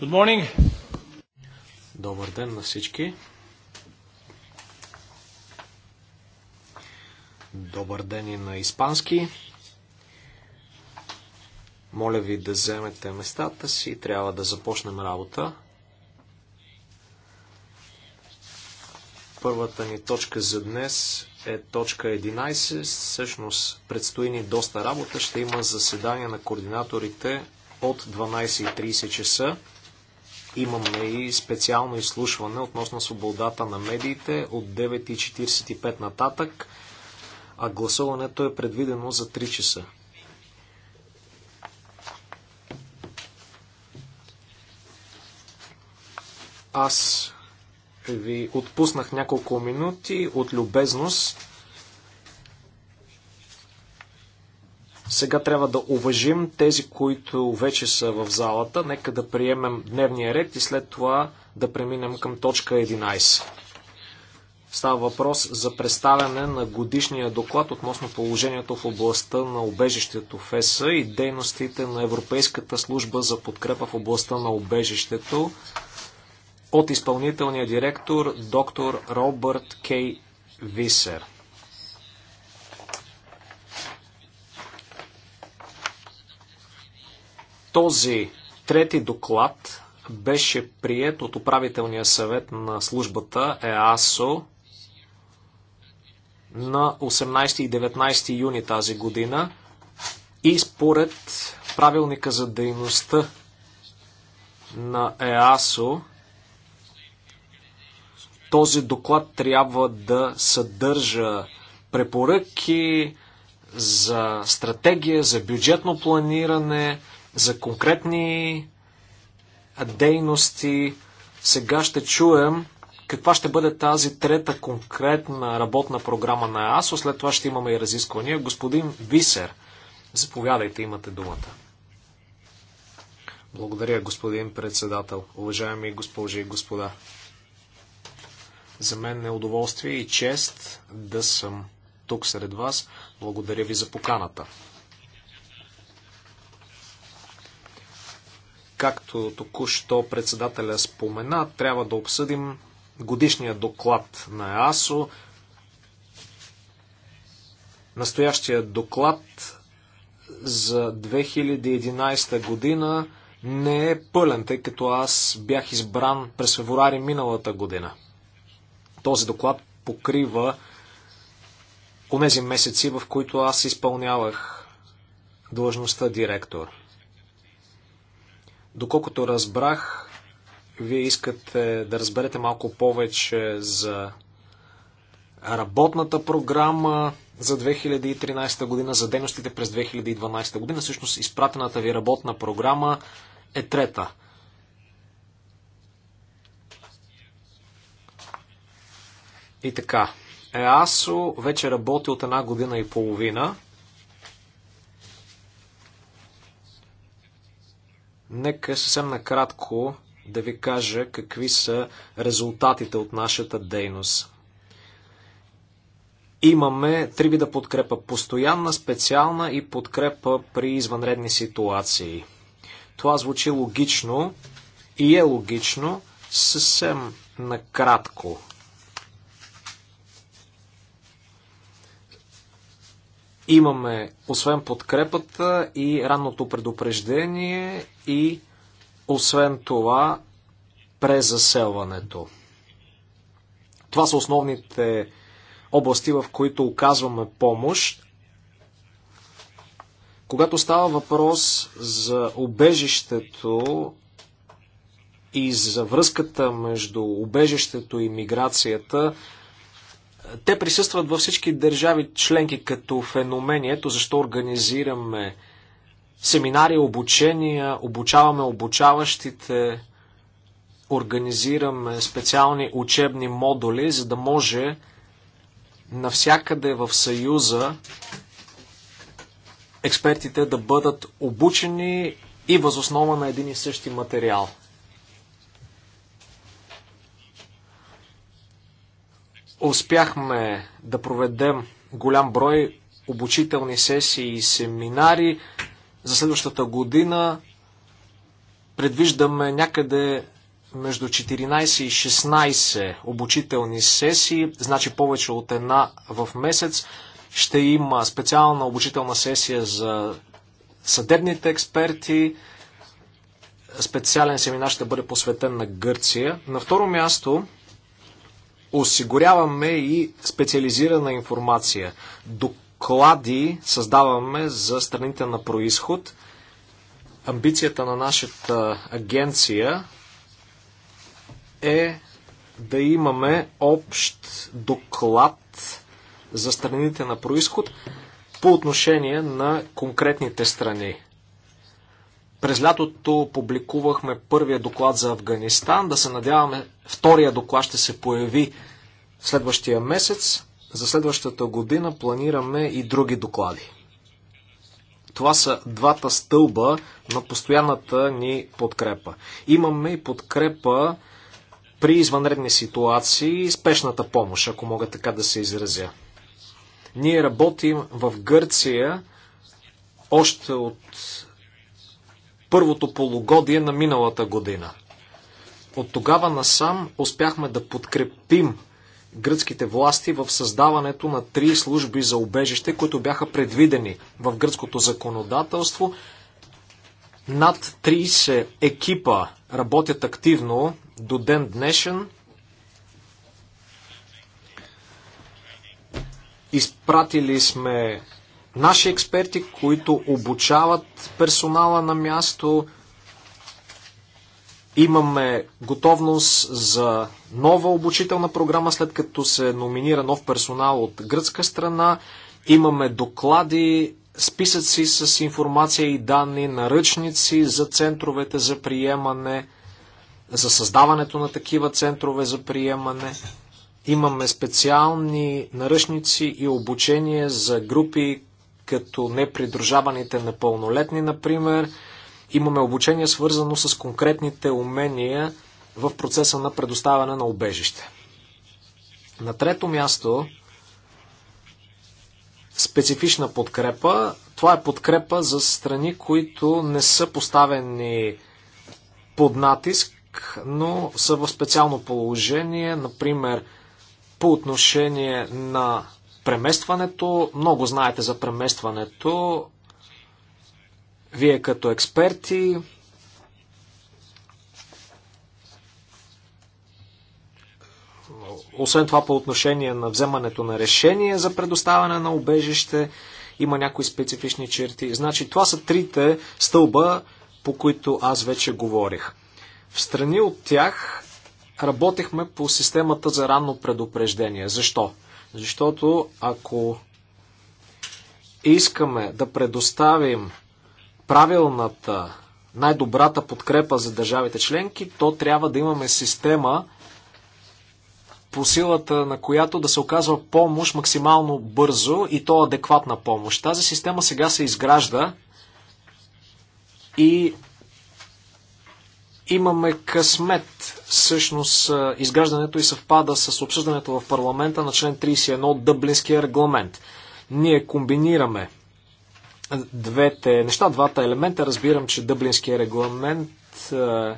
Good morning. Добър ден на всички. Добър ден и на испански. Моля ви да вземете местата си. Трябва да започнем работа. Първата ни точка за днес е точка 11. Всъщност предстои ни доста работа. Ще има заседание на координаторите от 12.30 часа имаме и специално изслушване относно свободата на медиите от 9.45 нататък, а гласуването е предвидено за 3 часа. Аз ви отпуснах няколко минути от любезност Сега трябва да уважим тези, които вече са в залата. Нека да приемем дневния ред и след това да преминем към точка 11. Става въпрос за представяне на годишния доклад относно положението в областта на обежището в ЕСА и дейностите на Европейската служба за подкрепа в областта на обежището от изпълнителния директор доктор Робърт Кей Висер. Този трети доклад беше прият от управителния съвет на службата ЕАСО на 18 и 19 юни тази година и според правилника за дейността на ЕАСО този доклад трябва да съдържа препоръки за стратегия, за бюджетно планиране, за конкретни дейности. Сега ще чуем каква ще бъде тази трета конкретна работна програма на АСО. След това ще имаме и разисквания. Господин Висер, заповядайте, имате думата. Благодаря, господин председател. Уважаеми госпожи и господа, за мен е удоволствие и чест да съм тук сред вас. Благодаря ви за поканата. Както току-що председателя спомена, трябва да обсъдим годишния доклад на ЕАСО. Настоящия доклад за 2011 година не е пълен, тъй като аз бях избран през феврари миналата година. Този доклад покрива онези месеци, в които аз изпълнявах длъжността директор. Доколкото разбрах, вие искате да разберете малко повече за работната програма за 2013 година, за дейностите през 2012 година. Всъщност, изпратената ви работна програма е трета. И така, ЕАСО вече работи от една година и половина – Нека съвсем накратко да ви кажа какви са резултатите от нашата дейност. Имаме три вида подкрепа постоянна, специална и подкрепа при извънредни ситуации. Това звучи логично и е логично съвсем накратко Имаме, освен подкрепата и ранното предупреждение и освен това презаселването. Това са основните области, в които оказваме помощ. Когато става въпрос за обежището и за връзката между обежището и миграцията, те присъстват във всички държави членки като феномени. Ето защо организираме семинари, обучения, обучаваме обучаващите, организираме специални учебни модули, за да може навсякъде в Съюза експертите да бъдат обучени и възоснова на един и същи материал. Успяхме да проведем голям брой обучителни сесии и семинари. За следващата година предвиждаме някъде между 14 и 16 обучителни сесии, значи повече от една в месец. Ще има специална обучителна сесия за съдебните експерти. Специален семинар ще бъде посветен на Гърция. На второ място осигуряваме и специализирана информация. Доклади създаваме за страните на происход. Амбицията на нашата агенция е да имаме общ доклад за страните на происход по отношение на конкретните страни. През лятото публикувахме първия доклад за Афганистан. Да се надяваме, втория доклад ще се появи следващия месец. За следващата година планираме и други доклади. Това са двата стълба на постоянната ни подкрепа. Имаме и подкрепа при извънредни ситуации и спешната помощ, ако мога така да се изразя. Ние работим в Гърция още от първото полугодие на миналата година. От тогава насам успяхме да подкрепим гръцките власти в създаването на три служби за убежище, които бяха предвидени в гръцкото законодателство. Над 30 екипа работят активно до ден днешен. Изпратили сме наши експерти, които обучават персонала на място. Имаме готовност за нова обучителна програма, след като се номинира нов персонал от гръцка страна. Имаме доклади, списъци с информация и данни, наръчници за центровете за приемане, за създаването на такива центрове за приемане. Имаме специални наръчници и обучение за групи, като непридружаваните непълнолетни, например. Имаме обучение свързано с конкретните умения в процеса на предоставяне на убежище. На трето място, специфична подкрепа. Това е подкрепа за страни, които не са поставени под натиск, но са в специално положение, например, по отношение на Преместването, много знаете за преместването. Вие като експерти, освен това по отношение на вземането на решение за предоставяне на обежище, има някои специфични черти. Значи това са трите стълба, по които аз вече говорих. В страни от тях работехме по системата за ранно предупреждение. Защо? Защото ако искаме да предоставим правилната, най-добрата подкрепа за държавите членки, то трябва да имаме система, по силата на която да се оказва помощ максимално бързо и то адекватна помощ. Тази система сега се изгражда и имаме късмет. Всъщност изграждането и съвпада с обсъждането в парламента на член 31 от Дъблинския регламент. Ние комбинираме двете неща, двата елемента. Разбирам, че Дъблинския регламент е,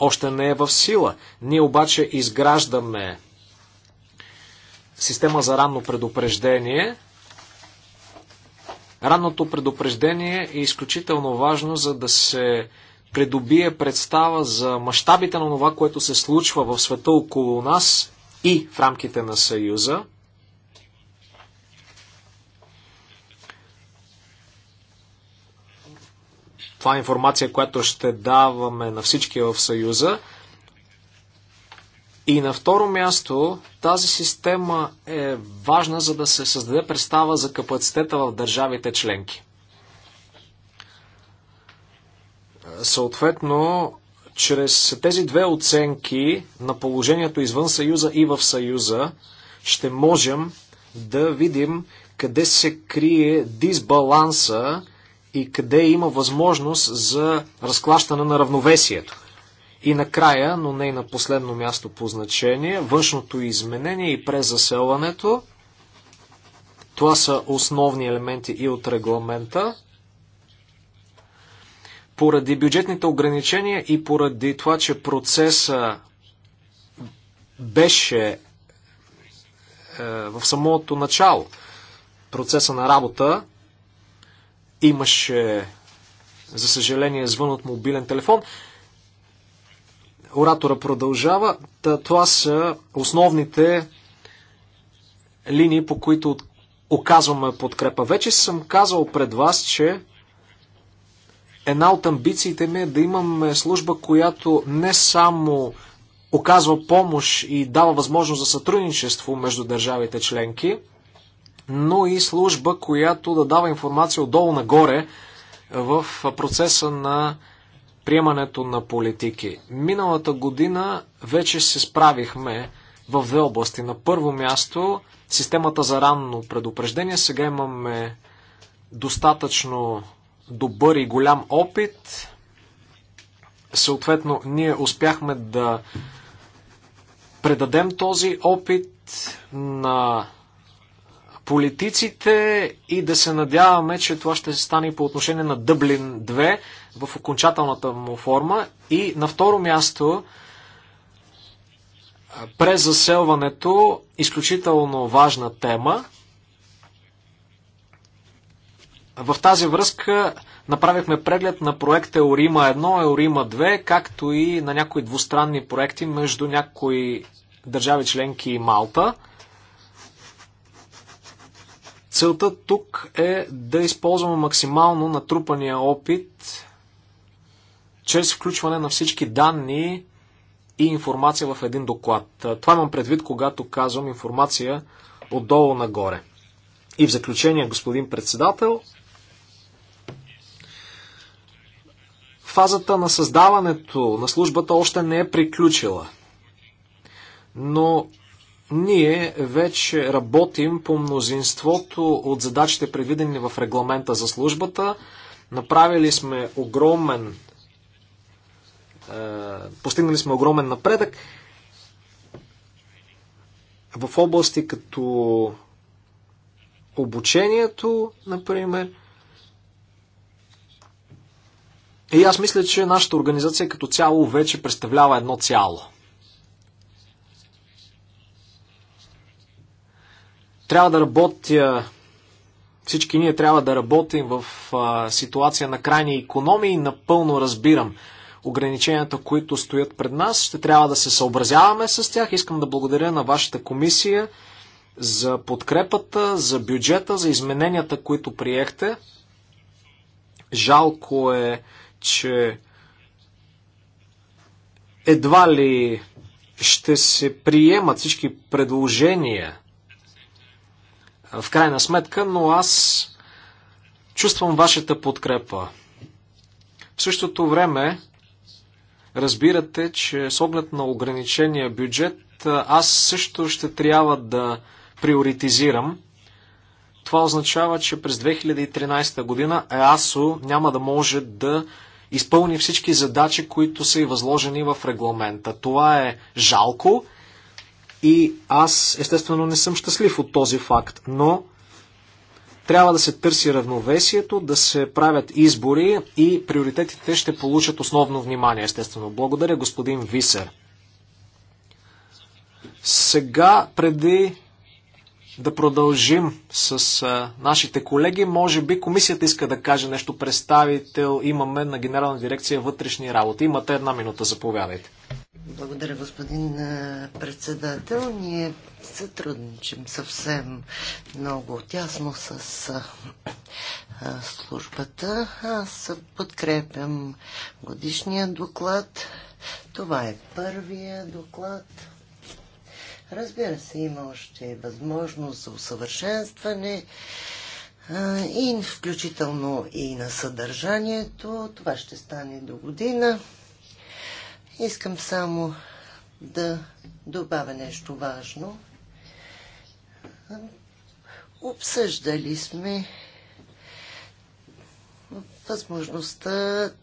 още не е в сила. Ние обаче изграждаме система за ранно предупреждение. Ранното предупреждение е изключително важно, за да се придобие представа за мащабите на това, което се случва в света около нас и в рамките на Съюза. Това е информация, която ще даваме на всички в Съюза. И на второ място, тази система е важна, за да се създаде представа за капацитета в държавите членки. Съответно, чрез тези две оценки на положението извън Съюза и в Съюза ще можем да видим къде се крие дисбаланса и къде има възможност за разклащане на равновесието. И накрая, но не и на последно място по значение, външното изменение и презаселването. Това са основни елементи и от регламента. Поради бюджетните ограничения и поради това, че процеса беше е, в самото начало, процеса на работа, имаше, за съжаление, звън от мобилен телефон. Оратора продължава. Това са основните линии, по които оказваме подкрепа. Вече съм казал пред вас, че Една от амбициите ми е да имаме служба, която не само оказва помощ и дава възможност за сътрудничество между държавите членки, но и служба, която да дава информация отдолу нагоре е, в процеса на приемането на политики. Миналата година вече се справихме в две области. На първо място системата за ранно предупреждение. Сега имаме достатъчно добър и голям опит. Съответно, ние успяхме да предадем този опит на политиците и да се надяваме, че това ще се стане по отношение на Дъблин 2 в окончателната му форма. И на второ място, през заселването, изключително важна тема. В тази връзка направихме преглед на проекта Еорима 1, Еорима 2, както и на някои двустранни проекти между някои държави членки и Малта. Целта тук е да използваме максимално натрупания опит чрез включване на всички данни и информация в един доклад. Това имам предвид, когато казвам информация отдолу нагоре. И в заключение, господин председател, фазата на създаването на службата още не е приключила. Но ние вече работим по мнозинството от задачите, предвидени в регламента за службата. Направили сме огромен. Е, постигнали сме огромен напредък в области като обучението, например. И аз мисля, че нашата организация като цяло вече представлява едно цяло. Трябва да работя, всички ние трябва да работим в а, ситуация на крайни економии. Напълно разбирам ограниченията, които стоят пред нас. Ще трябва да се съобразяваме с тях. Искам да благодаря на вашата комисия за подкрепата, за бюджета, за измененията, които приехте. Жалко е, че едва ли ще се приемат всички предложения в крайна сметка, но аз чувствам вашата подкрепа. В същото време, разбирате, че с оглед на ограничения бюджет, аз също ще трябва да приоритизирам. Това означава, че през 2013 година ЕАСО няма да може да изпълни всички задачи, които са и възложени в регламента. Това е жалко и аз естествено не съм щастлив от този факт, но трябва да се търси равновесието, да се правят избори и приоритетите ще получат основно внимание, естествено. Благодаря, господин Висер. Сега, преди да продължим с а, нашите колеги. Може би комисията иска да каже нещо. Представител имаме на Генерална дирекция вътрешни работи. Имате една минута, заповядайте. Благодаря, господин председател. Ние сътрудничим съвсем много тясно с а, службата. Аз подкрепям годишния доклад. Това е първия доклад Разбира се, има още възможност за усъвършенстване и включително и на съдържанието. Това ще стане до година. Искам само да добавя нещо важно. Обсъждали сме възможността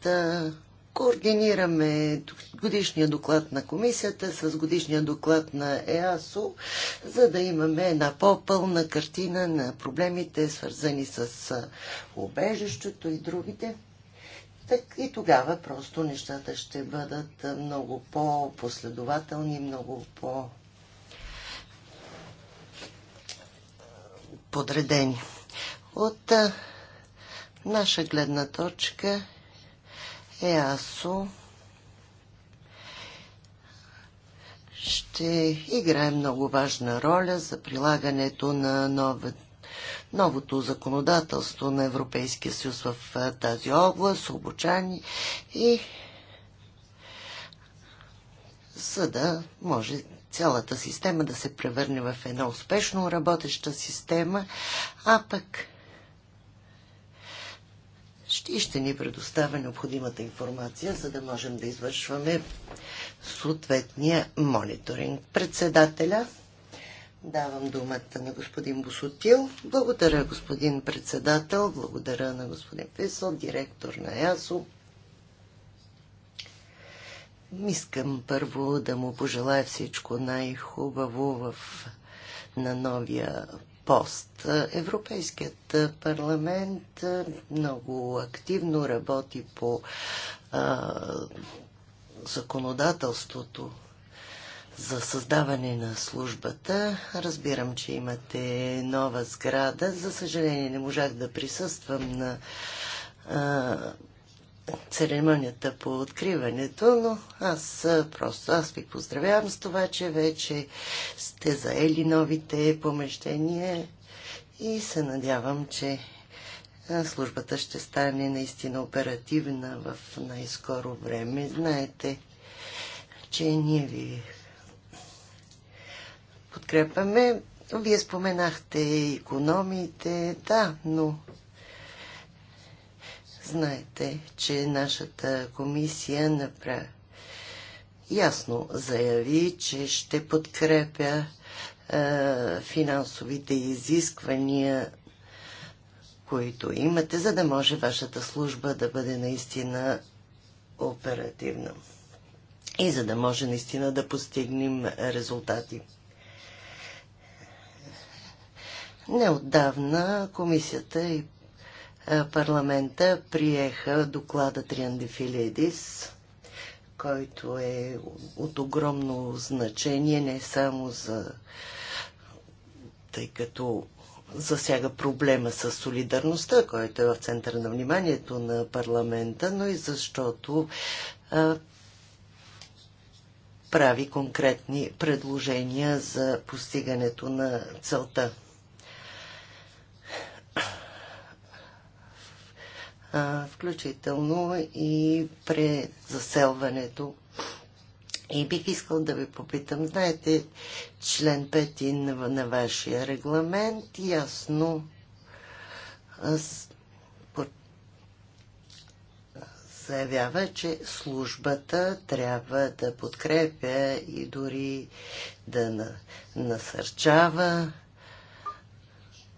да координираме годишния доклад на комисията с годишния доклад на ЕАСО, за да имаме една по-пълна картина на проблемите, свързани с убежището и другите. Так и тогава просто нещата ще бъдат много по-последователни, много по- подредени. От наша гледна точка ЕАСО ще играе много важна роля за прилагането на новата новото законодателство на Европейския съюз в тази област, обучани и за да може цялата система да се превърне в една успешно работеща система, а пък и ще ни предоставя необходимата информация, за да можем да извършваме съответния мониторинг. Председателя, давам думата на господин Босотил. Благодаря, господин председател, благодаря на господин Писъл, директор на ЯСО. Искам първо да му пожелая всичко най-хубаво в на новия пост. Европейският парламент много активно работи по а, законодателството за създаване на службата. Разбирам, че имате нова сграда. За съжаление не можах да присъствам на а, церемонията по откриването, но аз просто аз ви поздравявам с това, че вече сте заели новите помещения и се надявам, че службата ще стане наистина оперативна в най-скоро време. Знаете, че ние ви подкрепяме. Вие споменахте економиите, да, но Знаете, че нашата комисия направи ясно заяви, че ще подкрепя е, финансовите изисквания, които имате, за да може вашата служба да бъде наистина оперативна и за да може наистина да постигнем резултати. Неотдавна комисията и е, парламента приеха доклада Триандефилидис, който е от огромно значение не само за тъй като засяга проблема с солидарността, който е в центъра на вниманието на парламента, но и защото а, прави конкретни предложения за постигането на целта включително и презаселването. И бих искал да ви попитам, знаете, член 5 на вашия регламент ясно заявява, че службата трябва да подкрепя и дори да насърчава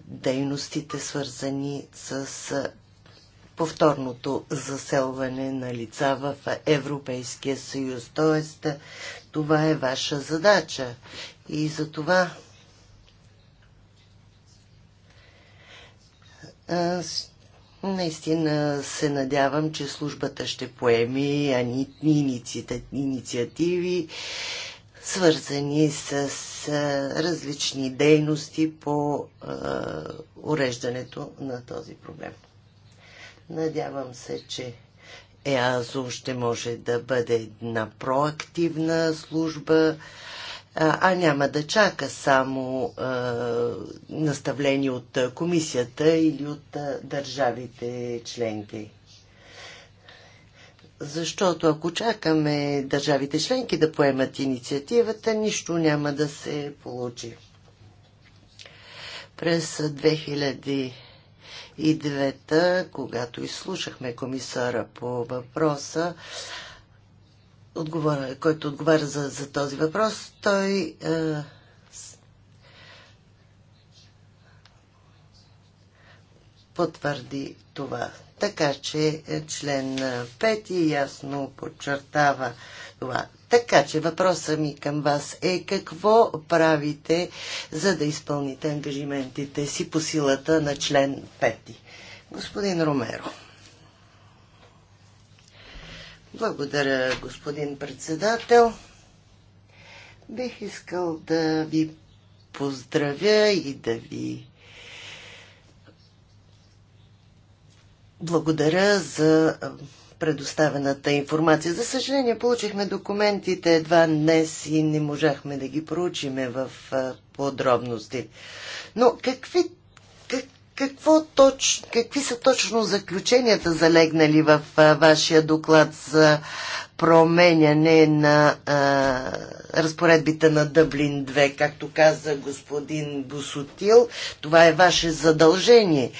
дейностите, свързани с повторното заселване на лица в Европейския съюз. Тоест, това е ваша задача. И за това аз наистина се надявам, че службата ще поеме инициативи, свързани с различни дейности по уреждането на този проблем. Надявам се, че ЕАЗО ще може да бъде една проактивна служба, а няма да чака само а, наставление от комисията или от а, държавите членки. Защото ако чакаме държавите членки да поемат инициативата, нищо няма да се получи. През и двете, когато изслушахме комисара по въпроса, отговора, който отговаря за, за този въпрос, той е, потвърди това. Така че е, член 5 ясно подчертава това. Така че въпросът ми към вас е какво правите, за да изпълните ангажиментите си по силата на член 5? Господин Ромеро. Благодаря, господин председател. Бих искал да ви поздравя и да ви благодаря за предоставената информация. За съжаление, получихме документите едва днес и не можахме да ги проучиме в подробности. Но какви какво точ, какви са точно заключенията залегнали в а, вашия доклад за променяне на а, разпоредбите на Дъблин 2, както каза господин Босотил? Това е ваше задължение.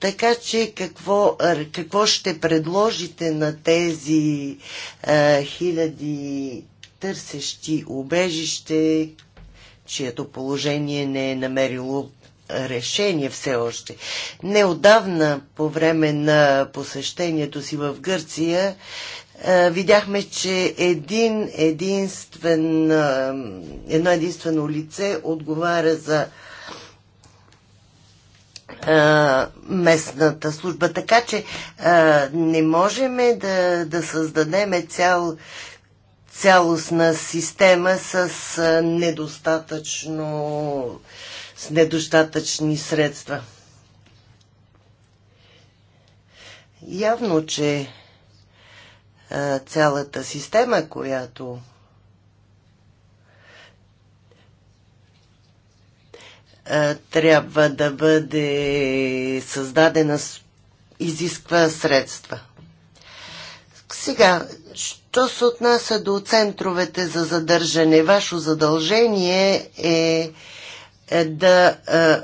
Така че какво, какво ще предложите на тези а, хиляди търсещи убежище, чието положение не е намерило решение все още. Неодавна, по време на посещението си в Гърция, е, видяхме, че един единствен, е, едно единствено лице отговаря за е, местната служба. Така че не можем да, да създадем цял, цялостна система с недостатъчно с недостатъчни средства. Явно, че цялата система, която трябва да бъде създадена, изисква средства. Сега, що се отнася до центровете за задържане, вашо задължение е е да е,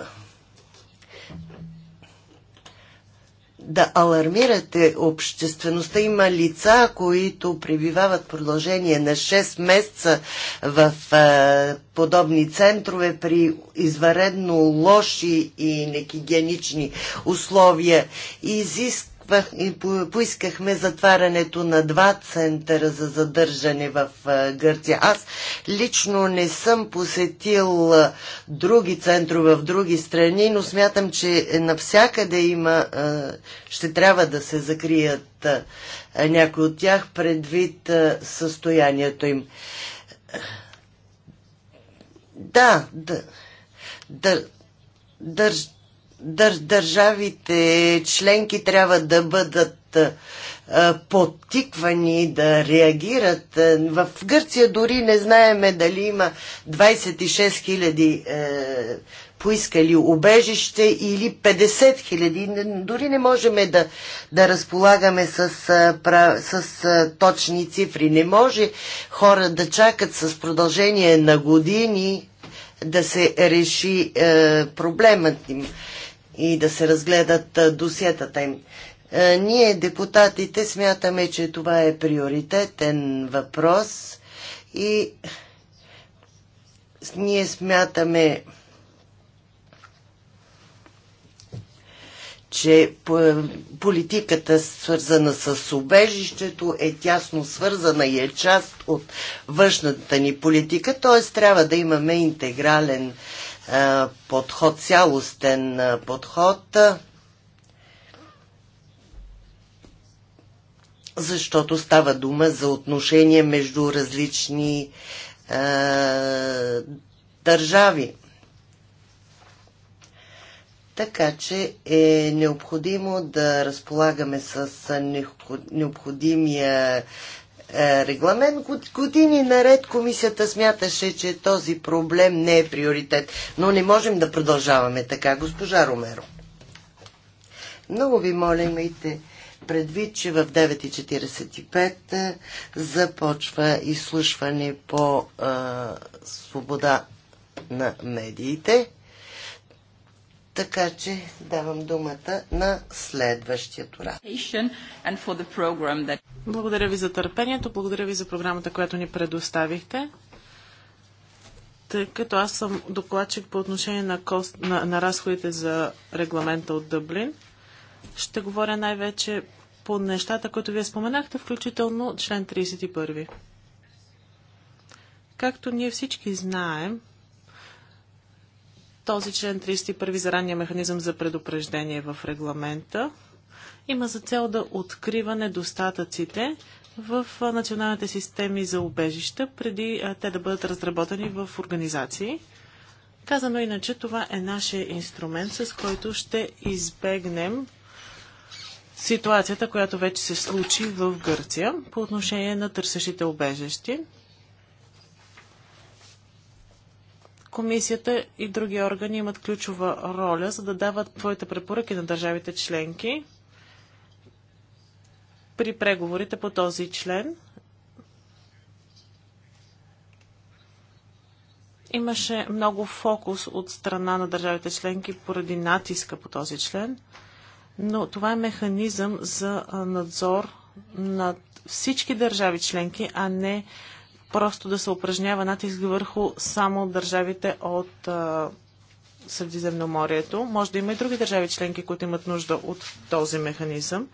да алармирате обществеността. Има лица, които пребивават продължение на 6 месеца в е, подобни центрове при изваредно лоши и некигиенични условия. Изиск и поискахме затварянето на два центъра за задържане в Гърция. Аз лично не съм посетил други центрове в други страни, но смятам, че навсякъде има, ще трябва да се закрият някои от тях предвид състоянието им. Да, да, да, държ, държавите членки трябва да бъдат подтиквани да реагират. В Гърция дори не знаеме дали има 26 хиляди е, поискали убежище или 50 хиляди. Дори не можем да, да разполагаме с, с точни цифри. Не може хора да чакат с продължение на години да се реши е, проблемът им и да се разгледат досетата им. Ние, депутатите, смятаме, че това е приоритетен въпрос и ние смятаме, че политиката свързана с убежището е тясно свързана и е част от външната ни политика, т.е. трябва да имаме интегрален е, подход, цялостен е, подход, е, защото става дума за отношение между различни държави. Така че е необходимо да разполагаме с необходимия е, регламент. Години наред комисията смяташе, че този проблем не е приоритет, но не можем да продължаваме така, госпожа Ромеро. Много ви моля, имайте предвид, че в 9.45 е, започва изслушване по а, е, свобода на медиите. Така че давам думата на следващия урад. Благодаря ви за търпението, благодаря ви за програмата, която ни предоставихте. Тъй като аз съм докладчик по отношение на, кост, на, на разходите за регламента от Дъблин, ще говоря най-вече по нещата, които вие споменахте, включително член 31. Както ние всички знаем, този член 31 за ранния механизъм за предупреждение в регламента има за цел да открива недостатъците в националните системи за убежища, преди те да бъдат разработени в организации. Казано иначе, това е нашия инструмент, с който ще избегнем ситуацията, която вече се случи в Гърция по отношение на търсещите обежещи. Комисията и други органи имат ключова роля, за да дават твоите препоръки на държавите членки при преговорите по този член. Имаше много фокус от страна на държавите членки поради натиска по този член, но това е механизъм за надзор над всички държави членки, а не просто да се упражнява натиск върху само държавите от а, Средиземноморието. Може да има и други държави членки, които имат нужда от този механизъм.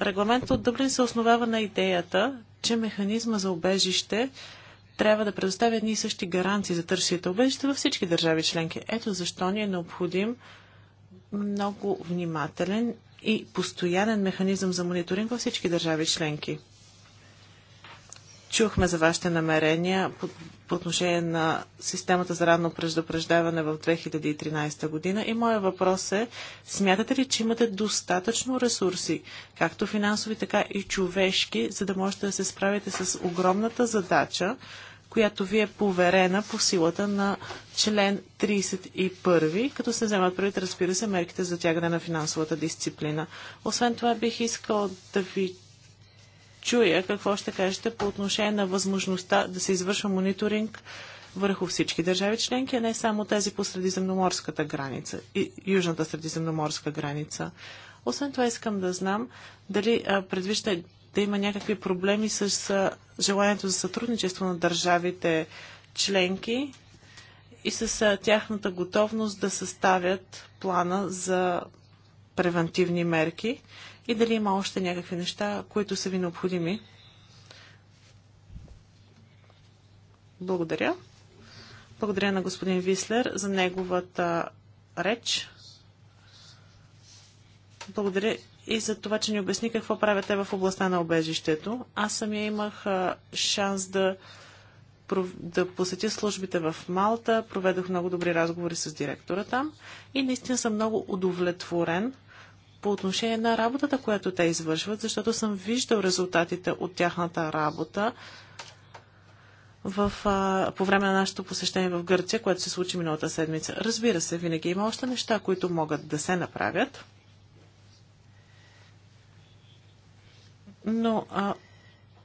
Регламентът от Дъблин се основава на идеята, че механизма за обежище трябва да предоставя едни и същи гаранции за търсите обежище във всички държави членки. Ето защо ни е необходим много внимателен и постоянен механизъм за мониторинг във всички държави членки. Чухме за вашите намерения по, по отношение на системата за ранно предупреждаване в 2013 година и моят въпрос е, смятате ли, че имате достатъчно ресурси, както финансови, така и човешки, за да можете да се справите с огромната задача, която ви е поверена по силата на член 31, като се вземат предвид, разбира се, мерките за тягане на финансовата дисциплина. Освен това, бих искал да ви чуя какво ще кажете по отношение на възможността да се извършва мониторинг върху всички държави членки, а не само тези по средиземноморската граница и южната средиземноморска граница. Освен това искам да знам дали предвижда да има някакви проблеми с желанието за сътрудничество на държавите членки и с тяхната готовност да съставят плана за превентивни мерки и дали има още някакви неща, които са ви необходими. Благодаря. Благодаря на господин Вислер за неговата реч. Благодаря и за това, че ни обясни какво правят те в областта на обежището. Аз самия имах шанс да, да посетя службите в Малта, проведох много добри разговори с директора там и наистина съм много удовлетворен по отношение на работата, която те извършват, защото съм виждал резултатите от тяхната работа в, а, по време на нашето посещение в Гърция, което се случи миналата седмица. Разбира се, винаги има още неща, които могат да се направят. Но а,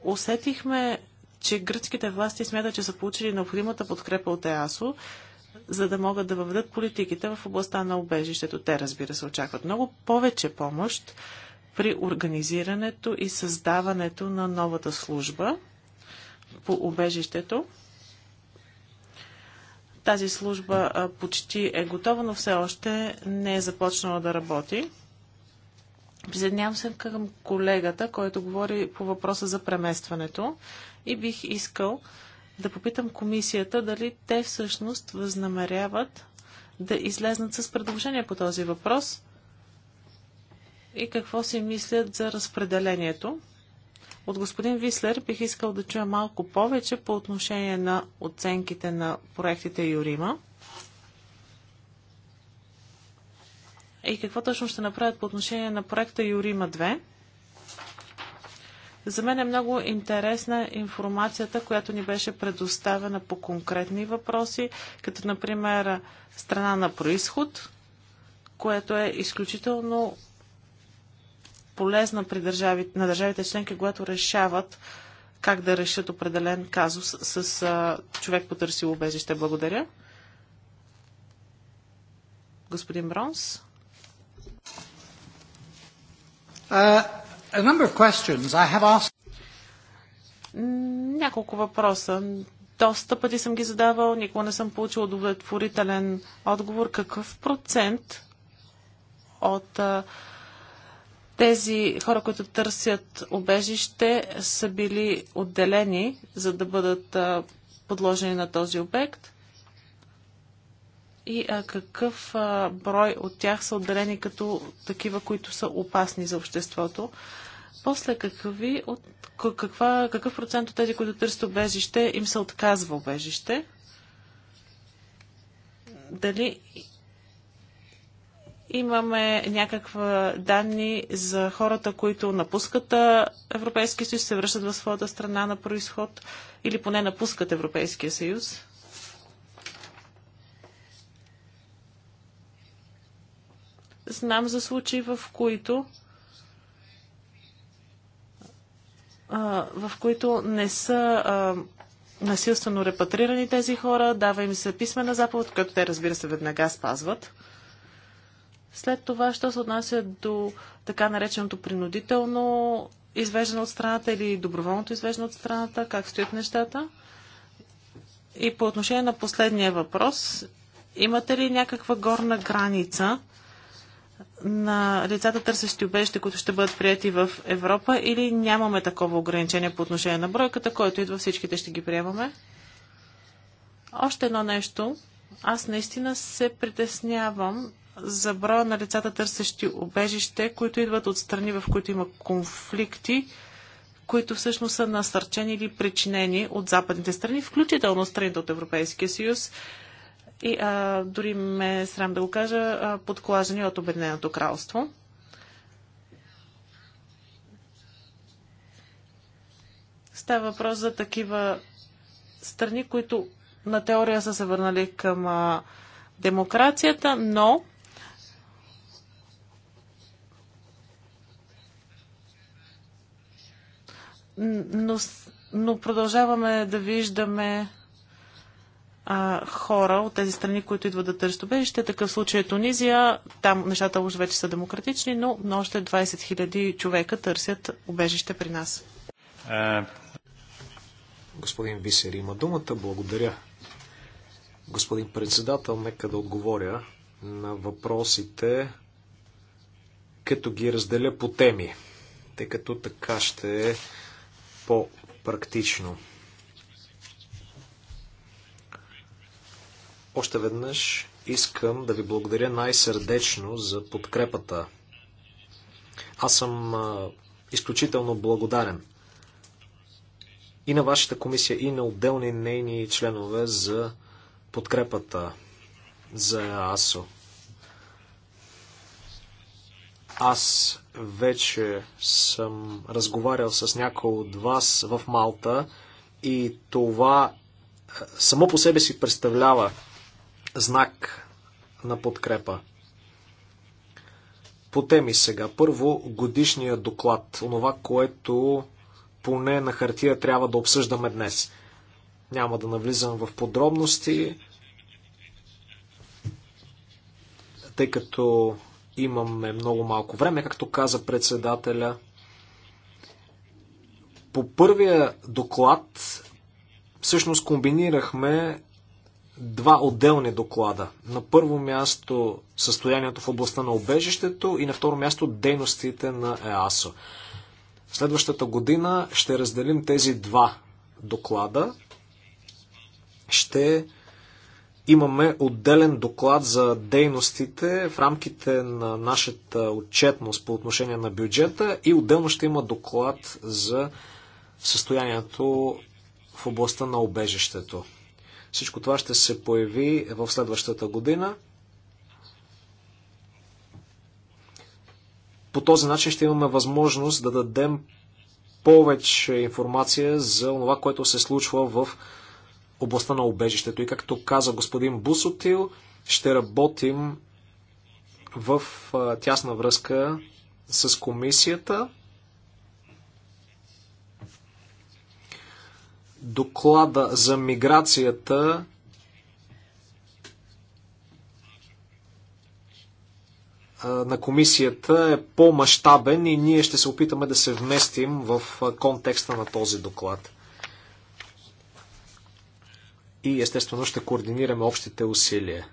усетихме, че гръцките власти смятат, че са получили необходимата подкрепа от ЕАСО, за да могат да въведат политиките в областта на убежището. Те, разбира се, очакват много повече помощ при организирането и създаването на новата служба по убежището. Тази служба почти е готова, но все още не е започнала да работи. Присъединявам се към колегата, който говори по въпроса за преместването и бих искал да попитам комисията дали те всъщност възнамеряват да излезнат с предложение по този въпрос и какво си мислят за разпределението. От господин Вислер бих искал да чуя малко повече по отношение на оценките на проектите Юрима. И какво точно ще направят по отношение на проекта Юрима 2? За мен е много интересна информацията, която ни беше предоставена по конкретни въпроси, като например страна на происход, което е изключително полезна при държави, на държавите членки, когато решават как да решат определен казус с, с а, човек потърсил убежище. Благодаря. Господин Бронс. Няколко въпроса. Доста пъти съм ги задавал, никога не съм получил удовлетворителен отговор. Какъв процент от тези хора, които търсят обежище, са били отделени, за да бъдат подложени на този обект? и а, какъв а, брой от тях са отделени като такива, които са опасни за обществото. После какви, от, каква, какъв процент от тези, които търсят обежище, им се отказва обежище? Дали имаме някаква данни за хората, които напускат Европейския съюз, се връщат в своята страна на происход или поне напускат Европейския съюз? знам за случаи, в които в които не са а, насилствено репатрирани тези хора, дава им се писмена заповед, която те разбира се веднага спазват. След това, що се отнася до така нареченото принудително извеждане от страната или доброволното извеждане от страната, как стоят нещата? И по отношение на последния въпрос, имате ли някаква горна граница на лицата търсещи убежище, които ще бъдат прияти в Европа или нямаме такова ограничение по отношение на бройката, който идва всичките ще ги приемаме? Още едно нещо. Аз наистина се притеснявам за броя на лицата търсещи убежище, които идват от страни, в които има конфликти, които всъщност са насърчени или причинени от западните страни, включително страните от Европейския съюз и а, дори ме е срам да го кажа, подклажени от Обединеното кралство. Става въпрос за такива страни, които на теория са се върнали към а, демокрацията, но но, но продължаваме да виждаме а, хора от тези страни, които идват да търсят убежище. Такъв случай е Тунизия. Там нещата уж вече са демократични, но още 20 000 човека търсят убежище при нас. Е, господин Висер има думата. Благодаря. Господин председател, нека да отговоря на въпросите, като ги разделя по теми, тъй като така ще е по-практично. Още веднъж искам да ви благодаря най-сърдечно за подкрепата. Аз съм изключително благодарен и на вашата комисия, и на отделни нейни членове за подкрепата за АСО. Аз вече съм разговарял с някой от вас в Малта и това само по себе си представлява знак на подкрепа. По теми сега. Първо, годишния доклад. Онова, което поне на хартия трябва да обсъждаме днес. Няма да навлизам в подробности, тъй като имаме много малко време, както каза председателя. По първия доклад всъщност комбинирахме два отделни доклада. На първо място състоянието в областта на обежището и на второ място дейностите на ЕАСО. Следващата година ще разделим тези два доклада. Ще имаме отделен доклад за дейностите в рамките на нашата отчетност по отношение на бюджета и отделно ще има доклад за състоянието в областта на обежището. Всичко това ще се появи в следващата година. По този начин ще имаме възможност да дадем повече информация за това, което се случва в областта на убежището. И както каза господин Бусотил, ще работим в тясна връзка с комисията доклада за миграцията на комисията е по мащабен и ние ще се опитаме да се вместим в контекста на този доклад. И естествено ще координираме общите усилия.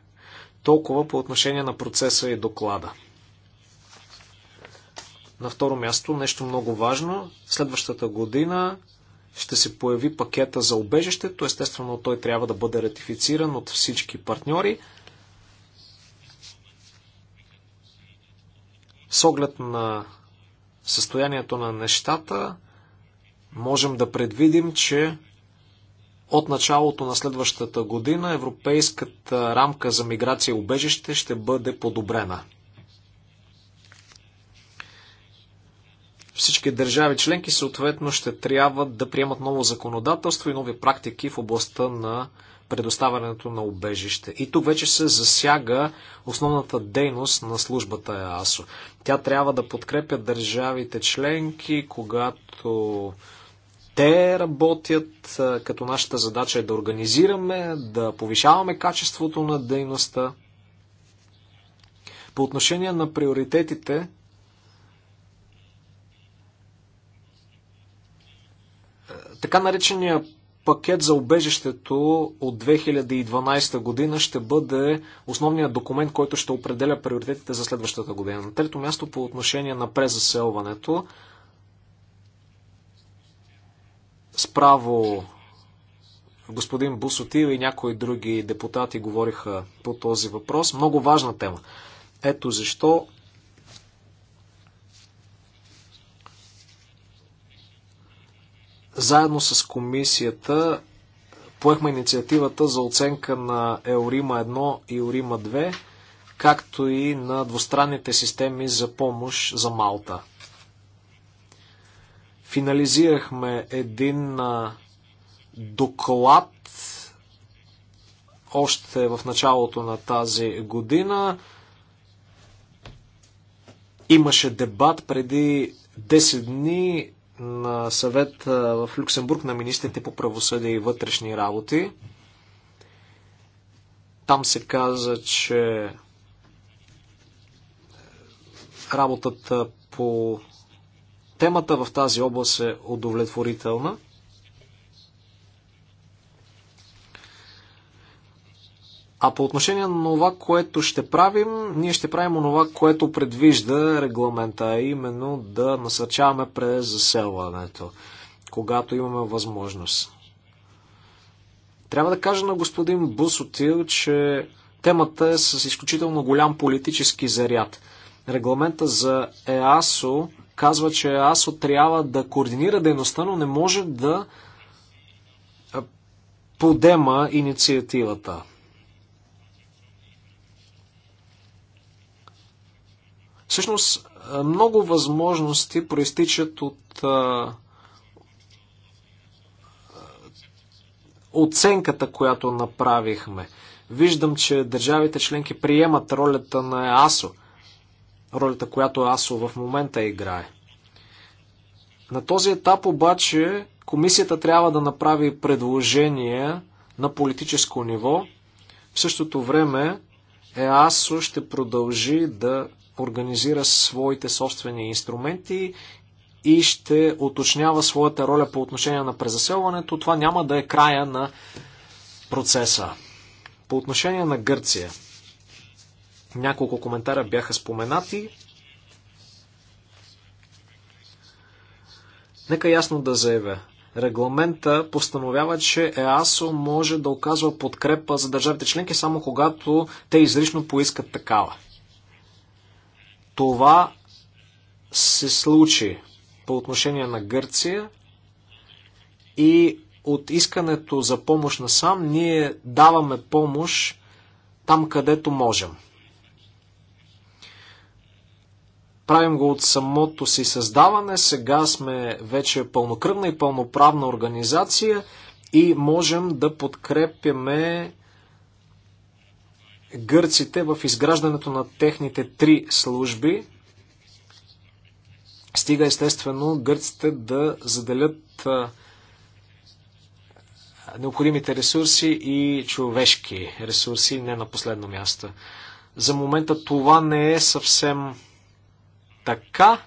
Толкова по отношение на процеса и доклада. На второ място, нещо много важно, следващата година ще се появи пакета за обежището. Естествено, той трябва да бъде ратифициран от всички партньори. С оглед на състоянието на нещата, можем да предвидим, че от началото на следващата година европейската рамка за миграция и убежище ще бъде подобрена. Всички държави членки съответно ще трябва да приемат ново законодателство и нови практики в областта на предоставянето на убежище. И тук вече се засяга основната дейност на службата ЕАСО. Тя трябва да подкрепя държавите членки, когато те работят, като нашата задача е да организираме, да повишаваме качеството на дейността. По отношение на приоритетите, Така наречения пакет за обежището от 2012 година ще бъде основният документ, който ще определя приоритетите за следващата година. На трето място по отношение на презаселването. Справо господин Бусотил и някои други депутати говориха по този въпрос. Много важна тема. Ето защо заедно с комисията поехме инициативата за оценка на Еорима 1 и Еорима 2, както и на двустранните системи за помощ за Малта. Финализирахме един доклад още в началото на тази година. Имаше дебат преди 10 дни на съвет в Люксембург на министрите по правосъдие и вътрешни работи. Там се каза, че работата по темата в тази област е удовлетворителна. А по отношение на това, което ще правим, ние ще правим онова, което предвижда регламента, а именно да насърчаваме през заселването, когато имаме възможност. Трябва да кажа на господин Бусотил, че темата е с изключително голям политически заряд. Регламента за ЕАСО казва, че ЕАСО трябва да координира дейността, но не може да подема инициативата. Всъщност, много възможности проистичат от оценката, която направихме. Виждам, че държавите членки приемат ролята на ЕАСО, ролята, която АСО в момента играе. На този етап обаче комисията трябва да направи предложения на политическо ниво. В същото време ЕАСО ще продължи да организира своите собствени инструменти и ще уточнява своята роля по отношение на презаселването. Това няма да е края на процеса. По отношение на Гърция, няколко коментара бяха споменати. Нека ясно да заявя. Регламента постановява, че ЕАСО може да оказва подкрепа за държавите членки само когато те изрично поискат такава. Това се случи по отношение на Гърция и от искането за помощ на сам, ние даваме помощ там, където можем. Правим го от самото си създаване, сега сме вече пълнокръвна и пълноправна организация и можем да подкрепяме гърците в изграждането на техните три служби. Стига естествено гърците да заделят необходимите ресурси и човешки ресурси, не на последно място. За момента това не е съвсем така.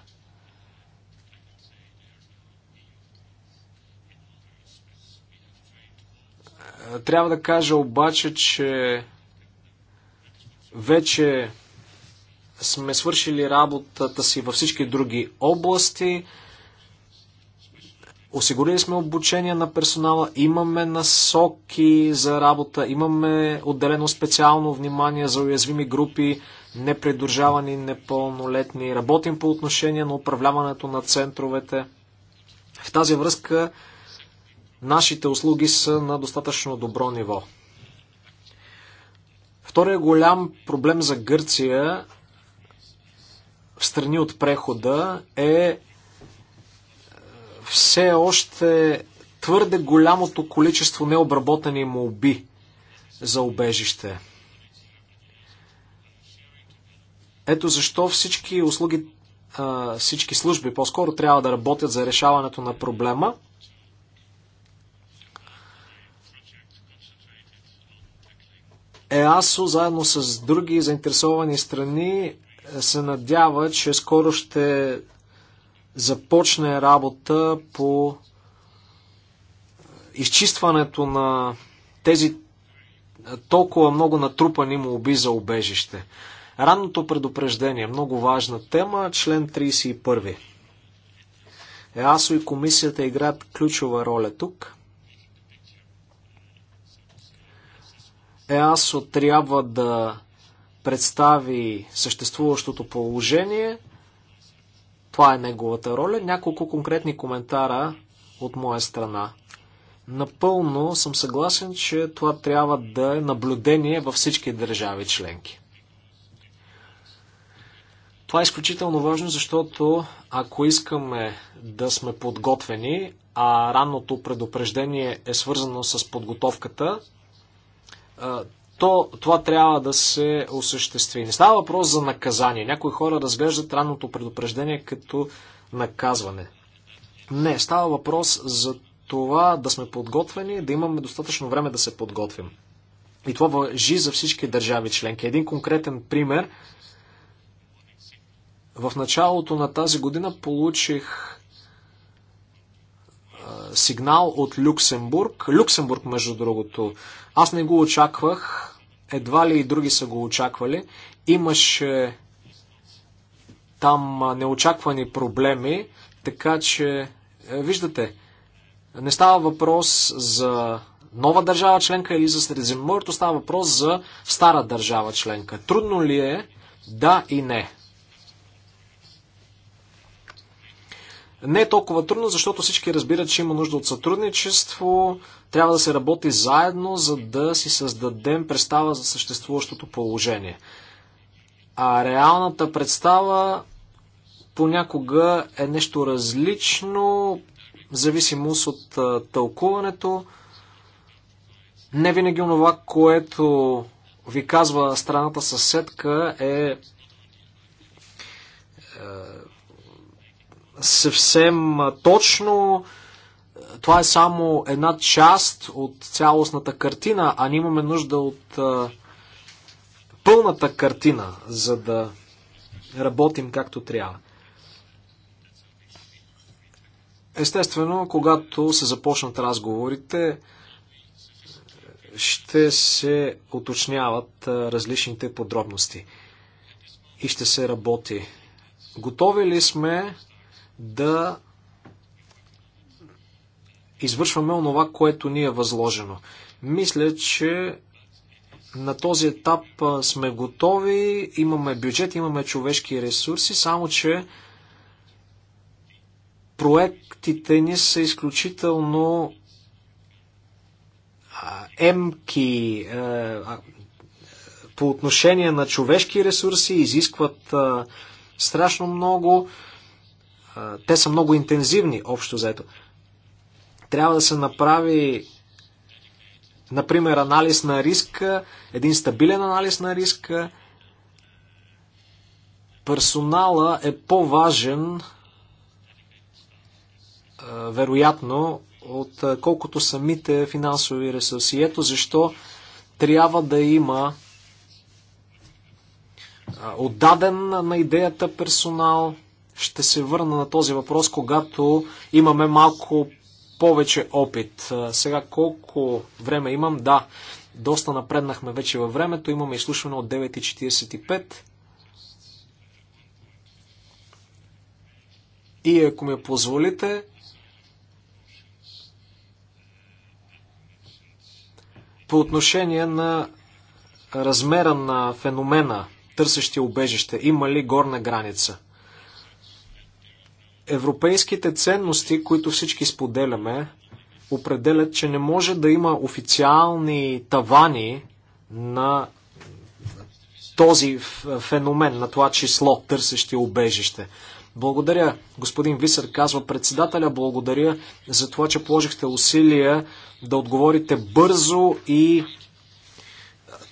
Трябва да кажа обаче, че вече сме свършили работата си във всички други области. Осигурили сме обучение на персонала, имаме насоки за работа, имаме отделено специално внимание за уязвими групи, непридържавани непълнолетни. Работим по отношение на управляването на центровете. В тази връзка нашите услуги са на достатъчно добро ниво. Втория голям проблем за Гърция в страни от прехода е, е все още твърде голямото количество необработени молби за убежище. Ето защо всички услуги, всички служби по-скоро трябва да работят за решаването на проблема – ЕАСО заедно с други заинтересовани страни е, се надява, че скоро ще започне работа по изчистването на тези е, толкова много натрупани молби за убежище. Ранното предупреждение, много важна тема, член 31. ЕАСО и комисията играят ключова роля тук. ЕАСО трябва да представи съществуващото положение. Това е неговата роля. Няколко конкретни коментара от моя страна. Напълно съм съгласен, че това трябва да е наблюдение във всички държави членки. Това е изключително важно, защото ако искаме да сме подготвени, а ранното предупреждение е свързано с подготовката, то това трябва да се осъществи. Не става въпрос за наказание. Някои хора разглеждат ранното предупреждение като наказване. Не, става въпрос за това да сме подготвени, да имаме достатъчно време да се подготвим. И това въжи за всички държави членки. Един конкретен пример. В началото на тази година получих сигнал от Люксембург. Люксембург, между другото, аз не го очаквах, едва ли и други са го очаквали. Имаше там неочаквани проблеми, така че, е, виждате, не става въпрос за нова държава членка или за Средиземноморието, става въпрос за стара държава членка. Трудно ли е? Да и не. не е толкова трудно, защото всички разбират, че има нужда от сътрудничество, трябва да се работи заедно, за да си създадем представа за съществуващото положение. А реалната представа понякога е нещо различно, в зависимост от тълкуването. Не винаги онова, което ви казва страната съседка е, е съвсем точно. Това е само една част от цялостната картина, а ние имаме нужда от пълната картина, за да работим както трябва. Естествено, когато се започнат разговорите, ще се уточняват различните подробности и ще се работи. Готови ли сме да извършваме онова, което ни е възложено. Мисля, че на този етап сме готови, имаме бюджет, имаме човешки ресурси, само че проектите ни са изключително емки по отношение на човешки ресурси, изискват страшно много. Те са много интензивни, общо заето. Трябва да се направи, например, анализ на риска, един стабилен анализ на риска. Персонала е по-важен, вероятно, от колкото самите финансови ресурси. Ето защо трябва да има отдаден на идеята персонал – ще се върна на този въпрос, когато имаме малко повече опит. Сега колко време имам? Да, доста напреднахме вече във времето. Имаме изслушване от 9.45. И ако ми позволите, по отношение на размера на феномена търсещи убежище, има ли горна граница? Европейските ценности, които всички споделяме, определят, че не може да има официални тавани на този феномен, на това число, търсещи обежище. Благодаря, господин Висър, казва председателя. Благодаря за това, че положихте усилия да отговорите бързо и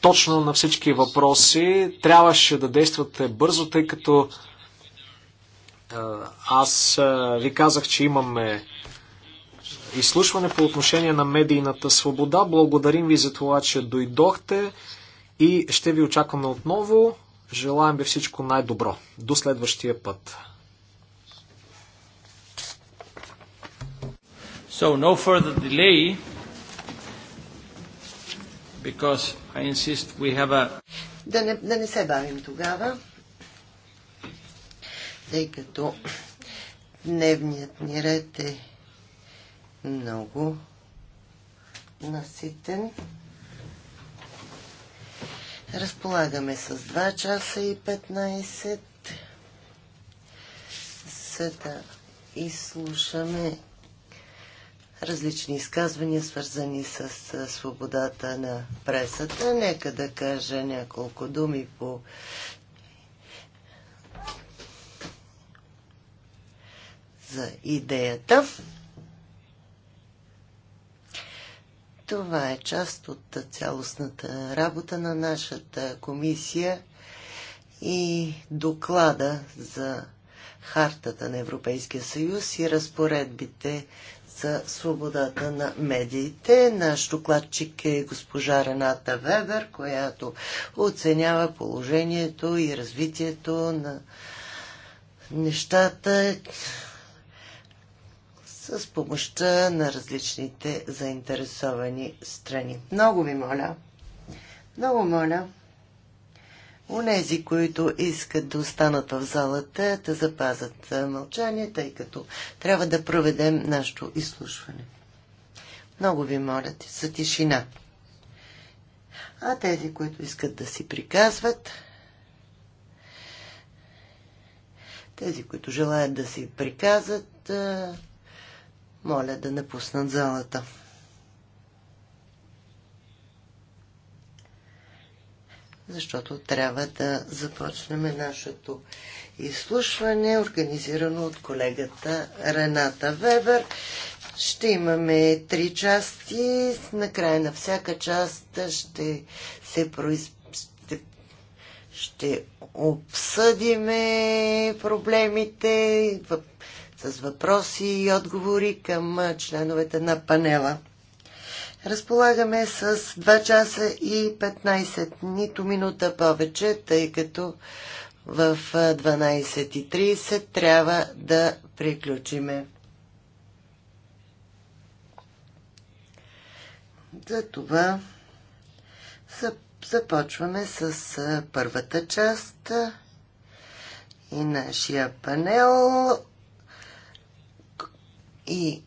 точно на всички въпроси. Трябваше да действате бързо, тъй като е, аз е, ви казах, че имаме изслушване по отношение на медийната свобода. Благодарим ви за това, че дойдохте и ще ви очакваме отново. Желаем ви всичко най-добро. До следващия път. So no further delay because I insist we have a Да не, да не се бавим тогава тъй като дневният ни ред е много наситен. Разполагаме с 2 часа и 15, за да изслушаме различни изказвания, свързани с свободата на пресата. Нека да кажа няколко думи по за идеята. Това е част от цялостната работа на нашата комисия и доклада за Хартата на Европейския съюз и разпоредбите за свободата на медиите. Наш докладчик е госпожа Рената Вебер, която оценява положението и развитието на нещата с помощта на различните заинтересовани страни. Много ви моля, много моля, Унези, които искат да останат в залата, да запазат мълчание, тъй като трябва да проведем нашето изслушване. Много ви моля за тишина. А тези, които искат да си приказват, тези, които желаят да си приказват, моля да напуснат залата. Защото трябва да започнем нашето изслушване, организирано от колегата Рената Вебер. Ще имаме три части. Накрая на всяка част ще се произ... ще... ще обсъдиме проблемите, с въпроси и отговори към членовете на панела. Разполагаме с 2 часа и 15, нито минута повече, тъй като в 12.30 трябва да приключиме. За това започваме с първата част и нашия панел и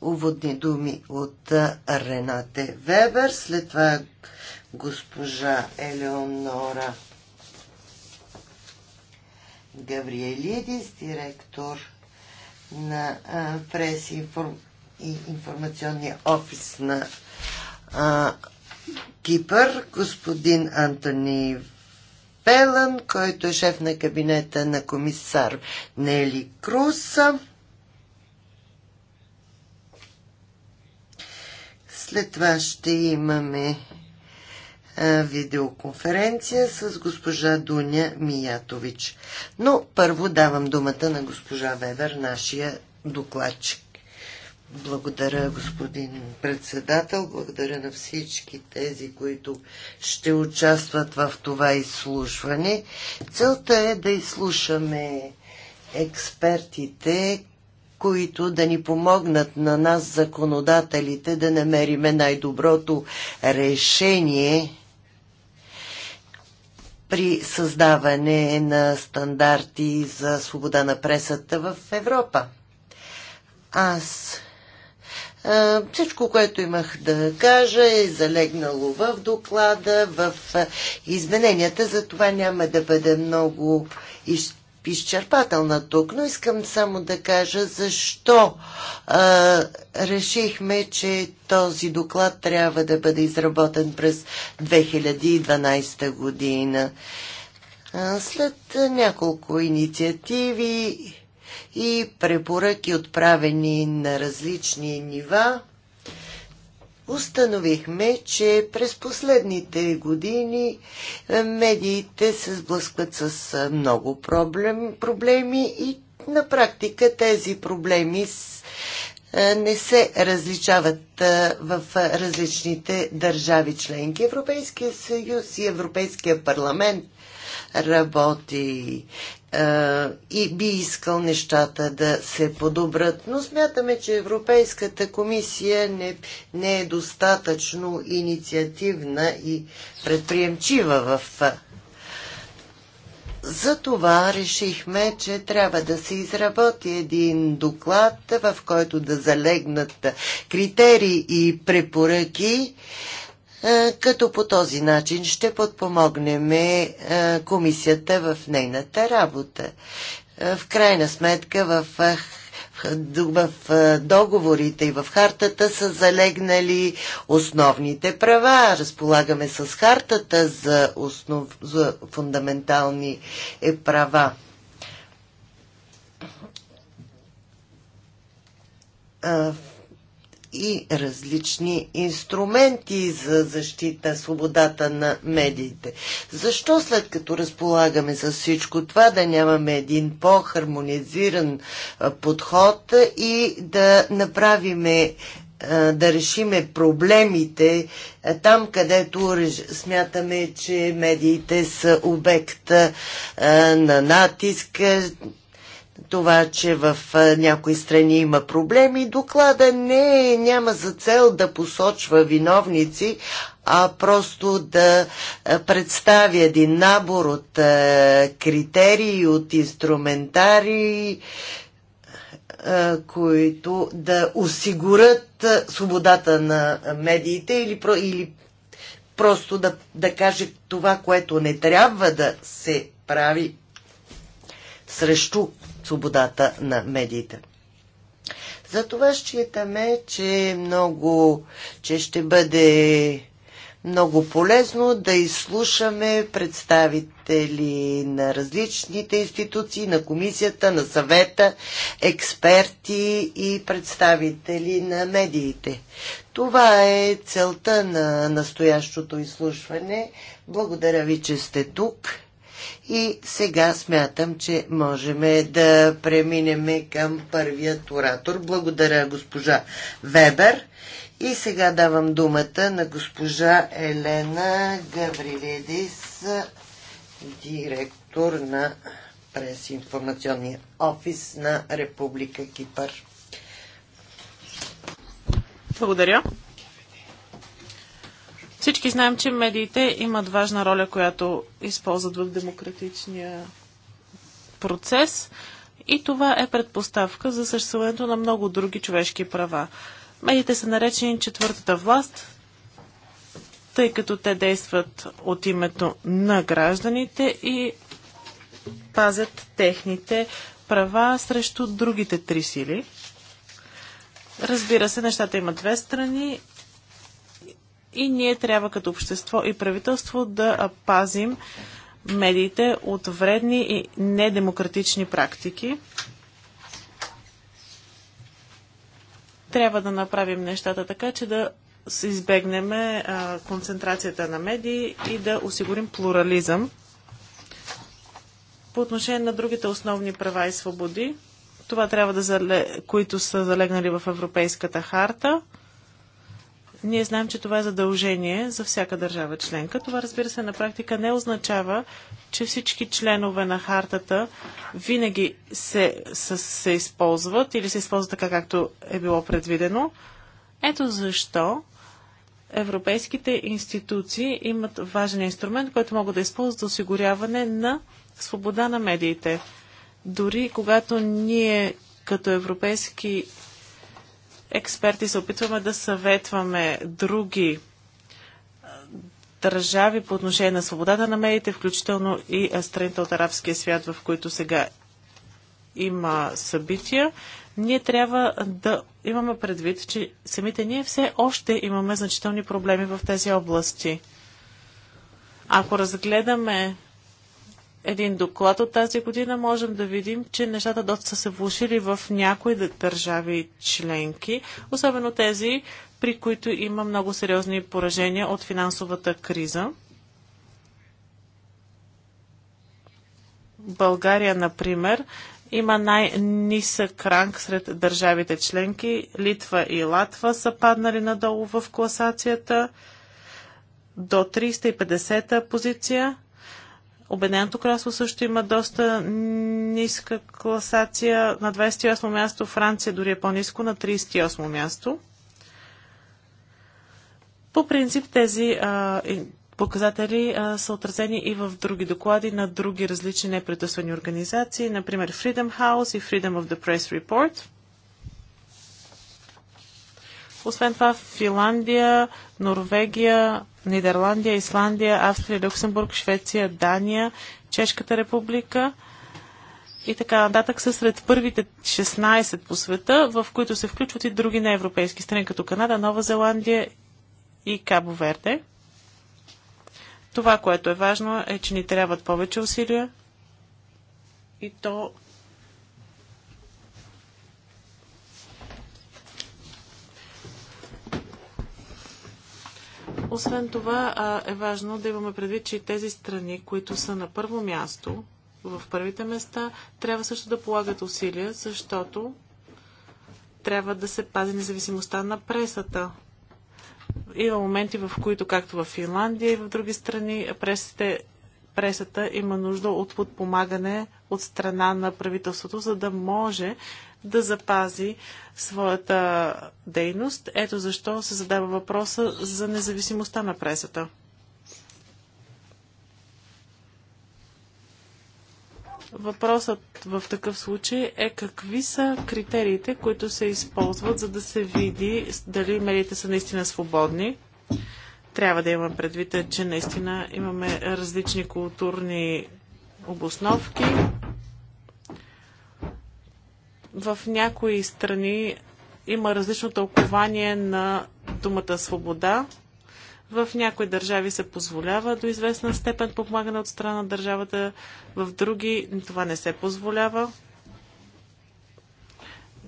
уводни думи от Ренате Вебер, след това госпожа Елеонора Гавриелидис, директор на прес и информационния офис на а, Кипър, господин Антони Пелан, който е шеф на кабинета на комисар Нели Круса. След това ще имаме видеоконференция с госпожа Дуня Миятович. Но първо давам думата на госпожа Вевер, нашия докладчик. Благодаря, господин председател. Благодаря на всички тези, които ще участват в това изслушване. Целта е да изслушаме експертите, които да ни помогнат на нас, законодателите, да намериме най-доброто решение при създаване на стандарти за свобода на пресата в Европа. Аз всичко, което имах да кажа е залегнало в доклада, в измененията, за това няма да бъде много изчерпателна тук, но искам само да кажа защо а, решихме, че този доклад трябва да бъде изработен през 2012 година. А, след няколко инициативи и препоръки, отправени на различни нива, установихме, че през последните години е, медиите се сблъскват с е, много проблем, проблеми и на практика тези проблеми с, е, не се различават в различните държави членки. Европейския съюз и Европейския парламент работи е, и би искал нещата да се подобрат. Но смятаме, че Европейската комисия не, не е достатъчно инициативна и предприемчива в е. затова решихме, че трябва да се изработи един доклад, в който да залегнат критерии и препоръки, е, като по този начин ще подпомогнем е, комисията в нейната работа. Е, в крайна сметка в, в договорите и в хартата са залегнали основните права. Разполагаме с хартата за, основ, за фундаментални права. В и различни инструменти за защита свободата на медиите. Защо след като разполагаме с всичко това да нямаме един по-хармонизиран подход и да направиме да решиме проблемите там, където смятаме, че медиите са обект на натиск, това, че в някои страни има проблеми. Доклада не е, няма за цел да посочва виновници, а просто да представи един набор от критерии, от инструментари, които да осигурят свободата на медиите или, или просто да, да каже това, което не трябва да се прави срещу свободата на медиите. Затова считаме, че, е много, че ще бъде много полезно да изслушаме представители на различните институции, на комисията, на съвета, експерти и представители на медиите. Това е целта на настоящото изслушване. Благодаря ви, че сте тук. И сега смятам, че можем да преминем към първият оратор. Благодаря, госпожа Вебер. И сега давам думата на госпожа Елена Гаврилидис, директор на прес-информационния офис на Република Кипър. Благодаря. Всички знаем, че медиите имат важна роля, която използват в демократичния процес и това е предпоставка за съществуването на много други човешки права. Медиите са наречени четвъртата власт, тъй като те действат от името на гражданите и пазят техните права срещу другите три сили. Разбира се, нещата имат две страни и ние трябва като общество и правителство да пазим медиите от вредни и недемократични практики. Трябва да направим нещата така, че да избегнем концентрацията на медии и да осигурим плурализъм. По отношение на другите основни права и свободи, това трябва да зале... които са залегнали в Европейската харта. Ние знаем, че това е задължение за всяка държава членка. Това, разбира се, на практика не означава, че всички членове на хартата винаги се, се, се използват или се използват така, както е било предвидено. Ето защо европейските институции имат важен инструмент, който могат да използват за осигуряване на свобода на медиите. Дори когато ние като Европейски експерти се опитваме да съветваме други държави по отношение на свободата на медиите, включително и страните от арабския свят, в които сега има събития, ние трябва да имаме предвид, че самите ние все още имаме значителни проблеми в тези области. Ако разгледаме един доклад от тази година можем да видим, че нещата доста са се влушили в някои държави членки, особено тези, при които има много сериозни поражения от финансовата криза. България, например, има най-нисък ранг сред държавите членки. Литва и Латва са паднали надолу в класацията до 350-та позиция. Обединеното кралство също има доста ниска класация. На 28 място Франция дори е по-низко, на 38 място. По принцип тези а, показатели а, са отразени и в други доклади на други различни непредъсвани организации, например Freedom House и Freedom of the Press Report. Освен това Финландия, Норвегия, Нидерландия, Исландия, Австрия, Люксембург, Швеция, Дания, Чешката република и така нататък са сред първите 16 по света, в които се включват и други неевропейски страни, като Канада, Нова Зеландия и Кабо Верде. Това, което е важно, е, че ни трябват повече усилия и то Освен това е важно да имаме предвид, че тези страни, които са на първо място, в първите места, трябва също да полагат усилия, защото трябва да се пази независимостта на пресата. Има моменти, в които, както в Финландия и в други страни, пресите, пресата има нужда от подпомагане от страна на правителството, за да може да запази своята дейност. Ето защо се задава въпроса за независимостта на пресата. Въпросът в такъв случай е какви са критериите, които се използват, за да се види дали медиите са наистина свободни. Трябва да имам предвид, че наистина имаме различни културни обосновки, в някои страни има различно тълкование на думата свобода. В някои държави се позволява до известна степен помагане от страна на държавата, в други това не се позволява.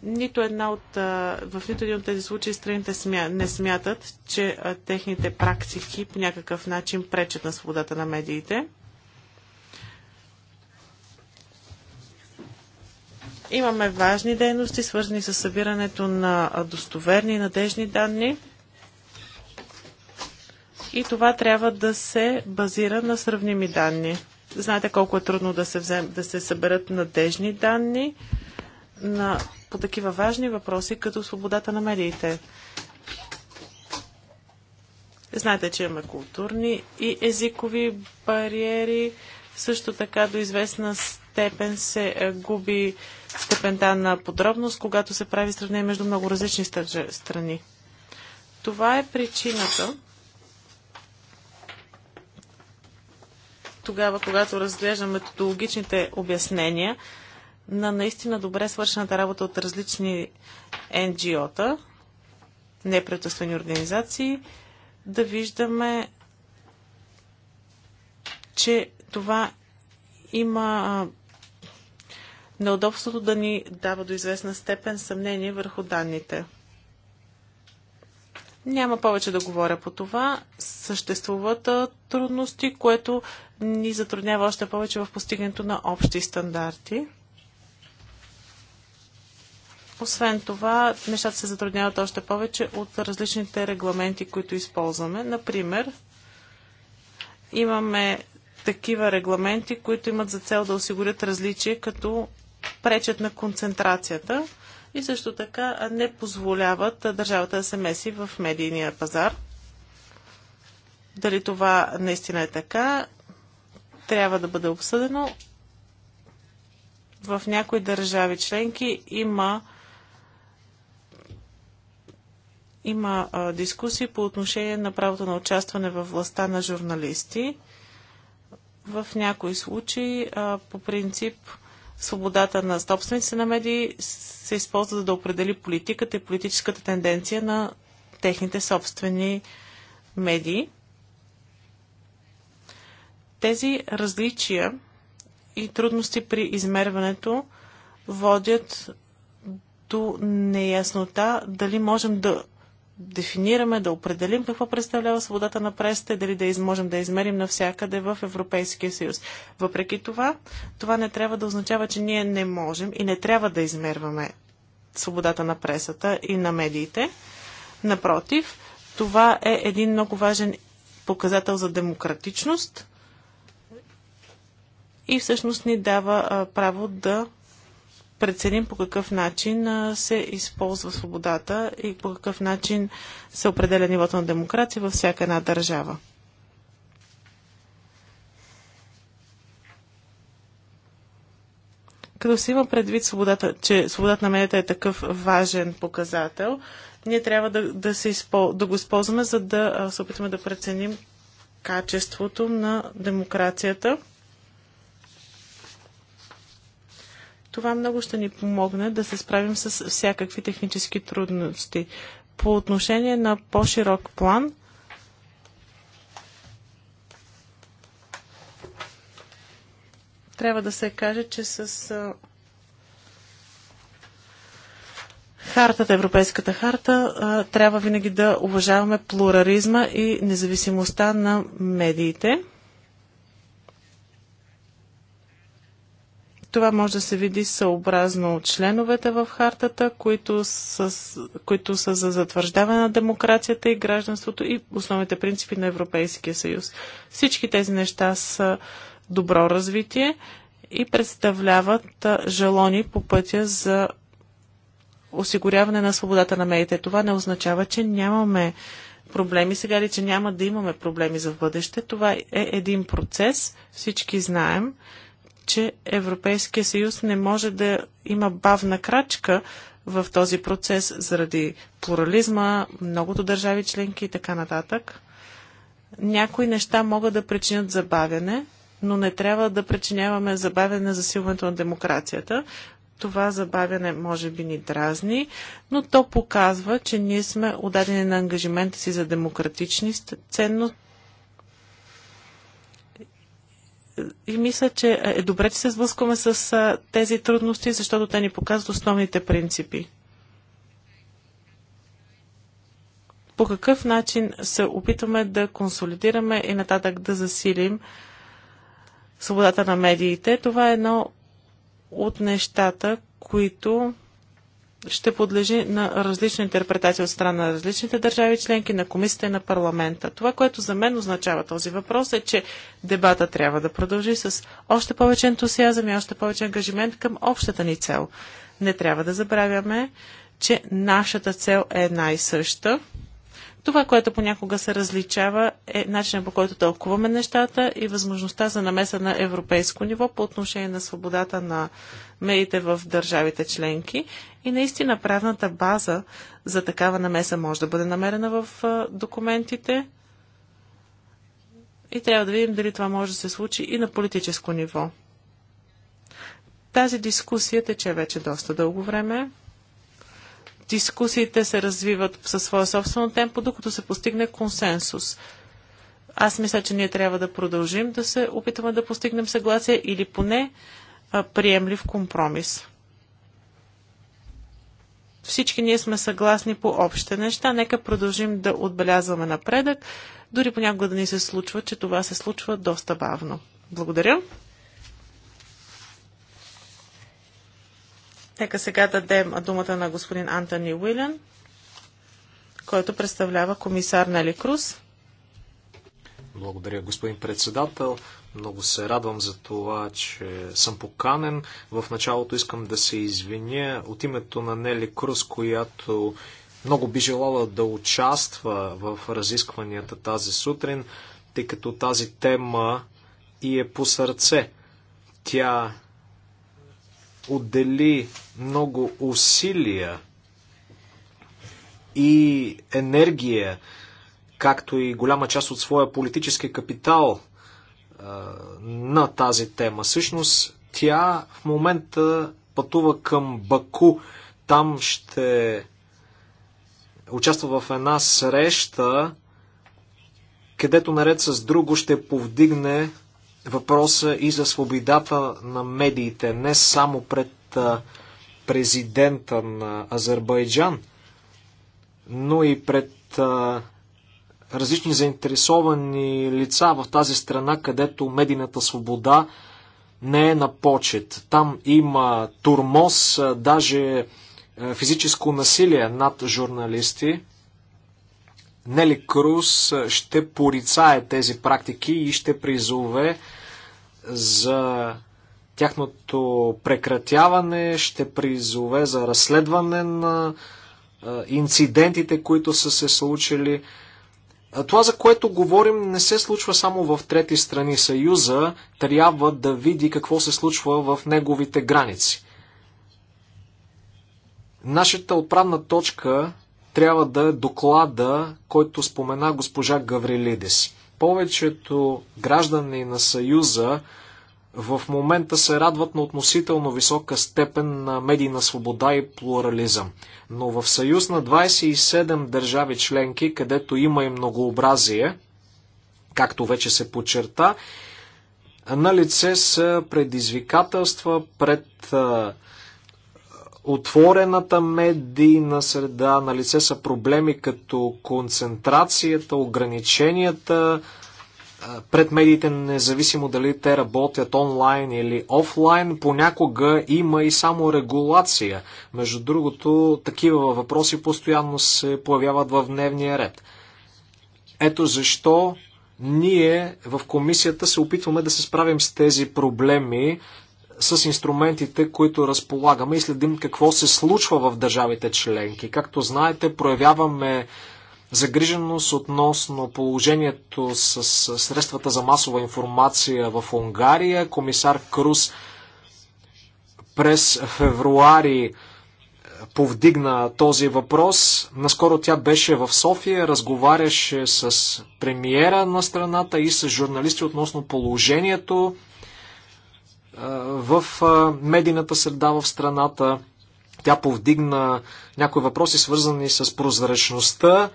Нито една от, в нито един от тези случаи страните смя, не смятат, че техните практики по някакъв начин пречат на свободата на медиите. Имаме важни дейности, свързани с събирането на достоверни и надежни данни. И това трябва да се базира на сравними данни. Знаете колко е трудно да се, взем, да се съберат надежни данни на, по такива важни въпроси, като свободата на медиите. Знаете, че имаме културни и езикови бариери. Също така до известна степен степен се е, губи степента на подробност, когато се прави сравнение между много различни страни. Това е причината тогава, когато разглеждаме методологичните обяснения на наистина добре свършената работа от различни нго та неправителствени организации, да виждаме, че това има неудобството да ни дава до известна степен съмнение върху данните. Няма повече да говоря по това. Съществуват трудности, което ни затруднява още повече в постигането на общи стандарти. Освен това, нещата се затрудняват още повече от различните регламенти, които използваме. Например, имаме такива регламенти, които имат за цел да осигурят различие, като пречат на концентрацията и също така не позволяват държавата да се меси в медийния пазар. Дали това наистина е така, трябва да бъде обсъдено. В някои държави членки има има а, дискусии по отношение на правото на участване в властта на журналисти. В някои случаи а, по принцип свободата на собствениците на медии се използва за да определи политиката и политическата тенденция на техните собствени медии. Тези различия и трудности при измерването водят до неяснота дали можем да дефинираме, да определим какво представлява свободата на пресата и дали да можем да измерим навсякъде в Европейския съюз. Въпреки това, това не трябва да означава, че ние не можем и не трябва да измерваме свободата на пресата и на медиите. Напротив, това е един много важен показател за демократичност и всъщност ни дава право да преценим по какъв начин се използва свободата и по какъв начин се определя нивото на демокрация във всяка една държава. Като се има предвид свободата, че свободата на медията е такъв важен показател, ние трябва да, да, се изпол... да го използваме, за да се опитаме да преценим качеството на демокрацията – Това много ще ни помогне да се справим с всякакви технически трудности. По отношение на по-широк план, трябва да се каже, че с Хартата, Европейската харта, трябва винаги да уважаваме плурализма и независимостта на медиите. Това може да се види съобразно членовете в хартата, които, са, които са за затвърждаване на демокрацията и гражданството и основните принципи на Европейския съюз. Всички тези неща са добро развитие и представляват желони по пътя за осигуряване на свободата на медиите. Това не означава, че нямаме проблеми сега ли, че няма да имаме проблеми за в бъдеще. Това е един процес, всички знаем че Европейския съюз не може да има бавна крачка в този процес заради плурализма, многото държави членки и така нататък. Някои неща могат да причинят забавяне, но не трябва да причиняваме забавяне за силването на демокрацията. Това забавяне може би ни дразни, но то показва, че ние сме отдадени на ангажимента си за демократични ценности. и мисля, че е добре, че се сблъскваме с тези трудности, защото те ни показват основните принципи. По какъв начин се опитваме да консолидираме и нататък да засилим свободата на медиите, това е едно от нещата, които ще подлежи на различна интерпретация от страна на различните държави членки, на комисията и на парламента. Това, което за мен означава този въпрос е, че дебата трябва да продължи с още повече ентусиазъм и още повече ангажимент към общата ни цел. Не трябва да забравяме, че нашата цел е една и съща това, което понякога се различава е начинът по който тълкуваме нещата и възможността за намеса на европейско ниво по отношение на свободата на медиите в държавите членки. И наистина правната база за такава намеса може да бъде намерена в документите. И трябва да видим дали това може да се случи и на политическо ниво. Тази дискусия тече вече доста дълго време дискусиите се развиват със своя собствено темпо, докато се постигне консенсус. Аз мисля, че ние трябва да продължим да се опитаме да постигнем съгласие или поне а, приемлив компромис. Всички ние сме съгласни по общите неща. Нека продължим да отбелязваме напредък, дори понякога да ни се случва, че това се случва доста бавно. Благодаря. Нека сега дадем думата на господин Антони Уилен, който представлява комисар Нели Круз. Благодаря, господин председател. Много се радвам за това, че съм поканен. В началото искам да се извиня от името на Нели Круз, която много би желала да участва в разискванията тази сутрин, тъй като тази тема и е по сърце. Тя отдели много усилия и енергия, както и голяма част от своя политически капитал на тази тема. Всъщност тя в момента пътува към Баку. Там ще участва в една среща, където наред с друго ще повдигне въпроса и за свободата на медиите, не само пред президента на Азербайджан, но и пред различни заинтересовани лица в тази страна, където медийната свобода не е на почет. Там има турмоз, даже физическо насилие над журналисти. Нели Круз ще порицае тези практики и ще призове за тяхното прекратяване, ще призове за разследване на инцидентите, които са се случили. Това, за което говорим, не се случва само в трети страни. Съюза трябва да види какво се случва в неговите граници. Нашата отправна точка трябва да е доклада, който спомена госпожа Гаврилидис. Повечето граждани на Съюза в момента се радват на относително висока степен на медийна свобода и плурализъм. Но в съюз на 27 държави членки, където има и многообразие, както вече се подчерта, на лице са предизвикателства пред отворената медийна среда, на лице са проблеми като концентрацията, ограниченията пред медиите, независимо дали те работят онлайн или офлайн, понякога има и само регулация. Между другото, такива въпроси постоянно се появяват в дневния ред. Ето защо ние в комисията се опитваме да се справим с тези проблеми с инструментите, които разполагаме и следим какво се случва в държавите членки. Както знаете, проявяваме загриженост относно положението с средствата за масова информация в Унгария. Комисар Крус през февруари е, повдигна този въпрос. Наскоро тя беше в София, разговаряше с премиера на страната и с журналисти относно положението в медийната среда в страната. Тя повдигна някои въпроси, свързани с прозрачността.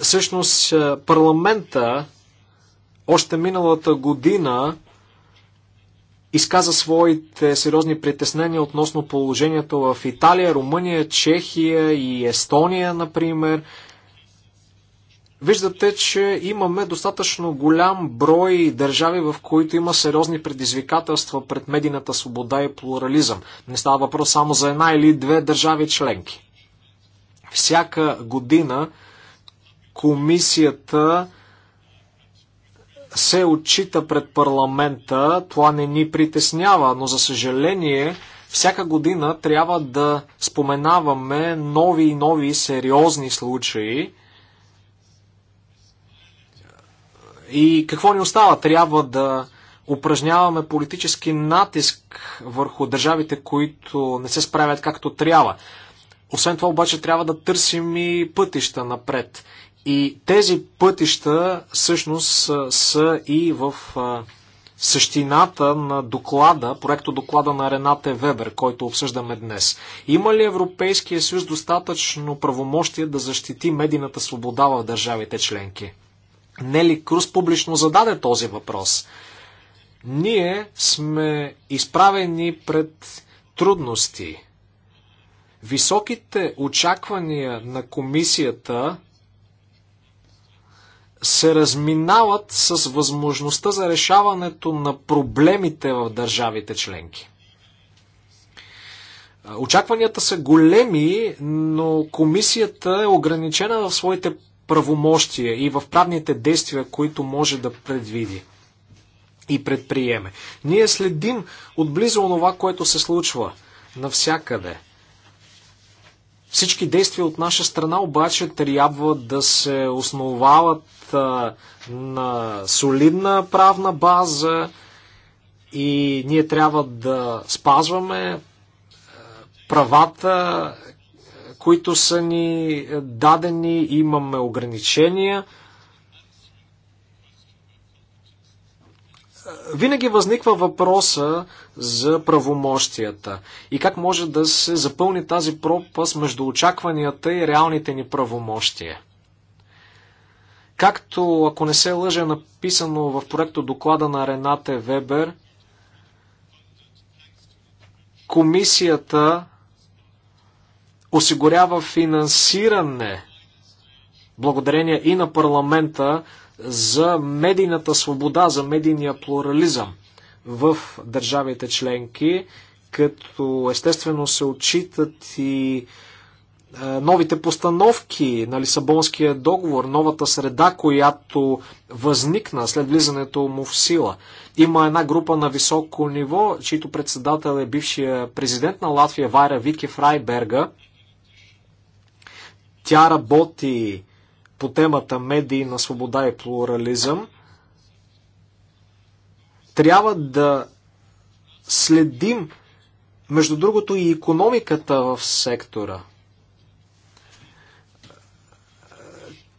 Всъщност, парламента още миналата година изказа своите сериозни притеснения относно положението в Италия, Румъния, Чехия и Естония, например. Виждате, че имаме достатъчно голям брой държави, в които има сериозни предизвикателства пред медийната свобода и плурализъм. Не става въпрос само за една или две държави членки. Всяка година комисията се отчита пред парламента, това не ни притеснява, но за съжаление всяка година трябва да споменаваме нови и нови сериозни случаи, И какво ни остава? Трябва да упражняваме политически натиск върху държавите, които не се справят както трябва. Освен това обаче трябва да търсим и пътища напред. И тези пътища всъщност са и в същината на доклада, проекто доклада на Рената Вебер, който обсъждаме днес. Има ли Европейския съюз достатъчно правомощие да защити медийната свобода в държавите членки? Нели Круз публично зададе този въпрос. Ние сме изправени пред трудности. Високите очаквания на комисията се разминават с възможността за решаването на проблемите в държавите членки. Очакванията са големи, но комисията е ограничена в своите правомощия и в правните действия, които може да предвиди и предприеме. Ние следим отблизо онова, което се случва навсякъде. Всички действия от наша страна обаче трябва да се основават а, на солидна правна база и ние трябва да спазваме правата които са ни дадени, имаме ограничения. Винаги възниква въпроса за правомощията и как може да се запълни тази пропаст между очакванията и реалните ни правомощия. Както, ако не се лъжа, е написано в проекто доклада на Рената Вебер, комисията осигурява финансиране благодарение и на парламента за медийната свобода, за медийния плурализъм в държавите членки, като естествено се отчитат и новите постановки на Лисабонския договор, новата среда, която възникна след влизането му в сила. Има една група на високо ниво, чийто председател е бившия президент на Латвия Вайра Вики Фрайберга – тя работи по темата медии на свобода и плурализъм. Трябва да следим, между другото, и економиката в сектора.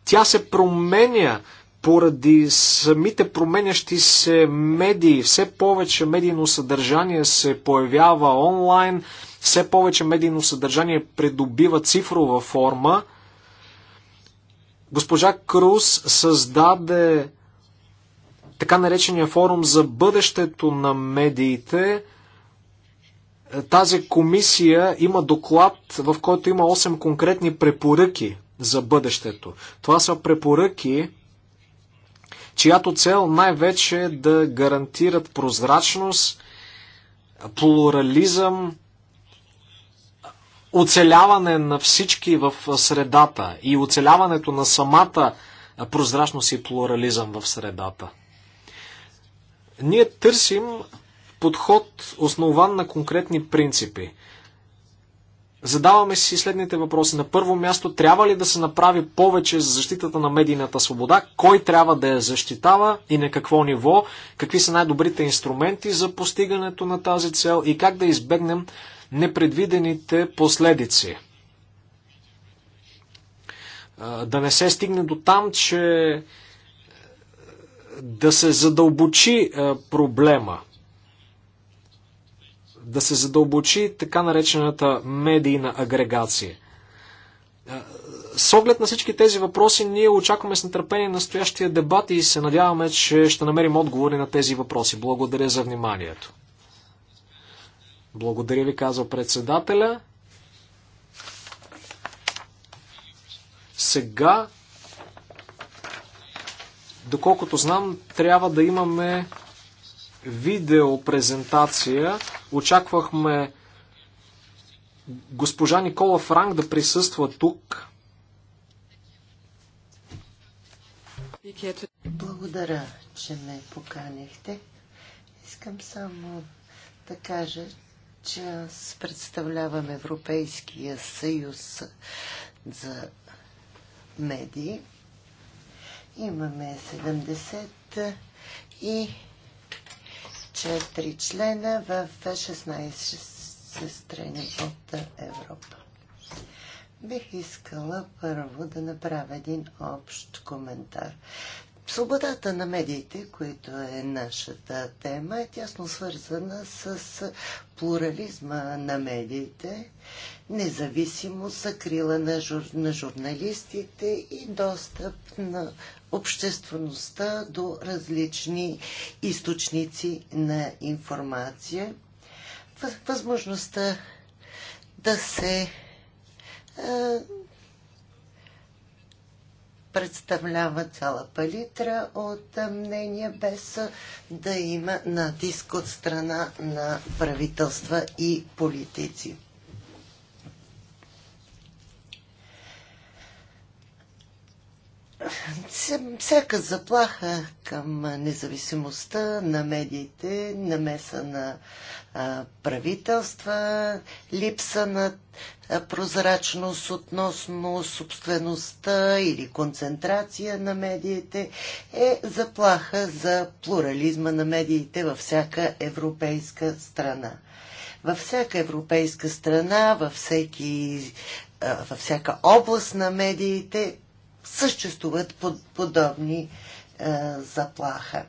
Тя се променя поради самите променящи се медии. Все повече медийно съдържание се появява онлайн, все повече медийно съдържание придобива цифрова форма – Госпожа Круз създаде така наречения форум за бъдещето на медиите. Тази комисия има доклад, в който има 8 конкретни препоръки за бъдещето. Това са препоръки, чиято цел най-вече е да гарантират прозрачност, плурализъм, оцеляване на всички в средата и оцеляването на самата прозрачност и плурализъм в средата. Ние търсим подход основан на конкретни принципи. Задаваме си следните въпроси. На първо място, трябва ли да се направи повече за защитата на медийната свобода? Кой трябва да я защитава и на какво ниво? Какви са най-добрите инструменти за постигането на тази цел и как да избегнем непредвидените последици. Да не се стигне до там, че да се задълбочи проблема, да се задълбочи така наречената медийна агрегация. С оглед на всички тези въпроси, ние очакваме с нетърпение настоящия дебат и се надяваме, че ще намерим отговори на тези въпроси. Благодаря за вниманието. Благодаря ви, казва председателя. Сега, доколкото знам, трябва да имаме видеопрезентация. Очаквахме госпожа Никола Франк да присъства тук. Благодаря, че ме поканихте. Искам само да кажа, че аз представлявам Европейския съюз за медии. Имаме 70 и 4 члена в 16 страни от Европа. Бих искала първо да направя един общ коментар. Свободата на медиите, което е нашата тема, е тясно свързана с плурализма на медиите, независимост, закрила на, жур, на журналистите и достъп на обществеността до различни източници на информация, възможността да се представлява цяла палитра от мнения, без да има натиск от страна на правителства и политици. всяка заплаха към независимостта на медиите, намеса на правителства, липса на прозрачност относно собствеността или концентрация на медиите е заплаха за плурализма на медиите във всяка европейска страна. Във всяка европейска страна, във, всеки, във всяка област на медиите съществуват под, подобни е, заплаха.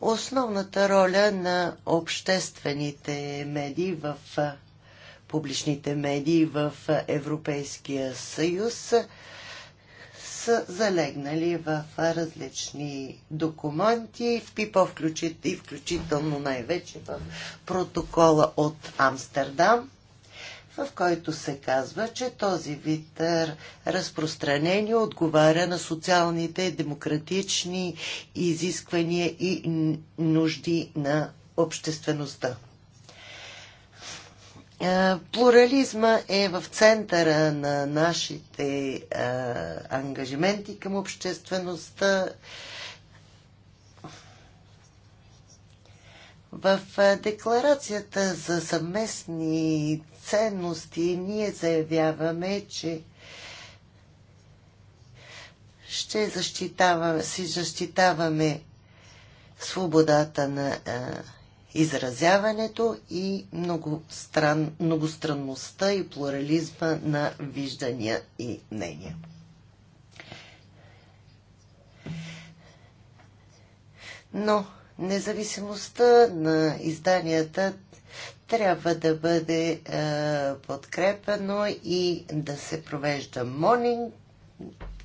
Основната роля на обществените медии в е, публичните медии в Европейския съюз са залегнали в различни документи, в ПИПО включително най-вече в протокола от Амстердам в който се казва, че този вид разпространение отговаря на социалните, демократични изисквания и нужди на обществеността. Е, плурализма е в центъра на нашите е, ангажименти към обществеността. В е, декларацията за съвместни ценности. Ние заявяваме, че ще защитаваме, си защитаваме свободата на е, изразяването и многостран, многостранността и плурализма на виждания и мнения. Но независимостта на изданията трябва да бъде е, подкрепено и да се провежда монинг,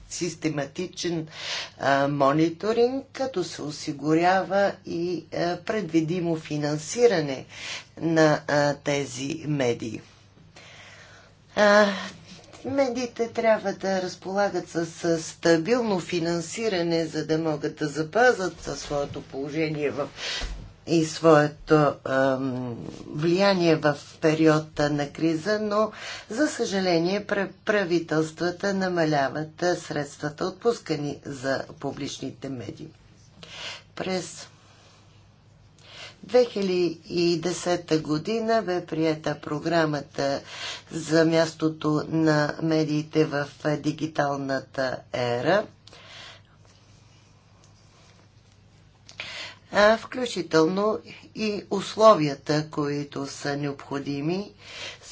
систематичен е, мониторинг, като се осигурява и е, предвидимо финансиране на е, тези медии. Е, медиите трябва да разполагат с стабилно финансиране, за да могат да запазат своето положение в и своето е, влияние в периода на криза, но за съжаление правителствата намаляват средствата отпускани за публичните медии. През 2010 година бе приета програмата за мястото на медиите в дигиталната ера – включително и условията, които са необходими,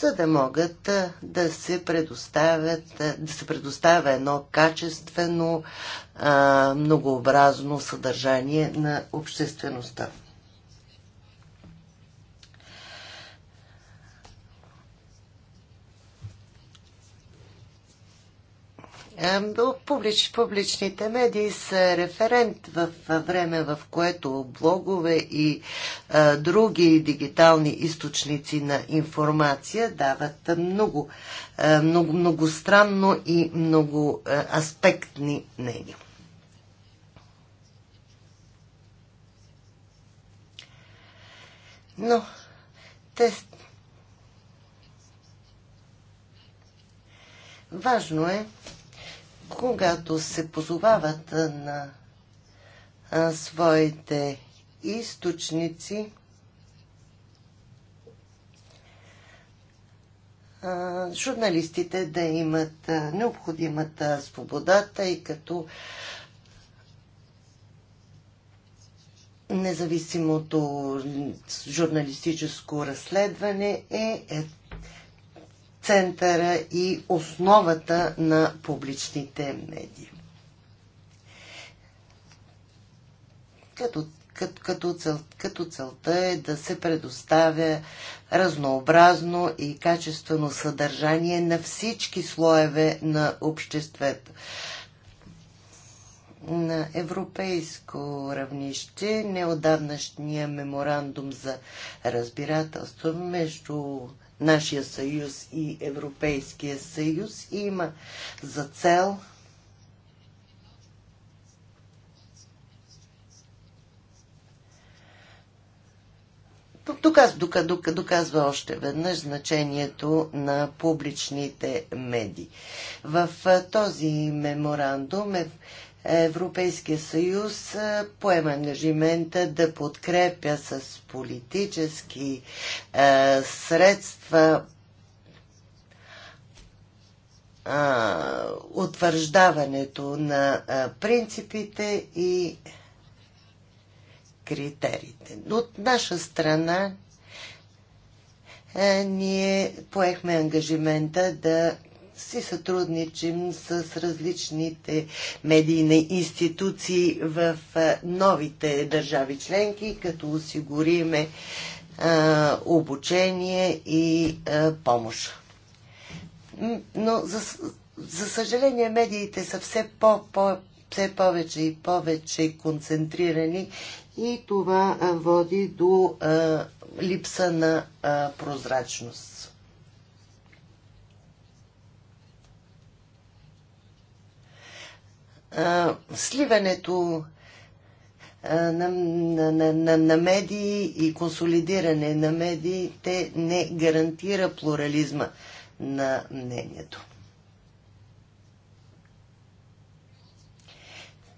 за да могат да се предоставят, да се предоставя едно качествено, многообразно съдържание на обществеността. Публич, публичните медии са референт в време, в което блогове и а, други дигитални източници на информация дават много, а, много многостранно и много а, аспектни мнения. Но те Важно е когато се позовават на своите източници, журналистите да имат необходимата свобода, и като независимото журналистическо разследване е, е центъра и основата на публичните медии. Като, като, като, цел, като целта е да се предоставя разнообразно и качествено съдържание на всички слоеве на обществото на европейско равнище неодавнашния меморандум за разбирателство между нашия съюз и Европейския съюз има за цел доказва, доказва още веднъж значението на публичните медии. В този меморандум е Европейския съюз поема ангажимента да подкрепя с политически е, средства е, утвърждаването на е, принципите и критериите. От наша страна е, ние поехме ангажимента да си сътрудничим с различните медийни институции в новите държави членки, като осигуриме обучение и помощ. Но за, за съжаление медиите са все, по, по, все повече и повече концентрирани и това води до а, липса на а, прозрачност. а, сливането на, на, на, на медии и консолидиране на медии, те не гарантира плурализма на мнението.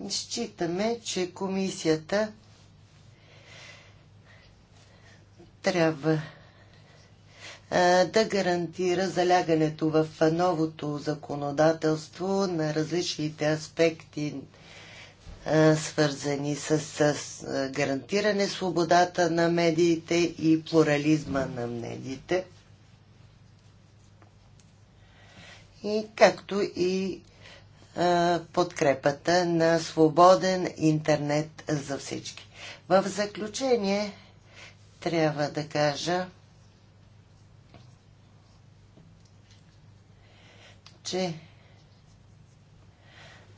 Считаме, че комисията трябва е, да гарантира залягането в новото законодателство на различните аспекти, е, свързани с, с гарантиране свободата на медиите и плурализма на медиите. И както и е, подкрепата на свободен интернет за всички. В заключение трябва да кажа, че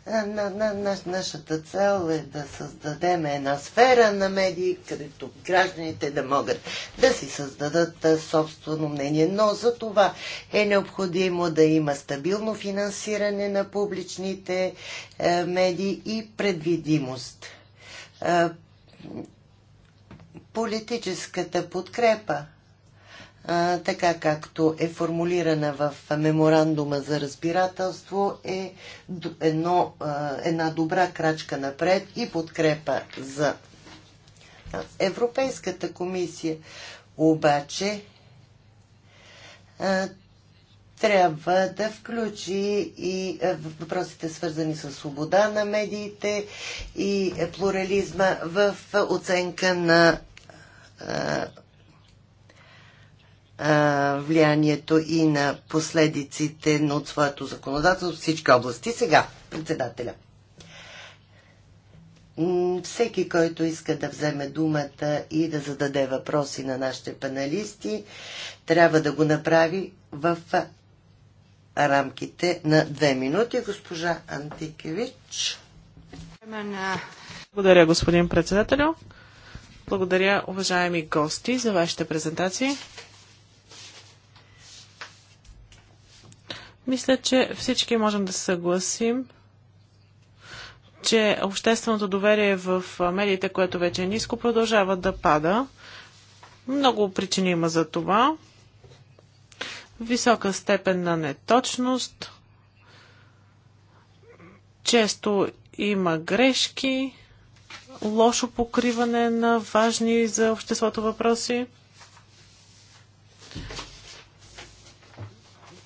на, на, на, нашата цел е да създадем една сфера на медии, където гражданите да могат да си създадат собствено мнение. Но за това е необходимо да има стабилно финансиране на публичните е, медии и предвидимост. Е, политическата подкрепа така както е формулирана в меморандума за разбирателство, е едно, една добра крачка напред и подкрепа за Европейската комисия. Обаче трябва да включи и въпросите свързани с свобода на медиите и плурализма в оценка на влиянието и на последиците на от своето законодателство в всички области. Сега, председателя. Всеки, който иска да вземе думата и да зададе въпроси на нашите паналисти, трябва да го направи в рамките на две минути. Госпожа Антикевич. Благодаря, господин председател. Благодаря, уважаеми гости, за вашите презентации. Мисля, че всички можем да съгласим, че общественото доверие в медиите, което вече е ниско, продължава да пада. Много причини има за това. Висока степен на неточност. Често има грешки, лошо покриване на важни за обществото въпроси.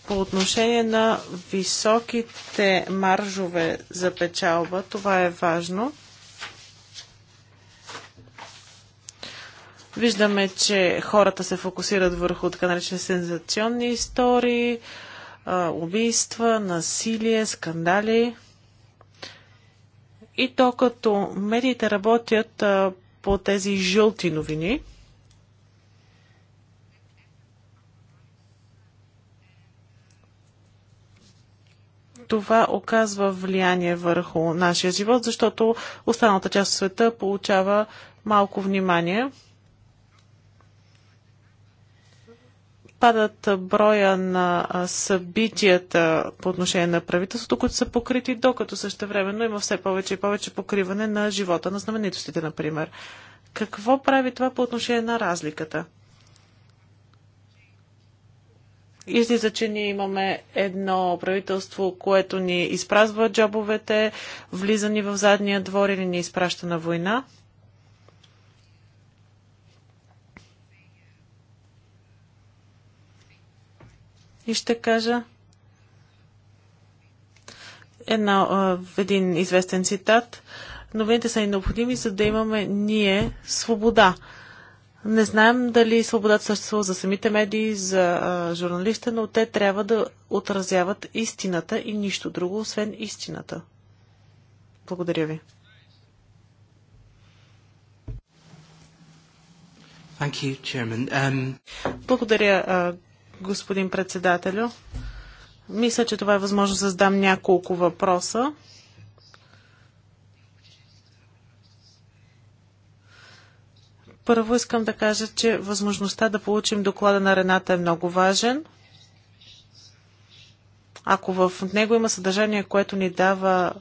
По отношение на високите маржове за печалба, това е важно. Виждаме, че хората се фокусират върху така наречени сензационни истории, убийства, насилие, скандали. И то като медиите работят по тези жълти новини – това оказва влияние върху нашия живот, защото останалата част от света получава малко внимание. падат броя на събитията по отношение на правителството, които са покрити, докато същевременно има все повече и повече покриване на живота на знаменитостите, например. Какво прави това по отношение на разликата? Излиза, че ние имаме едно правителство, което ни изпразва джобовете, влиза ни в задния двор или ни изпраща на война. И ще кажа една, един известен цитат. Новините са ни необходими, за да имаме ние свобода. Не знаем дали свободата съществува за самите медии, за а, журналиста, но те трябва да отразяват истината и нищо друго, освен истината. Благодаря ви. You, um... Благодаря, господин председателю. Мисля, че това е възможно да задам няколко въпроса. Първо искам да кажа, че възможността да получим доклада на Рената е много важен. Ако в него има съдържание, което ни дава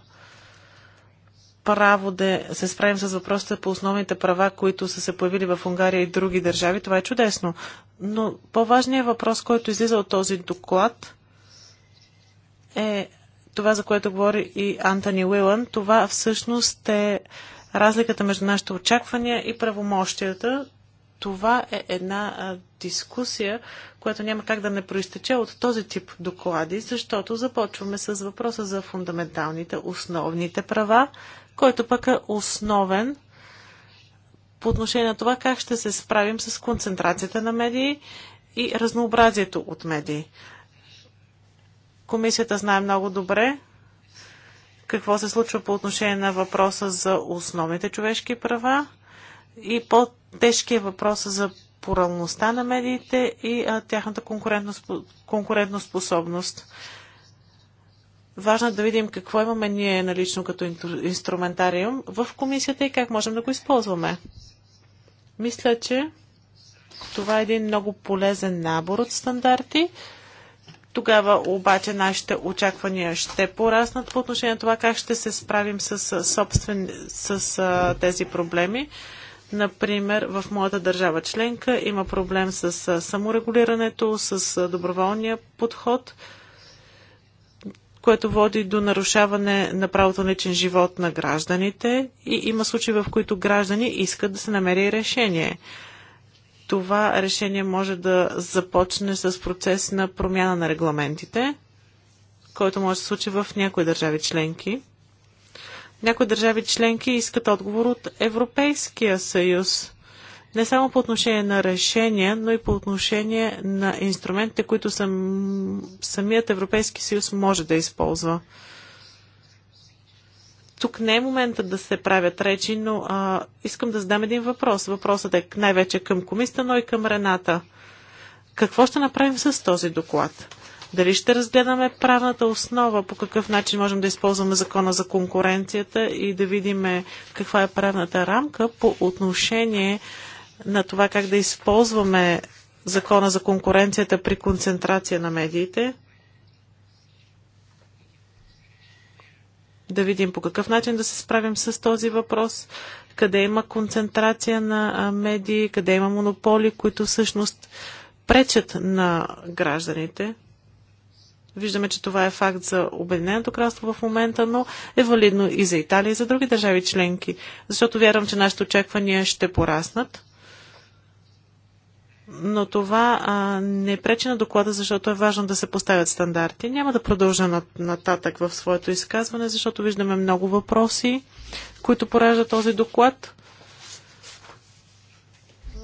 право да се справим с въпросите по основните права, които са се появили в Унгария и други държави, това е чудесно. Но по-важният въпрос, който излиза от този доклад е това, за което говори и Антони Уилан. Това всъщност е разликата между нашите очаквания и правомощията. Това е една а, дискусия, която няма как да не проистече от този тип доклади, защото започваме с въпроса за фундаменталните, основните права, който пък е основен по отношение на това как ще се справим с концентрацията на медии и разнообразието от медии. Комисията знае много добре какво се случва по отношение на въпроса за основните човешки права и по-тежкия въпрос за поралността на медиите и а, тяхната конкурентоспособност. Важно е да видим какво имаме ние налично като инструментариум в комисията и как можем да го използваме. Мисля, че това е един много полезен набор от стандарти, тогава обаче нашите очаквания ще пораснат по отношение на това как ще се справим с, собствен, с тези проблеми. Например, в моята държава членка има проблем с саморегулирането, с доброволния подход, което води до нарушаване на правото на личен живот на гражданите и има случаи, в които граждани искат да се намери решение това решение може да започне с процес на промяна на регламентите, който може да се случи в някои държави членки. Някои държави членки искат отговор от Европейския съюз. Не само по отношение на решения, но и по отношение на инструментите, които сам, самият Европейски съюз може да използва. Тук не е момента да се правят речи, но а, искам да задам един въпрос. Въпросът е най-вече към комиста, но и към Рената. Какво ще направим с този доклад? Дали ще разгледаме правната основа, по какъв начин можем да използваме закона за конкуренцията и да видим каква е правната рамка по отношение на това как да използваме закона за конкуренцията при концентрация на медиите? да видим по какъв начин да се справим с този въпрос, къде има концентрация на медии, къде има монополи, които всъщност пречат на гражданите. Виждаме, че това е факт за Обединеното кралство в момента, но е валидно и за Италия и за други държави членки, защото вярвам, че нашите очаквания ще пораснат но това а, не пречи на доклада, защото е важно да се поставят стандарти. Няма да продължа нататък в своето изказване, защото виждаме много въпроси, които поражда този доклад.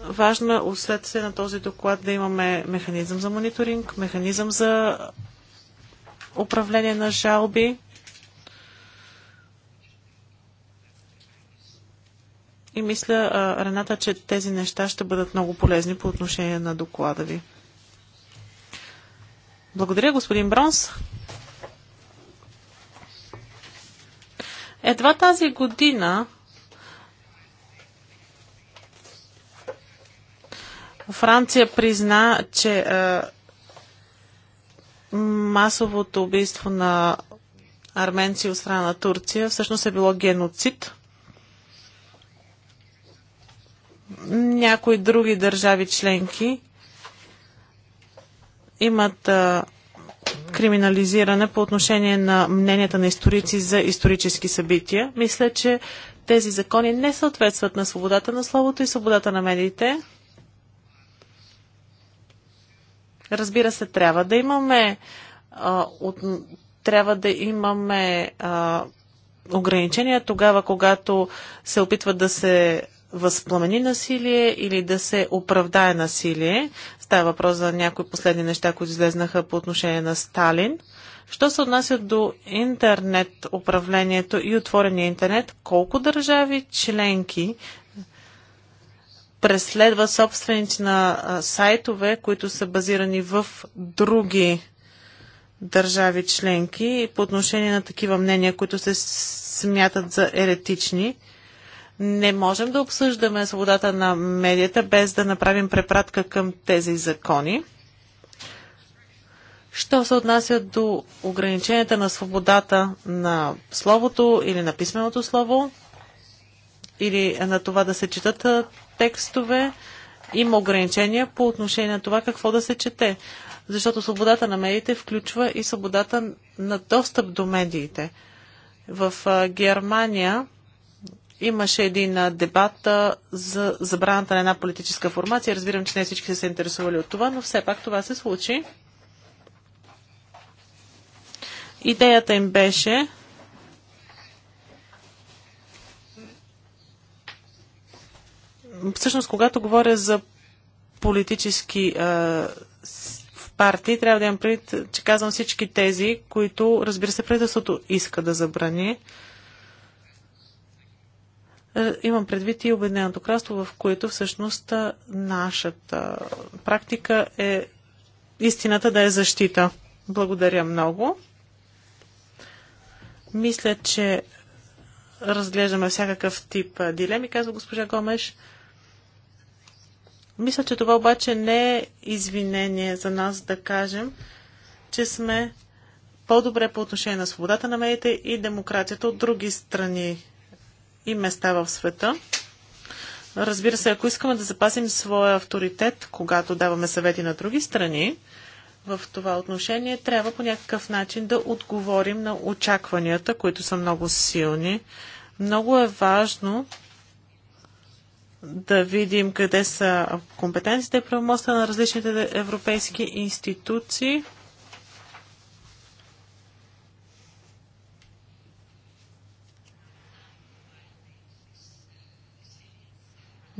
Важно е, след се на този доклад, да имаме механизъм за мониторинг, механизъм за управление на жалби. И мисля, Рената, че тези неща ще бъдат много полезни по отношение на доклада ви. Благодаря, господин Бронс. Едва тази година Франция призна, че е, масовото убийство на арменци от страна на Турция всъщност е било геноцид. някои други държави членки имат а, криминализиране по отношение на мненията на историци за исторически събития. Мисля, че тези закони не съответстват на свободата на словото и свободата на медиите. Разбира се, трябва да имаме а, от, трябва да имаме а, ограничения тогава, когато се опитват да се възпламени насилие или да се оправдае насилие. Става въпрос за някои последни неща, които излезнаха по отношение на Сталин. Що се отнася до интернет управлението и отворения интернет, колко държави членки преследва собственици на сайтове, които са базирани в други държави членки по отношение на такива мнения, които се смятат за еретични. Не можем да обсъждаме свободата на медията без да направим препратка към тези закони. Що се отнася до ограниченията на свободата на словото или на писменото слово, или на това да се четат текстове, има ограничения по отношение на това какво да се чете. Защото свободата на медиите включва и свободата на достъп до медиите. В Германия Имаше един дебат за забраната на една политическа формация. Разбирам, че не всички са се интересували от това, но все пак това се случи. Идеята им беше всъщност, когато говоря за политически партии, трябва да имам предвид, че казвам всички тези, които, разбира се, правителството иска да забрани. Е, имам предвид и Обединеното кралство, в което всъщност е, нашата е, практика е истината да е защита. Благодаря много. Мисля, че разглеждаме всякакъв тип дилеми, казва госпожа Гомеш. Мисля, че това обаче не е извинение за нас да кажем, че сме по-добре по отношение на свободата на медиите и демокрацията от други страни и места в света. Разбира се, ако искаме да запазим своя авторитет, когато даваме съвети на други страни, в това отношение трябва по някакъв начин да отговорим на очакванията, които са много силни. Много е важно да видим къде са компетенциите и правомостта на различните европейски институции.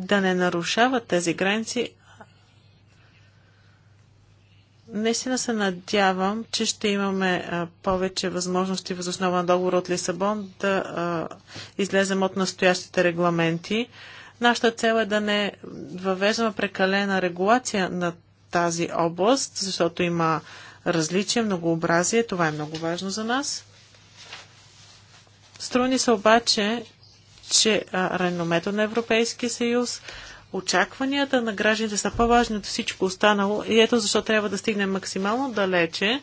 да не нарушават тези граници. Наистина се надявам, че ще имаме повече възможности въз основа на договор от Лисабон да излезем от настоящите регламенти. Нашата цел е да не въвеждаме прекалена регулация на тази област, защото има различие, многообразие. Това е много важно за нас. Струни се обаче, че реномето на Европейския съюз, очакванията на гражданите са по-важни от всичко останало и ето защо трябва да стигнем максимално далече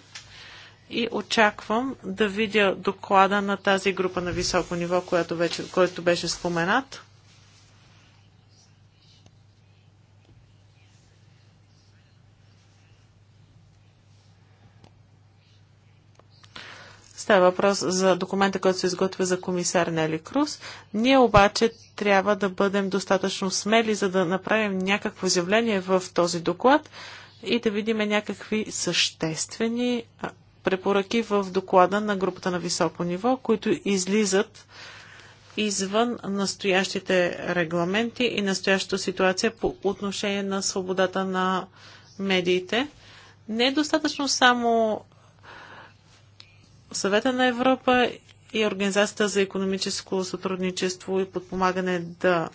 и очаквам да видя доклада на тази група на високо ниво, която вече, който беше споменат. Става въпрос за документа, който се изготвя за комисар Нели Круз. Ние обаче трябва да бъдем достатъчно смели, за да направим някакво изявление в този доклад и да видим някакви съществени препоръки в доклада на групата на високо ниво, които излизат извън настоящите регламенти и настоящата ситуация по отношение на свободата на медиите. Не е достатъчно само Съвета на Европа и Организацията за економическо сътрудничество и подпомагане да,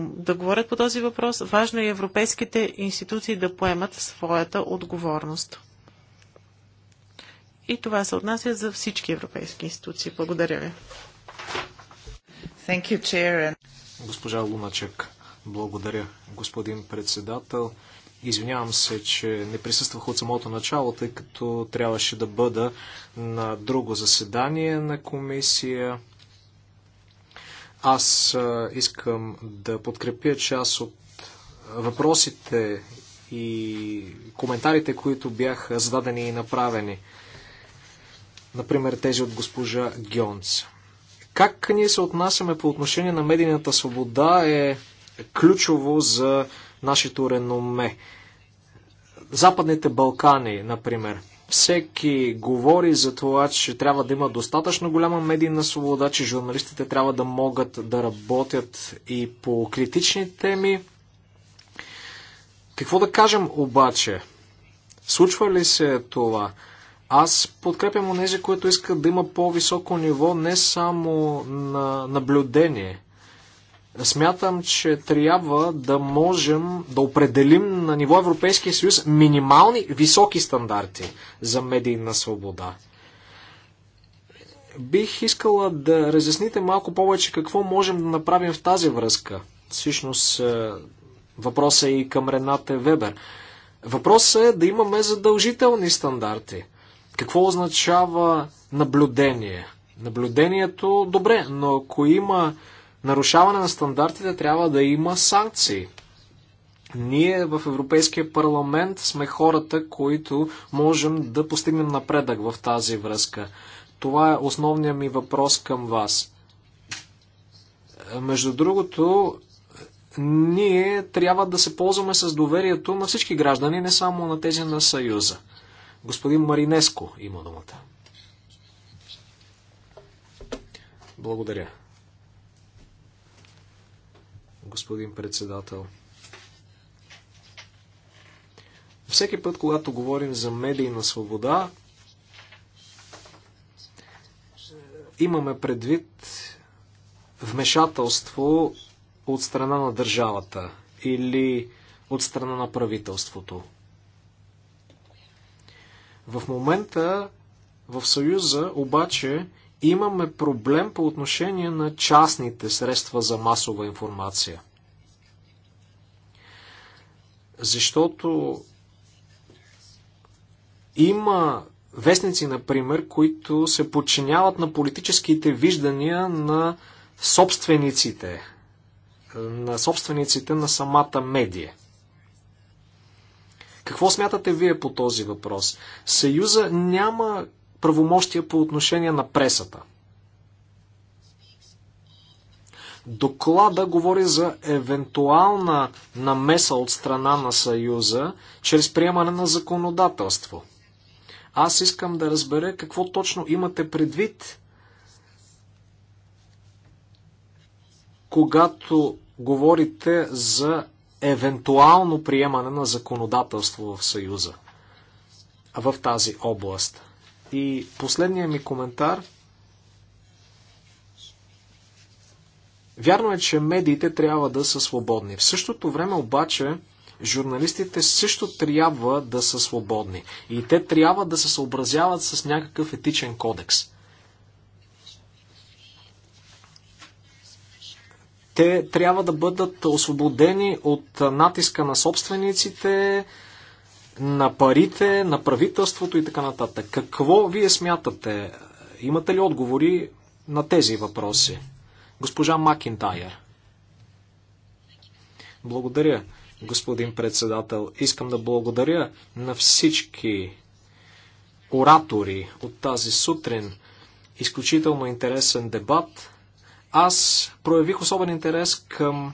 да говорят по този въпрос, важно е европейските институции да поемат своята отговорност. И това се отнася за всички европейски институции. Благодаря ви. Thank you, Госпожа Луначек, благодаря, господин председател. Извинявам се, че не присъствах от самото начало, тъй като трябваше да бъда на друго заседание на комисия. Аз искам да подкрепя част от въпросите и коментарите, които бяха зададени и направени. Например, тези от госпожа Гьонц. Как ние се отнасяме по отношение на медийната свобода е ключово за нашето реноме. Западните Балкани, например. Всеки говори за това, че трябва да има достатъчно голяма медийна свобода, че журналистите трябва да могат да работят и по критични теми. Какво да кажем обаче? Случва ли се това? Аз подкрепям онези, които искат да има по-високо ниво не само на наблюдение – Смятам, че трябва да можем да определим на ниво Европейския съюз минимални високи стандарти за медийна свобода. Бих искала да разясните малко повече какво можем да направим в тази връзка. Всъщност е, въпросът е и към Рената Вебер. Въпросът е да имаме задължителни стандарти. Какво означава наблюдение? Наблюдението, добре, но ако има нарушаване на стандартите трябва да има санкции. Ние в Европейския парламент сме хората, които можем да постигнем напредък в тази връзка. Това е основният ми въпрос към вас. Между другото, ние трябва да се ползваме с доверието на всички граждани, не само на тези на Съюза. Господин Маринеско има думата. Благодаря, господин председател. Всеки път, когато говорим за медийна свобода, имаме предвид вмешателство от страна на държавата или от страна на правителството. В момента в Съюза обаче имаме проблем по отношение на частните средства за масова информация. Защото има вестници, например, които се подчиняват на политическите виждания на собствениците, на собствениците на самата медия. Какво смятате вие по този въпрос? Съюза няма правомощия по отношение на пресата. Доклада говори за евентуална намеса от страна на Съюза чрез приемане на законодателство. Аз искам да разбера какво точно имате предвид, когато говорите за евентуално приемане на законодателство в Съюза в тази област. И последния ми коментар. Вярно е, че медиите трябва да са свободни. В същото време обаче журналистите също трябва да са свободни. И те трябва да се съобразяват с някакъв етичен кодекс. Те трябва да бъдат освободени от натиска на собствениците, на парите, на правителството и така нататък. Какво вие смятате? Имате ли отговори на тези въпроси? Госпожа Макинтайер. Благодаря, господин председател. Искам да благодаря на всички оратори от тази сутрин. Изключително интересен дебат. Аз проявих особен интерес към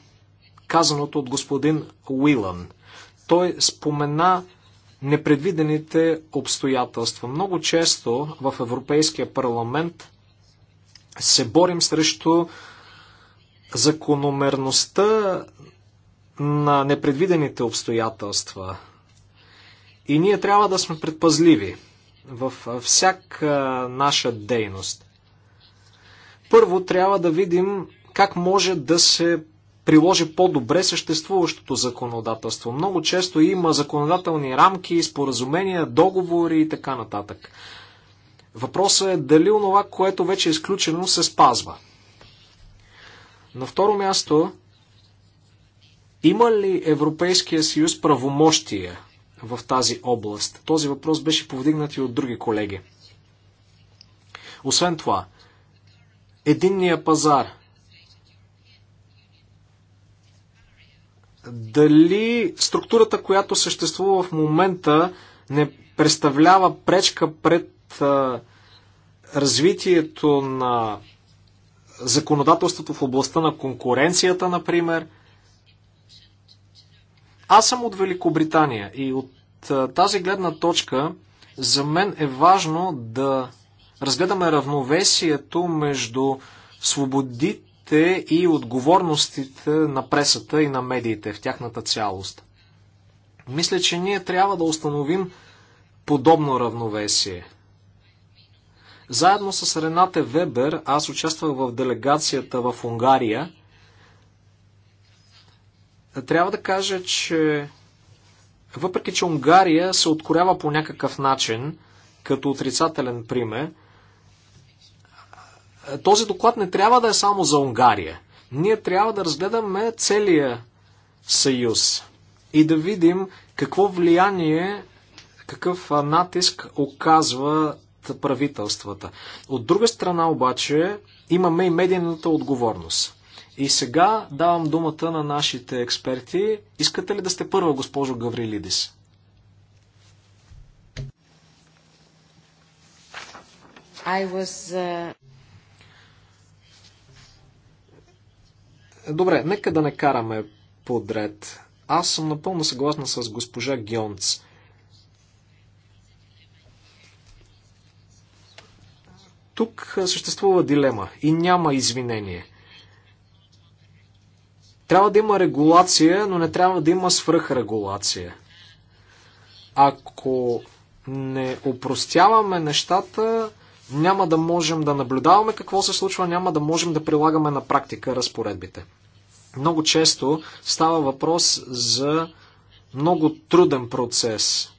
казаното от господин Уилан. Той спомена непредвидените обстоятелства. Много често в Европейския парламент се борим срещу закономерността на непредвидените обстоятелства. И ние трябва да сме предпазливи във всяка наша дейност. Първо трябва да видим как може да се приложи по-добре съществуващото законодателство. Много често има законодателни рамки, споразумения, договори и така нататък. Въпросът е дали онова, което вече е изключено, се спазва. На второ място, има ли Европейския съюз правомощие в тази област? Този въпрос беше повдигнат и от други колеги. Освен това, единния пазар – дали структурата, която съществува в момента, не представлява пречка пред а, развитието на законодателството в областта на конкуренцията, например. Аз съм от Великобритания и от а, тази гледна точка за мен е важно да разгледаме равновесието между свободите функциите и отговорностите на пресата и на медиите в тяхната цялост. Мисля, че ние трябва да установим подобно равновесие. Заедно с Рената Вебер аз участвах в делегацията в Унгария. Трябва да кажа, че въпреки, че Унгария се откорява по някакъв начин, като отрицателен пример – този доклад не трябва да е само за Унгария. Ние трябва да разгледаме целия съюз и да видим какво влияние, какъв натиск оказват правителствата. От друга страна обаче имаме и медийната отговорност. И сега давам думата на нашите експерти. Искате ли да сте първа, госпожо Гаврилидис? I was, uh... Добре, нека да не караме подред. Аз съм напълно съгласна с госпожа Гьонц. Тук съществува дилема и няма извинение. Трябва да има регулация, но не трябва да има свръхрегулация. Ако не опростяваме нещата, няма да можем да наблюдаваме какво се случва, няма да можем да прилагаме на практика разпоредбите. Много често става въпрос за много труден процес.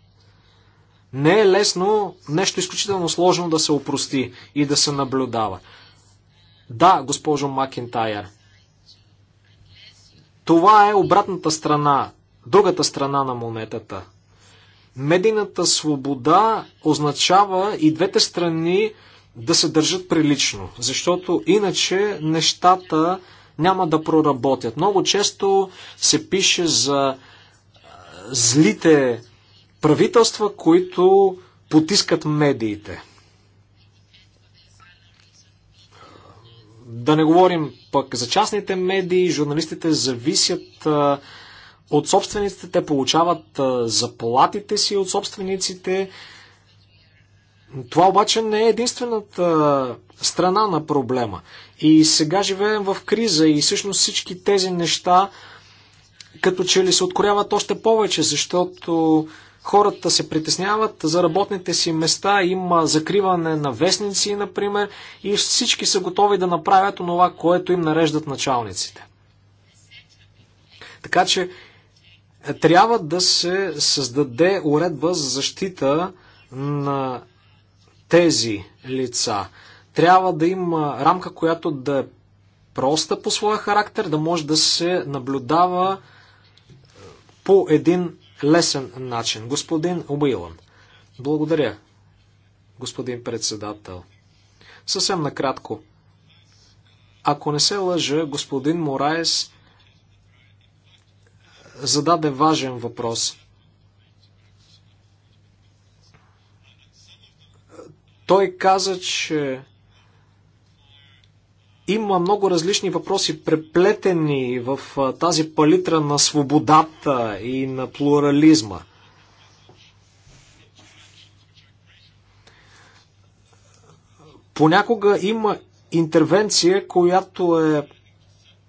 Не е лесно нещо изключително сложно да се опрости и да се наблюдава. Да, госпожо Макентайер, това е обратната страна, другата страна на монетата. Медийната свобода означава и двете страни да се държат прилично, защото иначе нещата няма да проработят. Много често се пише за злите правителства, които потискат медиите. Да не говорим пък за частните медии, журналистите зависят а, от собствениците, те получават а, заплатите си от собствениците. Това обаче не е единствената страна на проблема. И сега живеем в криза и всъщност всички тези неща като че ли се откоряват още повече, защото хората се притесняват за работните си места, има закриване на вестници, например, и всички са готови да направят това, което им нареждат началниците. Така че е, трябва да се създаде уредба за защита на тези лица. Трябва да има рамка, която да е проста по своя характер, да може да се наблюдава е, по един лесен начин. Господин Уилън, благодаря, господин председател. Съвсем накратко. Ако не се лъжа, господин Мораес е, зададе важен въпрос. Той каза, че има много различни въпроси, преплетени в тази палитра на свободата и на плурализма. Понякога има интервенция, която е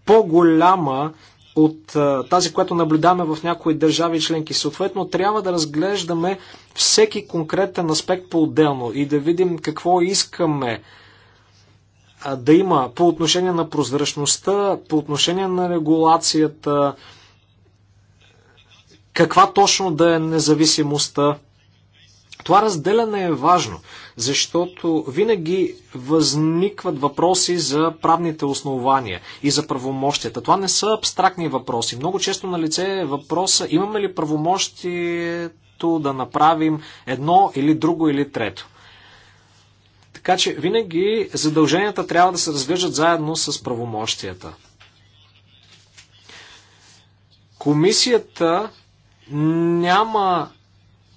по-голяма от тази, която наблюдаваме в някои държави членки. Съответно, трябва да разглеждаме всеки конкретен аспект по-отделно и да видим какво искаме да има по отношение на прозрачността, по отношение на регулацията, каква точно да е независимостта. Това разделяне е важно, защото винаги възникват въпроси за правните основания и за правомощията. Това не са абстрактни въпроси. Много често на лице е въпроса имаме ли правомощието да направим едно или друго или трето. Така че винаги задълженията трябва да се разглеждат заедно с правомощията. Комисията няма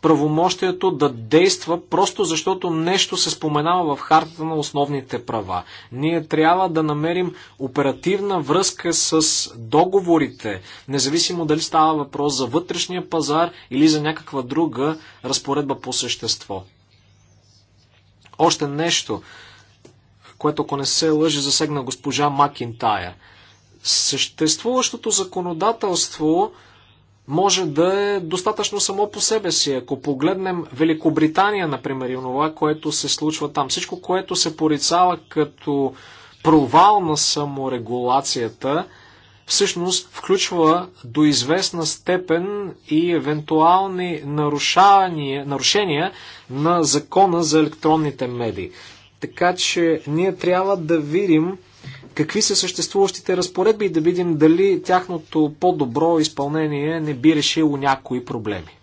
правомощието да действа просто защото нещо се споменава в хартата на основните права. Ние трябва да намерим оперативна връзка с договорите, независимо дали става въпрос за вътрешния пазар или за някаква друга разпоредба по същество. Още нещо, което ако не се лъжи, засегна госпожа Макинтая. Съществуващото законодателство може да е достатъчно само по себе си. Ако погледнем Великобритания, например, и това, което се случва там, всичко, което се порицава като провал на саморегулацията, всъщност включва до известна степен и евентуални нарушения, нарушения на закона за електронните медии. Така че ние трябва да видим какви са съществуващите разпоредби и да видим дали тяхното по-добро изпълнение не би решило някои проблеми.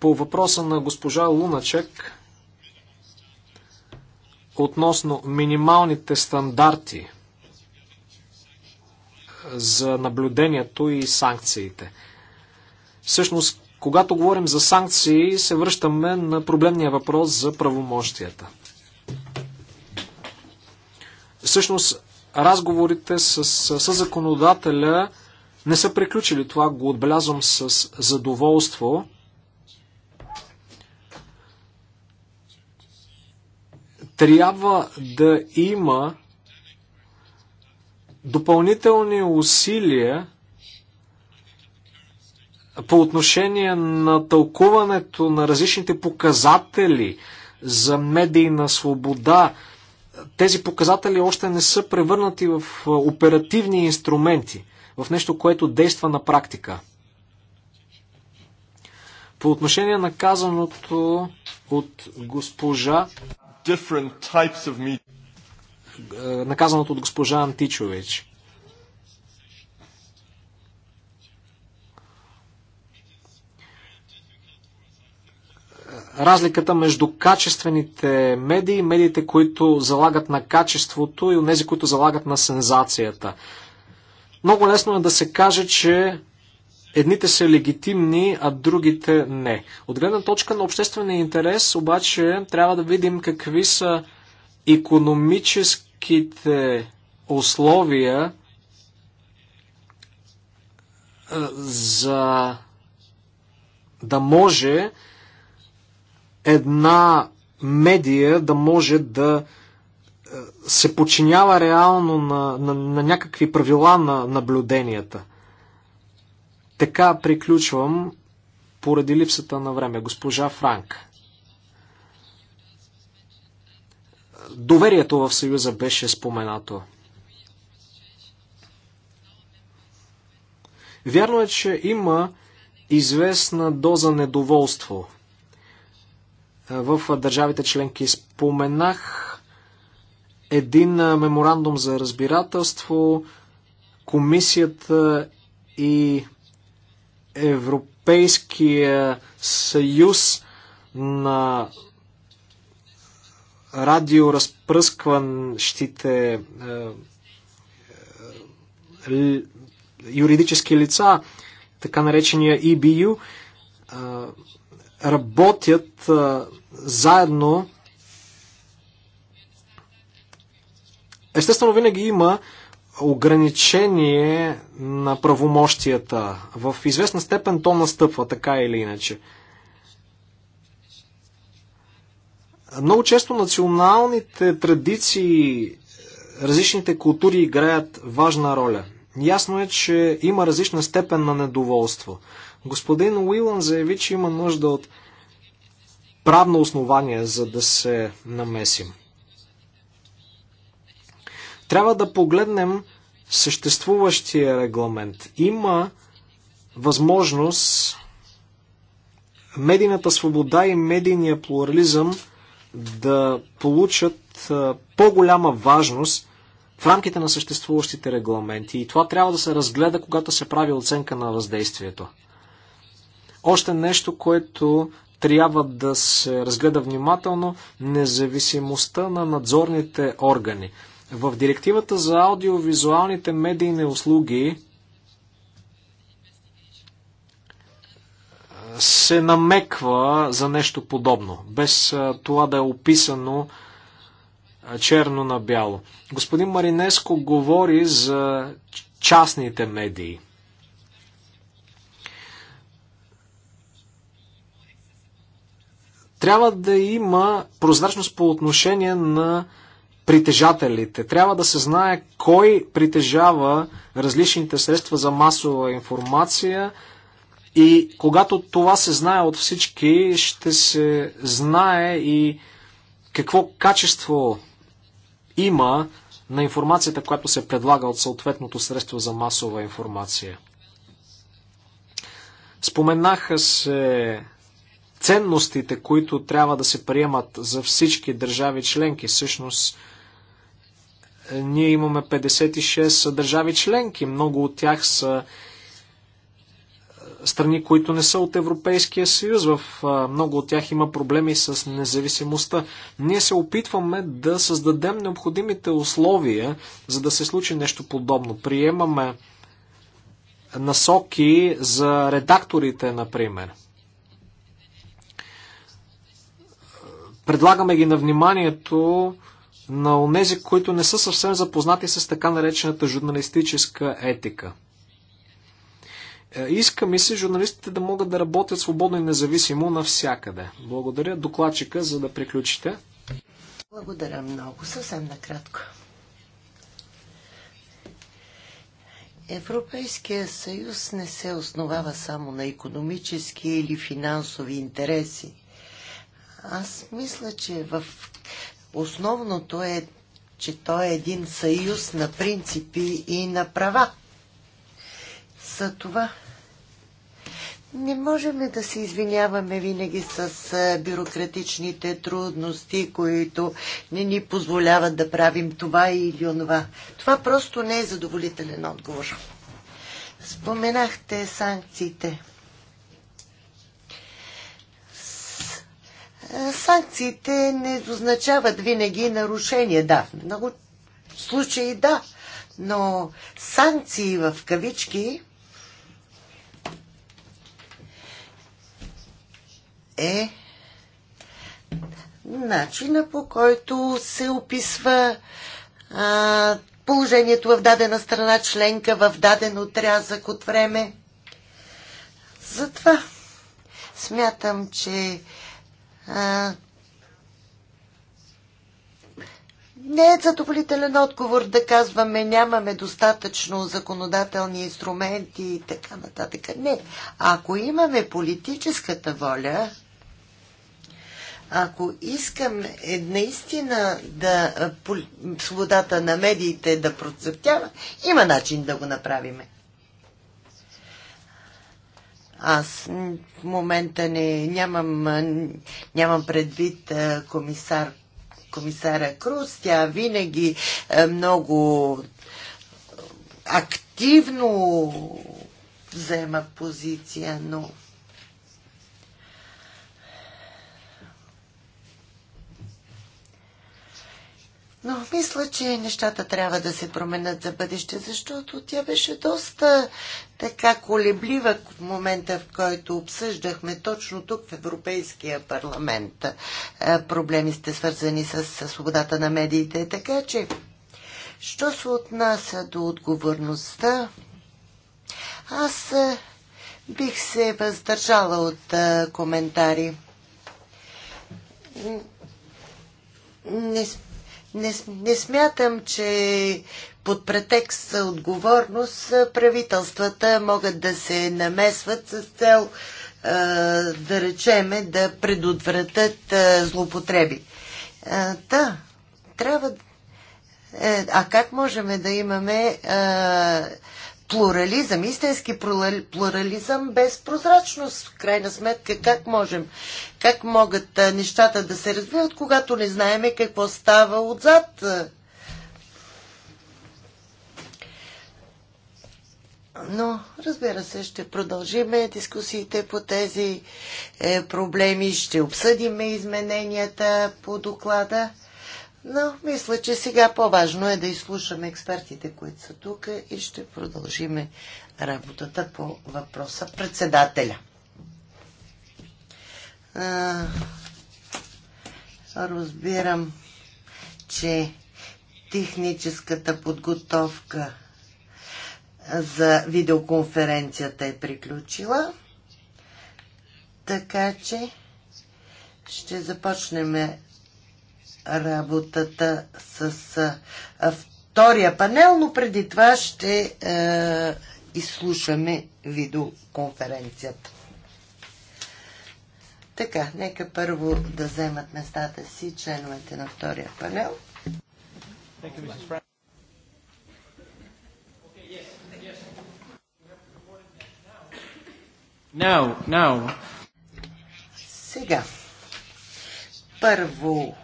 По въпроса на госпожа Луначек, относно минималните стандарти за наблюдението и санкциите. Всъщност, когато говорим за санкции, се връщаме на проблемния въпрос за правомощията. Всъщност, разговорите с, с, с законодателя не са приключили. Това го отбелязвам с задоволство. Трябва да има допълнителни усилия по отношение на тълкуването на различните показатели за медийна свобода. Тези показатели още не са превърнати в оперативни инструменти, в нещо, което действа на практика. По отношение на казаното от госпожа different types of meat. Е, наказаното от госпожа Античович. Разликата между качествените медии, медиите, които залагат на качеството и тези, които залагат на сензацията. Много лесно е да се каже, че едните са легитимни, а другите не. От гледна точка на обществения интерес, обаче, трябва да видим какви са економическите условия за да може една медия да може да се подчинява реално на, на, на някакви правила на наблюденията – така приключвам поради липсата на време. Госпожа Франк. Доверието в Съюза беше споменато. Вярно е, че има известна доза недоволство в държавите членки. Споменах един меморандум за разбирателство, комисията и Европейския съюз на радиоразпръскващите е, е, юридически лица, така наречения EBU, е, работят заедно. Естествено, винаги има ограничение на правомощията. В известна степен то настъпва, така или иначе. Много често националните традиции, различните култури играят важна роля. Ясно е, че има различна степен на недоволство. Господин Уилан заяви, че има нужда от правно основание, за да се намесим. Трябва да погледнем съществуващия регламент. Има възможност медийната свобода и медийния плурализъм да получат по-голяма важност в рамките на съществуващите регламенти. И това трябва да се разгледа, когато се прави оценка на въздействието. Още нещо, което трябва да се разгледа внимателно, независимостта на надзорните органи. В директивата за аудиовизуалните медийни услуги се намеква за нещо подобно, без това да е описано черно на бяло. Господин Маринеско говори за частните медии. Трябва да има прозрачност по отношение на притежателите. Трябва да се знае кой притежава различните средства за масова информация и когато това се знае от всички, ще се знае и какво качество има на информацията, която се предлага от съответното средство за масова информация. Споменаха се ценностите, които трябва да се приемат за всички държави членки. Всъщност, ние имаме 56 държави членки. Много от тях са е, страни, които не са от Европейския съюз. В е, много от тях има проблеми с независимостта. Ние се опитваме да създадем необходимите условия, за да се случи нещо подобно. Приемаме насоки за редакторите, например. Предлагаме ги на вниманието на онези, които не са съвсем запознати с така наречената журналистическа етика. Е, иска ми се журналистите да могат да работят свободно и независимо навсякъде. Благодаря докладчика, за да приключите. Благодаря много. Съвсем накратко. Европейския съюз не се основава само на економически или финансови интереси. Аз мисля, че в Основното е, че той е един съюз на принципи и на права. За това не можем да се извиняваме винаги с бюрократичните трудности, които не ни позволяват да правим това или онова. Това просто не е задоволителен отговор. Споменахте санкциите. Е, санкциите не означават винаги нарушения, Да, в много случаи да, но санкции в кавички е начина по който се описва а, положението в дадена страна членка, в даден отрязък от време. Затова смятам, че а, не е задоволителен отговор да казваме нямаме достатъчно законодателни инструменти и така нататък. Не. Ако имаме политическата воля, ако искам е, наистина да е, свободата на медиите да процъптява, има начин да го направиме. Аз в момента не, нямам, нямам предвид комисар, комисара Круз. Тя винаги много активно взема позиция, но Но мисля, че нещата трябва да се променят за бъдеще, защото тя беше доста така колеблива в момента, в който обсъждахме точно тук в Европейския парламент е, проблемите, свързани с свободата на медиите. Така че, що се отнася до отговорността, аз е, бих се въздържала от е, коментари. Не, не, не смятам, че под претекст отговорност правителствата могат да се намесват с цел да речеме да предотвратят злопотреби. Да, трябва. Е, а как можем да имаме плурализъм, истински плурализъм без прозрачност, в крайна сметка, как можем, как могат нещата да се развиват, когато не знаеме какво става отзад. Но, разбира се, ще продължиме дискусиите по тези е, проблеми, ще обсъдиме измененията по доклада. Но мисля, че сега по-важно е да изслушаме експертите, които са тук и ще продължиме работата по въпроса председателя. А, разбирам, че техническата подготовка за видеоконференцията е приключила. Така че ще започнем работата с втория панел, но преди това ще е, изслушаме видеоконференцията. Така, нека първо да вземат местата си членовете на втория панел. Thank you, Mrs. No, no. Сега. Първо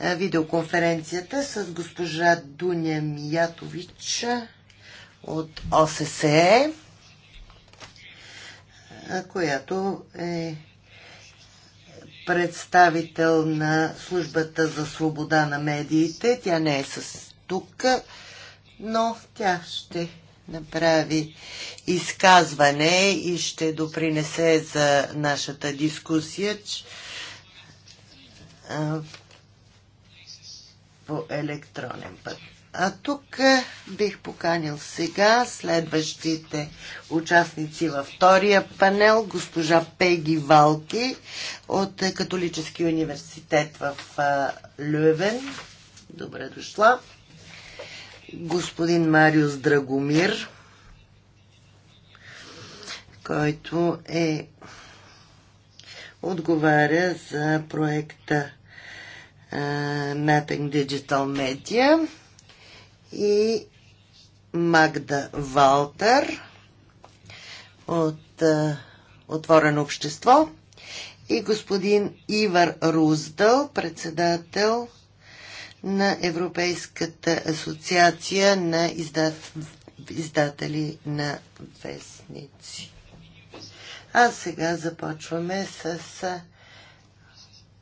видеоконференцията с госпожа Дуня Миятович от ОССЕ, която е представител на службата за свобода на медиите. Тя не е с тук, но тя ще направи изказване и ще допринесе за нашата дискусия по електронен път. А тук бих поканил сега следващите участници във втория панел, госпожа Пеги Валки от Католически университет в Лювен. Добре дошла господин Мариус Драгомир, който е отговаря за проекта Mapping Digital Media и Магда Валтер от uh, Отворено общество и господин Ивар Руздъл, председател на Европейската асоциация на издат... издатели на вестници. А сега започваме с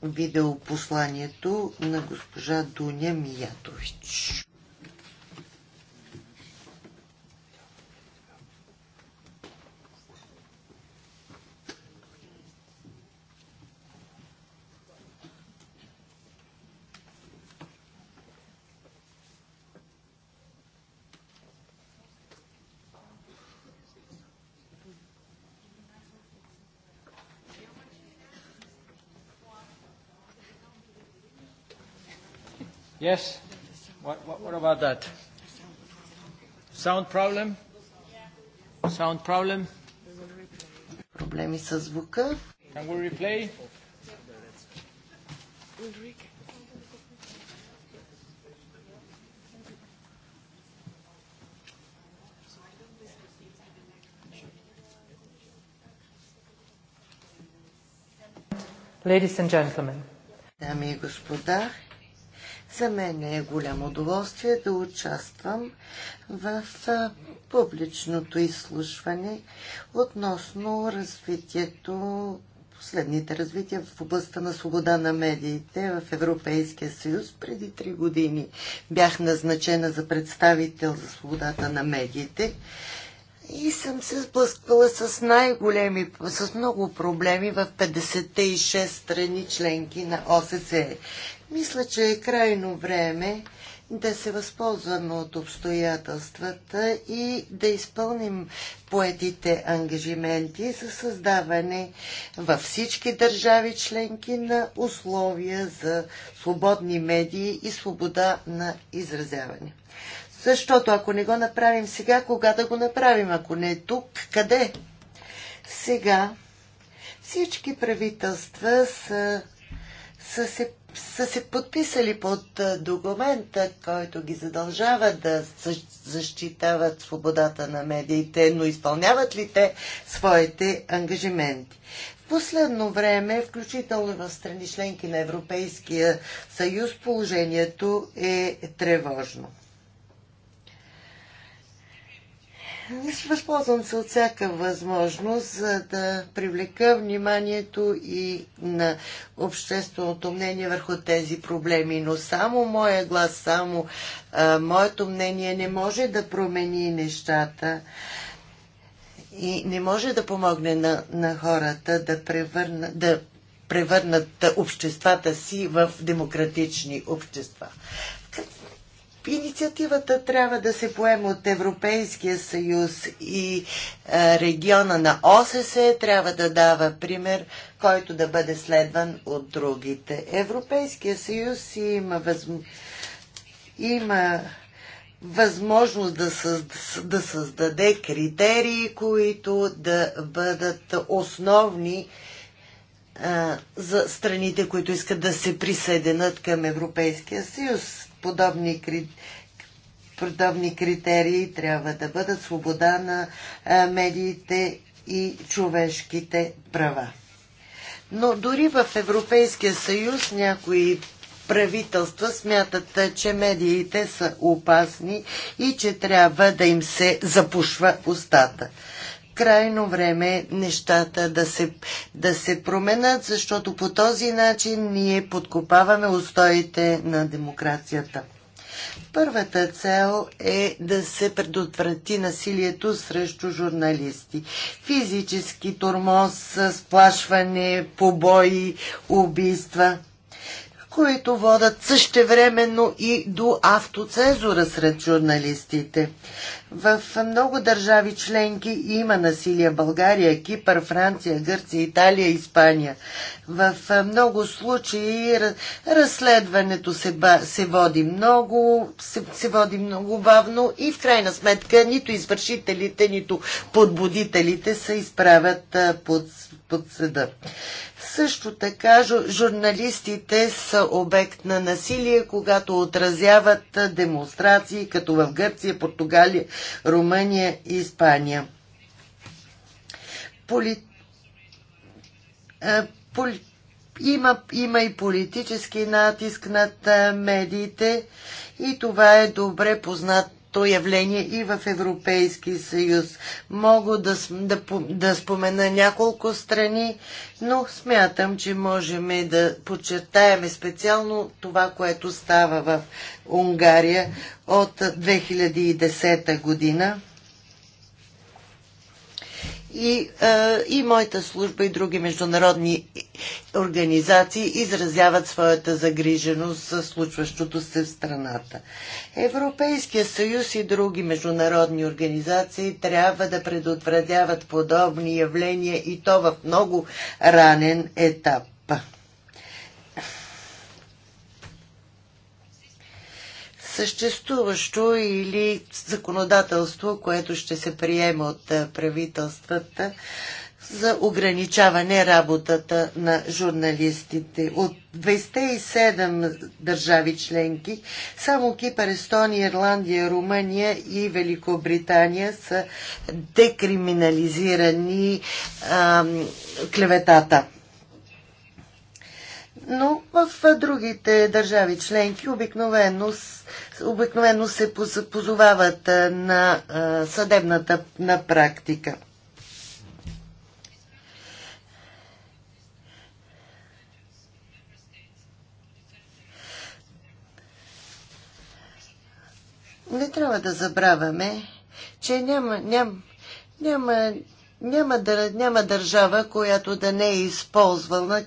видеопосланието на госпожа Дуня Миятович. Yes? What, what, what about that? Sound problem? Sound problem? Проблеми с звука. Can we replay? Ladies and gentlemen. Дами и господа, за мен е голямо удоволствие да участвам в публичното изслушване относно развитието, последните развития в областта на свобода на медиите в Европейския съюз. Преди три години бях назначена за представител за свободата на медиите и съм се сблъсквала с най-големи, с много проблеми в 56 страни членки на ОССЕ. Мисля, че е крайно време да се възползваме от обстоятелствата и да изпълним поетите ангажименти за създаване във всички държави членки на условия за свободни медии и свобода на изразяване. Защото ако не го направим сега, кога да го направим? Ако не е тук, къде? Сега всички правителства са, са се са се подписали под документа, който ги задължава да защитават свободата на медиите, но изпълняват ли те своите ангажименти? В последно време, включително в страни членки на Европейския съюз, положението е тревожно. Възползвам се от всяка възможност, за да привлека вниманието и на общественото мнение върху тези проблеми. Но само моя глас, само а, моето мнение не може да промени нещата и не може да помогне на, на хората да, превърна, да превърнат обществата си в демократични общества. Инициативата трябва да се поеме от Европейския съюз и е, региона на ОССЕ трябва да дава пример, който да бъде следван от другите. Европейския съюз има, възм... има възможност да, създ... да създаде критерии, които да бъдат основни е, за страните, които искат да се присъединят към Европейския съюз подобни критерии подобни критерии трябва да бъдат свобода на е, медиите и човешките права. Но дори в Европейския съюз някои правителства смятат, е, че медиите са опасни и че трябва да им се запушва устата крайно време нещата да се, да се променят, защото по този начин ние подкопаваме устоите на демокрацията. Първата цел е да се предотврати насилието срещу журналисти. Физически тормоз, сплашване, побои, убийства – които водат същевременно и до автоцезура сред журналистите. В много държави членки има насилие България, Кипър, Франция, Гърция, Италия, Испания. В много случаи разследването се, се води много, се, се води много бавно и в крайна сметка нито извършителите, нито подбудителите се изправят под под съда. Също така журналистите са обект на насилие, когато отразяват демонстрации, като в Гърция, Португалия, Румъния и Испания. Поли... Е, поли... Има, има и политически натиск над е, медиите и това е добре познат то явление и в Европейски съюз. Мога да, да, да спомена няколко страни, но смятам, че можем да подчертаем специално това, което става в Унгария от 2010 година и, а, е, и моята служба и други международни организации изразяват своята загриженост за случващото се в страната. Европейския съюз и други международни организации трябва да предотвратяват подобни явления и то в много ранен етап. съществуващо или законодателство, което ще се приеме от правителствата за ограничаване работата на журналистите. От 27 държави членки, само Кипър, Естония, Ирландия, Румъния и Великобритания са декриминализирани а, клеветата но в другите държави членки обикновено, обикновено се позовават на съдебната на практика. Не трябва да забравяме, че няма, няма, няма, няма, няма държава, която да не е използвала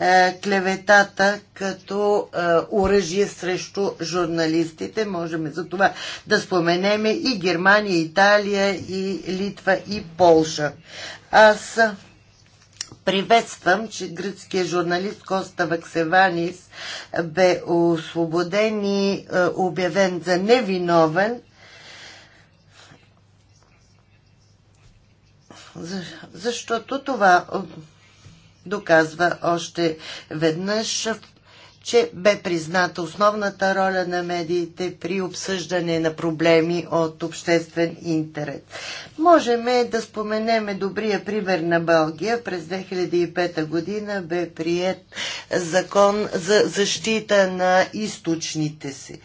е, клеветата като е, оръжие срещу журналистите. Можем за това да споменеме и Германия, Италия, и Литва, и Полша. Аз приветствам, че гръцкият журналист Коста Ваксеванис бе освободен и е, обявен за невиновен – защото това доказва още веднъж, че бе призната основната роля на медиите при обсъждане на проблеми от обществен интерес. Можем да споменеме добрия пример на Бългия През 2005 година бе прият закон за защита на източните си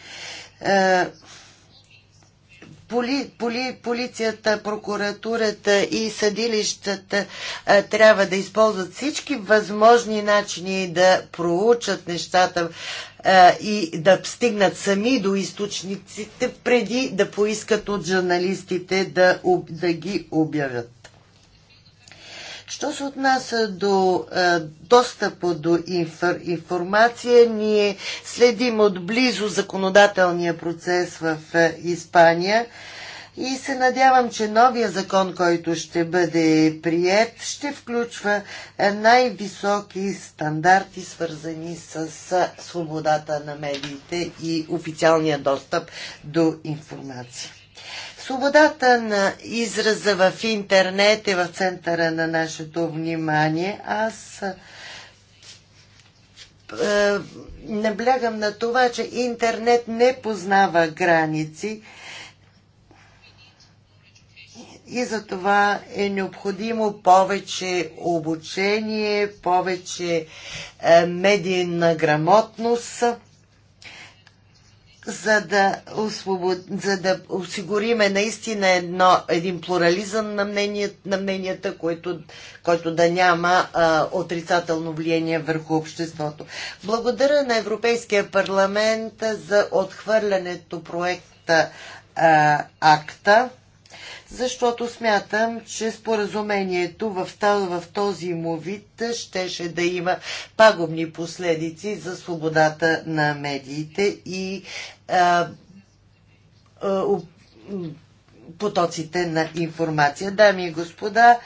поли, поли, полицията, прокуратурата и съдилищата а, трябва да използват всички възможни начини да проучат нещата а, и да стигнат сами до източниците, преди да поискат от журналистите да, да ги обявят. Що се отнася до а, е, достъпа до инфор, информация, ние следим отблизо законодателния процес в а, е, Испания и се надявам, че новия закон, който ще бъде прият, ще включва е, най-високи стандарти, свързани с свободата на медиите и официалния достъп до информация. Свободата на израза в интернет е в центъра на нашето внимание. Аз е, наблягам на това, че интернет не познава граници и за това е необходимо повече обучение, повече е, медийна грамотност за да, освобод... за да осигуриме наистина едно, един плурализъм на, мнение, на мненията, който, който да няма а, отрицателно влияние върху обществото. Благодаря на Европейския парламент за отхвърлянето проекта а, акта защото смятам, че споразумението в, този му вид щеше да има пагубни последици за свободата на медиите и а, а, потоците на информация. Дами и господа,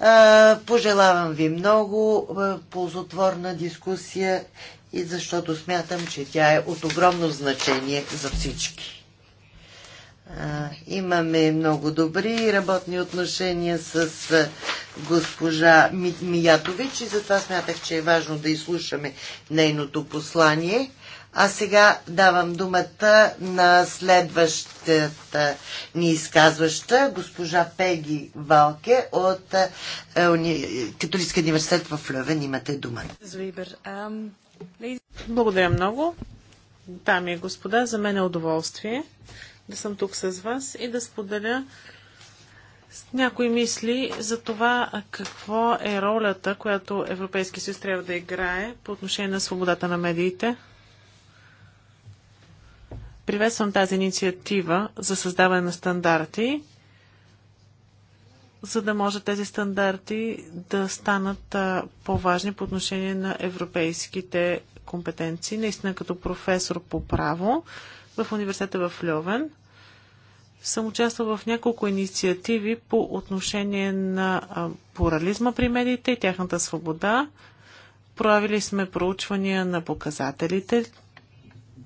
а, пожелавам ви много ползотворна дискусия и защото смятам, че тя е от огромно значение за всички имаме много добри работни отношения с госпожа Миятович и затова смятах, че е важно да изслушаме нейното послание. А сега давам думата на следващата ни изказваща, госпожа Пеги Валке от Католическия университет в Лъвен. Имате дума. Благодаря много. Дами и господа, за мен е удоволствие да съм тук с вас и да споделя с някои мисли за това какво е ролята, която Европейския съюз трябва да играе по отношение на свободата на медиите. Приветствам тази инициатива за създаване на стандарти, за да може тези стандарти да станат по-важни по отношение на европейските компетенции. Наистина като професор по право, в университета в Льовен съм участвал в няколко инициативи по отношение на плурализма при медиите и тяхната свобода. Правили сме проучвания на показателите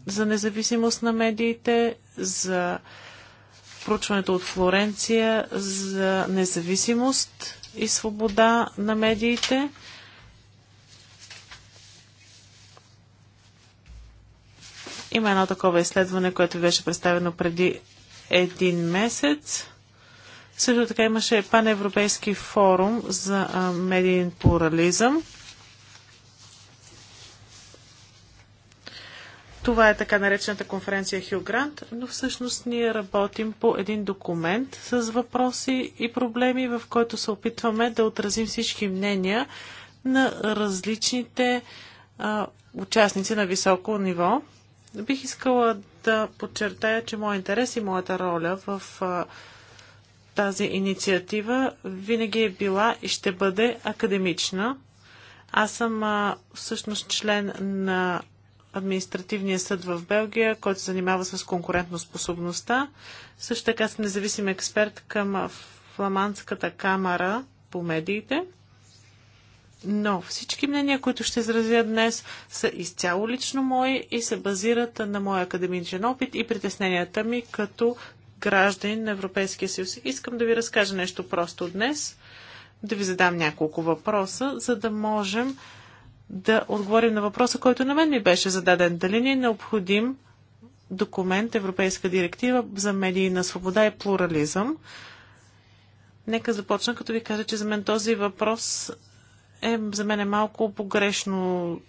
за независимост на медиите, за проучването от Флоренция за независимост и свобода на медиите. Има едно такова изследване, което беше представено преди един месец. Също така имаше паневропейски форум за медиен плурализъм. Това е така наречената конференция Хилгрант, но всъщност ние работим по един документ с въпроси и проблеми, в който се опитваме да отразим всички мнения на различните а, участници на високо ниво. Бих искала да подчертая, че моят интерес и моята роля в тази инициатива винаги е била и ще бъде академична. Аз съм а, всъщност член на административния съд в Белгия, който се занимава с конкурентоспособността. Също така съм независим експерт към Фламандската камера по медиите. Но всички мнения, които ще изразя днес, са изцяло лично мои и се базират на моя академичен опит и притесненията ми като гражданин на Европейския съюз. Искам да ви разкажа нещо просто днес, да ви задам няколко въпроса, за да можем да отговорим на въпроса, който на мен ми беше зададен. Дали ни е необходим документ, Европейска директива за медийна свобода и плурализъм? Нека започна, като ви кажа, че за мен този въпрос е за мен е малко погрешно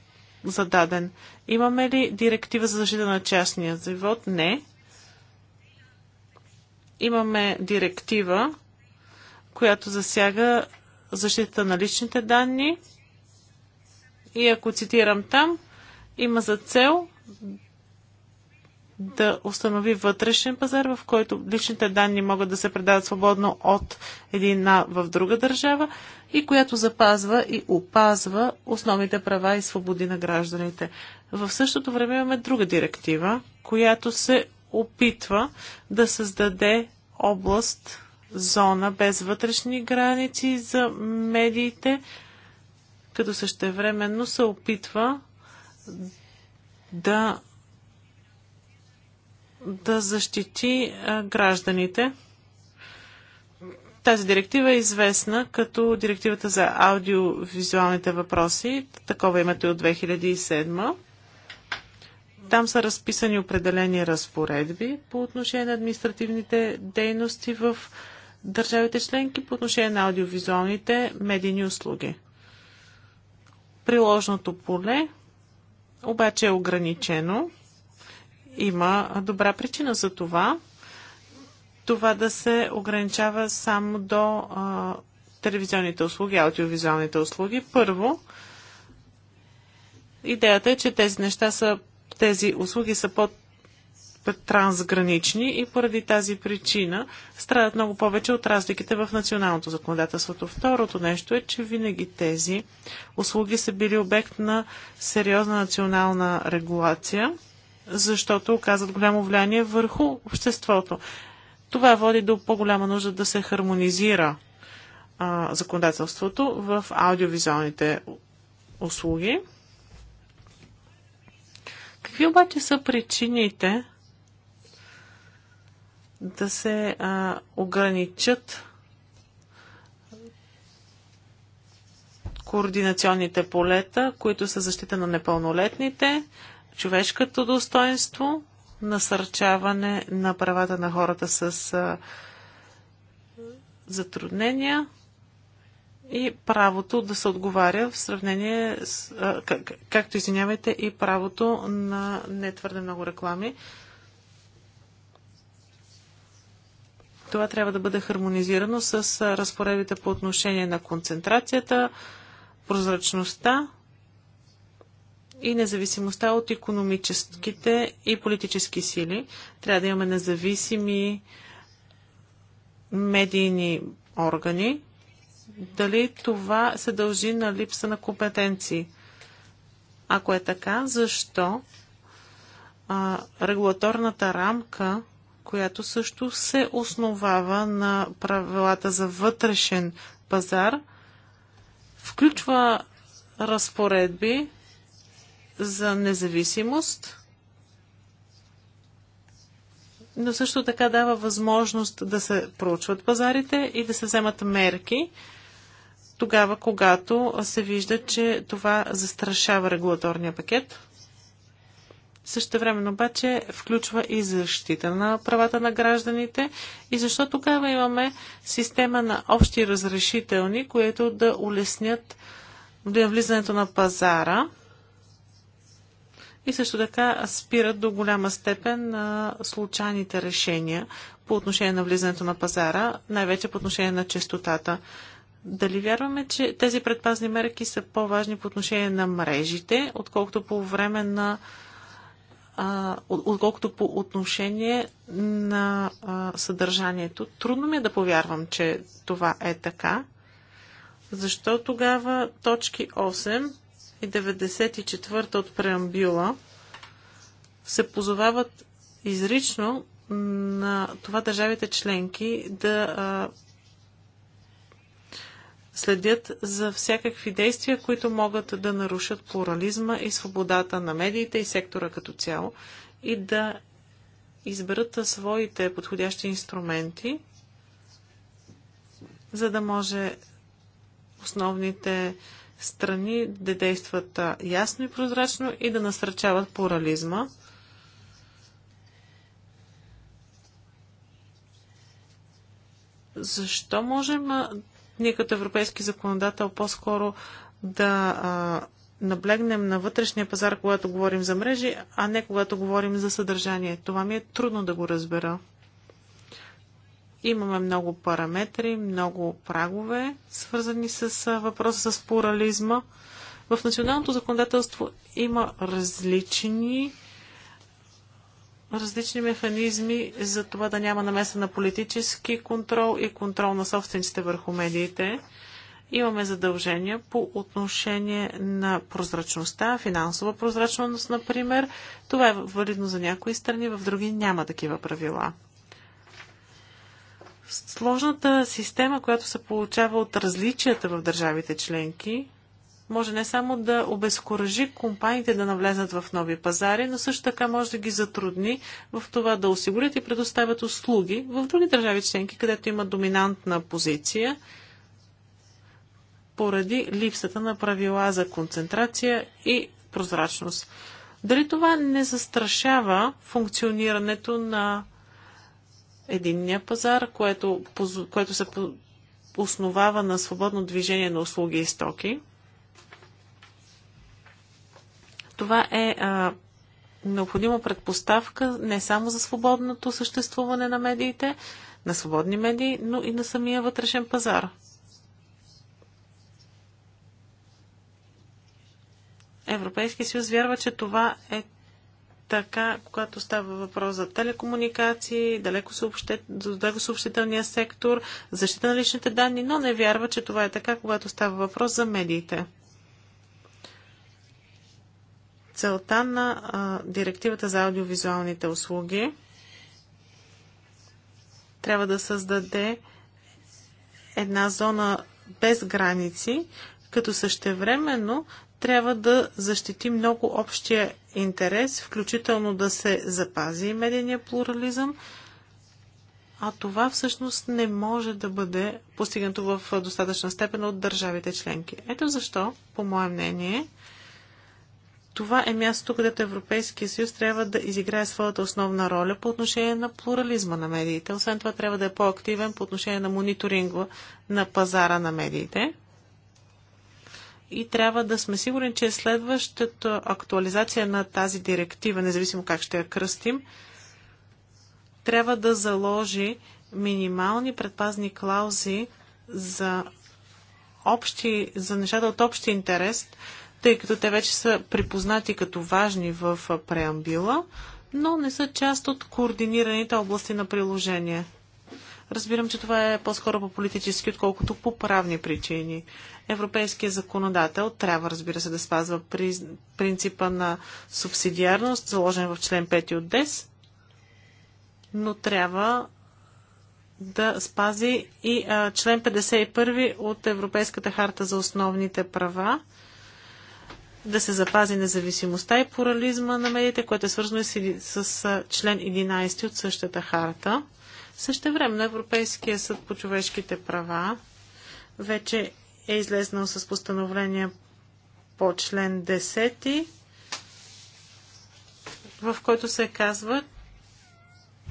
зададен. Имаме ли директива за защита на частния живот? Не. Имаме директива, която засяга защита на личните данни. И ако цитирам там, има за цел да установи вътрешен пазар, в който личните данни могат да се предават свободно от една в друга държава и която запазва и опазва основните права и свободи на гражданите. В същото време имаме друга директива, която се опитва да създаде област, зона без вътрешни граници за медиите, като същевременно се опитва да да защити гражданите. Тази директива е известна като директивата за аудиовизуалните въпроси. Такова имате е от 2007. Там са разписани определени разпоредби по отношение на административните дейности в държавите членки по отношение на аудиовизуалните медийни услуги. Приложното поле обаче е ограничено. Има добра причина за това. Това да се ограничава само до а, телевизионните услуги, аудиовизуалните услуги. Първо, идеята е, че тези неща са, тези услуги са под трансгранични и поради тази причина страдат много повече от разликите в националното законодателството. Второто нещо е, че винаги тези услуги са били обект на сериозна национална регулация защото оказват голямо влияние върху обществото. Това води до по-голяма нужда да се хармонизира а, законодателството в аудиовизуалните услуги. Какви обаче са причините да се а, ограничат координационните полета, които са защита на непълнолетните, човешкото достоинство, насърчаване на правата на хората с затруднения и правото да се отговаря в сравнение с, как, както извинявайте, и правото на не твърде много реклами. Това трябва да бъде хармонизирано с разпоредите по отношение на концентрацията, прозрачността и независимостта от економическите и политически сили. Трябва да имаме независими медийни органи. Дали това се дължи на липса на компетенции? Ако е така, защо а, регулаторната рамка, която също се основава на правилата за вътрешен пазар, включва разпоредби, за независимост, но също така дава възможност да се проучват пазарите и да се вземат мерки тогава, когато се вижда, че това застрашава регулаторния пакет. Също време обаче включва и защита на правата на гражданите и защо тогава имаме система на общи разрешителни, които да улеснят влизането на пазара и също така спират до голяма степен на случайните решения по отношение на влизането на пазара, най-вече по отношение на частотата. Дали вярваме, че тези предпазни мерки са по-важни по отношение на мрежите, отколкото по време на отколкото по отношение на съдържанието. Трудно ми е да повярвам, че това е така. Защо тогава точки 8 и 94 от преамбюла се позовават изрично на това държавите членки да а, следят за всякакви действия, които могат да нарушат плурализма и свободата на медиите и сектора като цяло и да изберат своите подходящи инструменти, за да може основните страни да действат ясно и прозрачно и да насърчават плурализма. Защо можем ние като европейски законодател по-скоро да а, наблегнем на вътрешния пазар, когато говорим за мрежи, а не когато говорим за съдържание? Това ми е трудно да го разбера. Имаме много параметри, много прагове, свързани с въпроса с плурализма. В националното законодателство има различни различни механизми за това да няма намеса на политически контрол и контрол на собствениците върху медиите. Имаме задължения по отношение на прозрачността, финансова прозрачност, например. Това е валидно за някои страни, в други няма такива правила сложната система, която се получава от различията в държавите членки, може не само да обезкуражи компаниите да навлезат в нови пазари, но също така може да ги затрудни в това да осигурят и предоставят услуги в други държави членки, където има доминантна позиция поради липсата на правила за концентрация и прозрачност. Дали това не застрашава функционирането на единния пазар, което, което се основава на свободно движение на услуги и стоки. Това е а, необходима предпоставка не само за свободното съществуване на медиите, на свободни медии, но и на самия вътрешен пазар. Европейския съюз вярва, че това е така, когато става въпрос за телекомуникации, далеко съобщет, съобщителния сектор, защита на личните данни, но не вярва, че това е така, когато става въпрос за медиите. Целта на а, директивата за аудиовизуалните услуги трябва да създаде една зона без граници, като същевременно трябва да защити много общия интерес, включително да се запази медийния плурализъм, а това всъщност не може да бъде постигнато в достатъчна степен от държавите членки. Ето защо, по мое мнение, това е мястото, където Европейския съюз трябва да изиграе своята основна роля по отношение на плурализма на медиите. Освен това трябва да е по-активен по отношение на мониторинга на пазара на медиите и трябва да сме сигурни, че следващата актуализация на тази директива, независимо как ще я кръстим, трябва да заложи минимални предпазни клаузи за, общи, за нещата от общи интерес, тъй като те вече са припознати като важни в преамбила, но не са част от координираните области на приложение. Разбирам, че това е по-скоро по политически, отколкото по правни причини. Европейският законодател трябва, разбира се, да спазва при... принципа на субсидиарност, заложен в член 5 от 10, но трябва да спази и а, член 51 от Европейската харта за основните права, да се запази независимостта и порализма на медиите, което е свързано и с, с член 11 от същата харта. Също време на Европейския съд по човешките права вече е излезнал с постановление по член 10, в който се казва,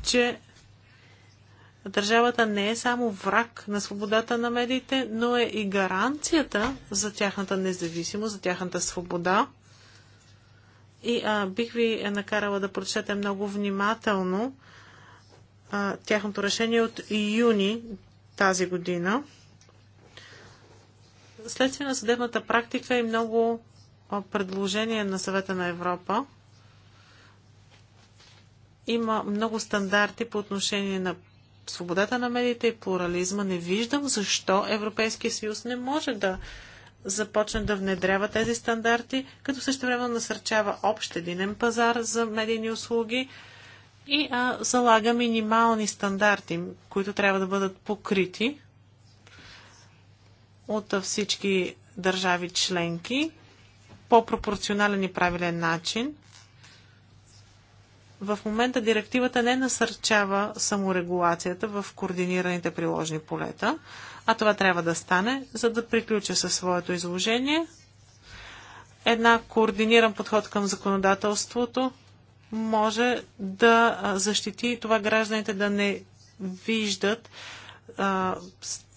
че държавата не е само враг на свободата на медиите, но е и гаранцията за тяхната независимост, за тяхната свобода. И а, бих ви е накарала да прочете много внимателно тяхното решение от юни тази година. Следствие на съдебната практика е и много предложения на съвета на Европа има много стандарти по отношение на свободата на медиите и плурализма. Не виждам защо Европейския съюз не може да започне да внедрява тези стандарти, като също време насърчава общ единен пазар за медийни услуги, и а, залага минимални стандарти, които трябва да бъдат покрити от всички държави членки по пропорционален и правилен начин. В момента директивата не насърчава саморегулацията в координираните приложни полета, а това трябва да стане, за да приключа със своето изложение. Една координиран подход към законодателството може да защити това гражданите да не виждат а,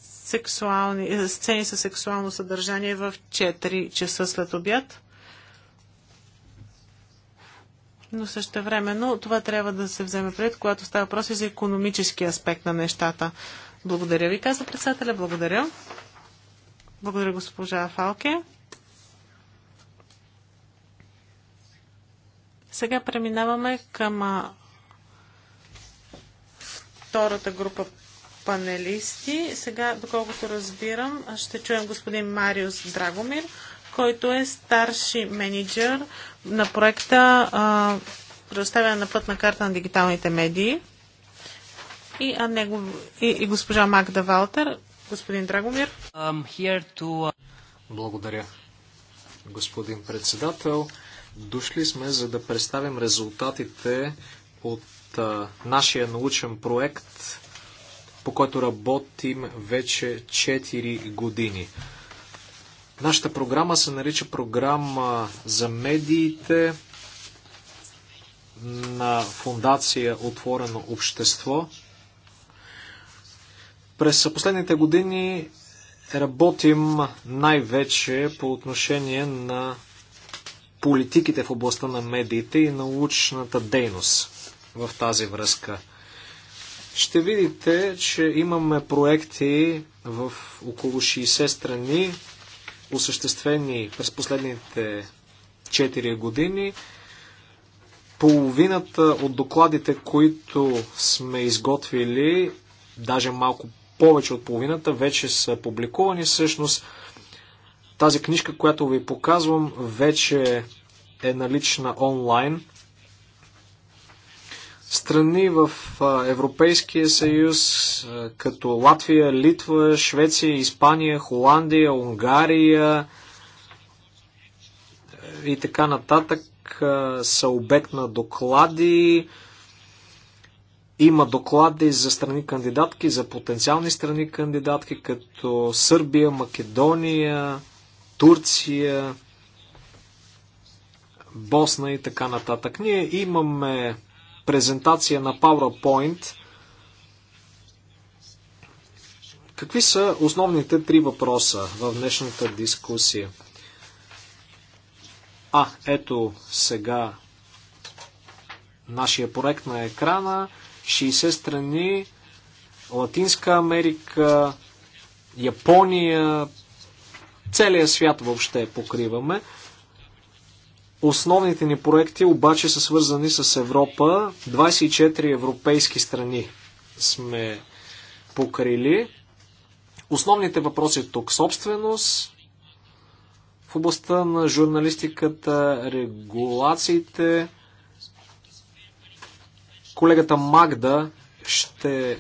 сексуални, сцени със сексуално съдържание в 4 часа след обяд. Но също времено това трябва да се вземе пред, когато става въпрос и за економически аспект на нещата. Благодаря ви, каза председателя. Благодаря. Благодаря госпожа Фалке. Сега преминаваме към втората група панелисти. Сега, доколкото разбирам, ще чуем господин Мариус Драгомир, който е старши менеджер на проекта предоставяне на пътна карта на дигиталните медии. И, а него, и, и госпожа Магда Валтер. Господин Драгомир. To... Uh, Благодаря, господин председател. Дошли сме за да представим резултатите от а, нашия научен проект, по който работим вече 4 години. Нашата програма се нарича програма за медиите на фундация Отворено общество. През последните години работим най-вече по отношение на политиките в областта на медиите и научната дейност в тази връзка. Ще видите, че имаме проекти в около 60 страни, осъществени през последните 4 години. Половината от докладите, които сме изготвили, даже малко повече от половината, вече са публикувани. Всъщност тази книжка, която ви показвам, вече е налична онлайн. Страни в Европейския съюз, като Латвия, Литва, Швеция, Испания, Холандия, Унгария е, и така нататък, са обект на доклади. Има доклади за страни кандидатки, за потенциални страни кандидатки, като Сърбия, Македония, Турция, Босна и така нататък. Ние имаме презентация на PowerPoint. Какви са основните три въпроса в днешната дискусия? А, ето сега нашия проект на екрана. 60 страни, Латинска Америка, Япония, Целия свят въобще покриваме. Основните ни проекти обаче са свързани с Европа. 24 европейски страни сме покрили. Основните въпроси тук собственост, в областта на журналистиката, регулациите. Колегата Магда ще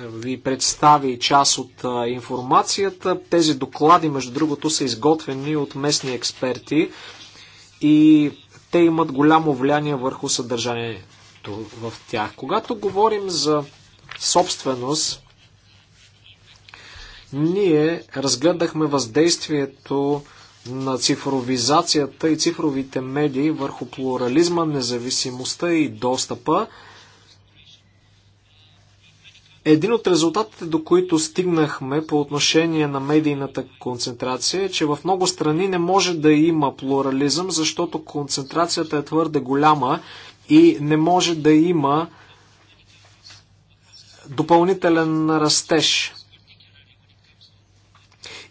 ви представи част от информацията. Тези доклади, между другото, са изготвени от местни експерти и те имат голямо влияние върху съдържанието в тях. Когато говорим за собственост, ние разгледахме въздействието на цифровизацията и цифровите медии върху плурализма, независимостта и достъпа. Един от резултатите, до които стигнахме по отношение на медийната концентрация е, че в много страни не може да има плурализъм, защото концентрацията е твърде голяма и не може да има допълнителен растеж.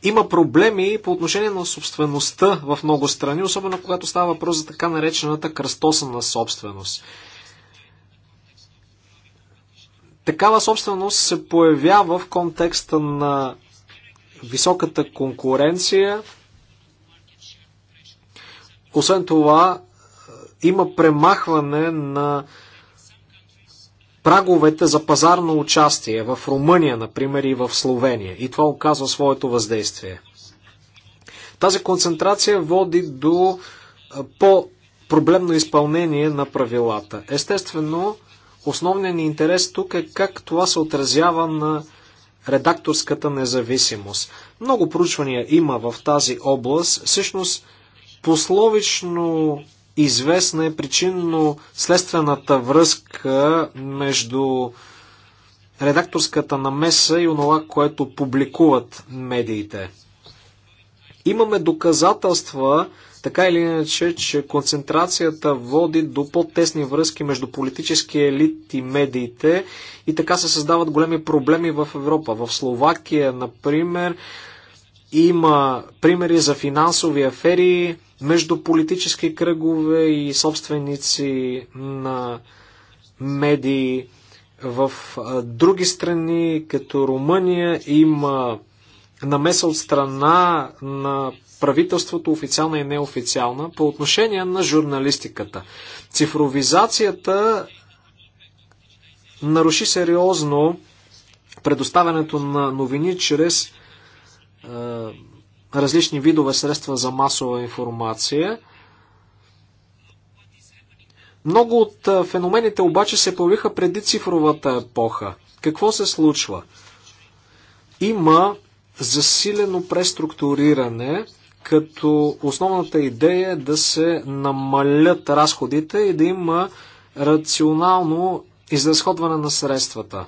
Има проблеми по отношение на собствеността в много страни, особено когато става въпрос за така наречената кръстосана собственост. Такава собственост се появява в контекста на високата конкуренция. Освен това, е, има премахване на праговете за пазарно участие в Румъния, например, и в Словения. И това оказва своето въздействие. Тази концентрация води до е, по-проблемно изпълнение на правилата. Естествено, Основният ни интерес тук е как това се отразява на редакторската независимост. Много проучвания има в тази област. Всъщност, пословично известна е причинно-следствената връзка между редакторската намеса и онова, което публикуват медиите. Имаме доказателства така или иначе, че концентрацията води до по-тесни връзки между политически елит и медиите и така се създават големи проблеми в Европа. В Словакия, например, има примери за финансови афери между политически кръгове и собственици на медии. В други страни, като Румъния, има намеса от страна на правителството, официална и неофициална, по отношение на журналистиката. Цифровизацията наруши сериозно предоставянето на новини чрез е, различни видове средства за масова информация. Много от е, феномените обаче се появиха преди цифровата епоха. Какво се случва? Има засилено преструктуриране като основната идея е да се намалят разходите и да има рационално изразходване на средствата.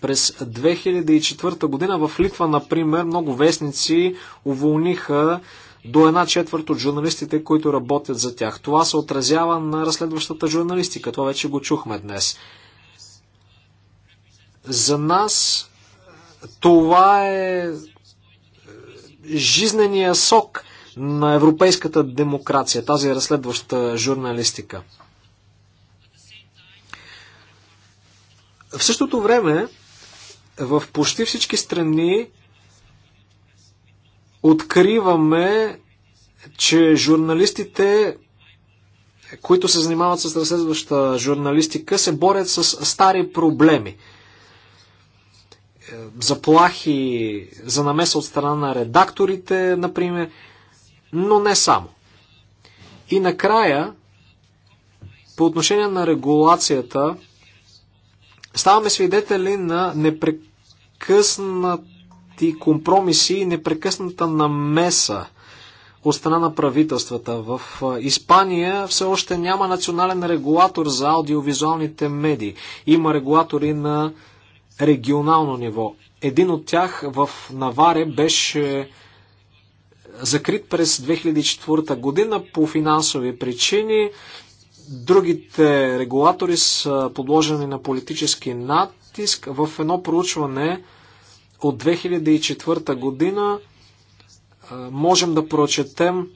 През 2004 година в Литва, например, много вестници уволниха до една четвърт от журналистите, които работят за тях. Това се отразява на разследващата журналистика. Това вече го чухме днес. За нас това е жизнения сок на европейската демокрация, тази разследваща журналистика. В същото време, в почти всички страни откриваме, че журналистите, които се занимават с разследваща журналистика, се борят с стари проблеми – заплахи за намеса от страна на редакторите, например, но не само. И накрая, по отношение на регулацията, ставаме свидетели на непрекъснати компромиси и непрекъсната намеса от страна на правителствата. В Испания все още няма национален регулатор за аудиовизуалните медии. Има регулатори на регионално ниво. Един от тях в Наваре беше е, закрит през 2004 година по финансови причини. Другите регулатори са подложени на политически натиск. В едно проучване от 2004 година е, можем да прочетем,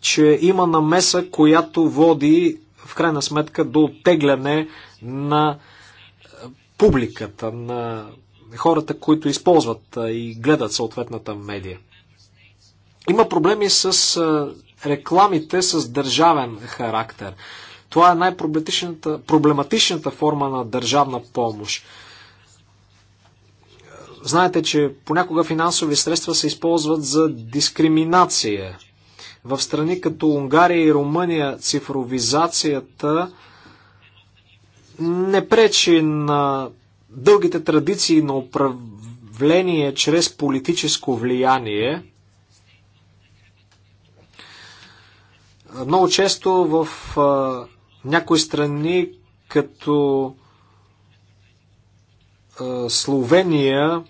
че има намеса, която води в крайна сметка до оттегляне на публиката, на хората, които използват и гледат съответната медия. Има проблеми с рекламите с държавен характер. Това е най-проблематичната проблематичната форма на държавна помощ. Знаете, че понякога финансови средства се използват за дискриминация. В страни като Унгария и Румъния цифровизацията не пречи на дългите традиции на управление чрез политическо влияние. Много често в а, някои страни, като а, Словения,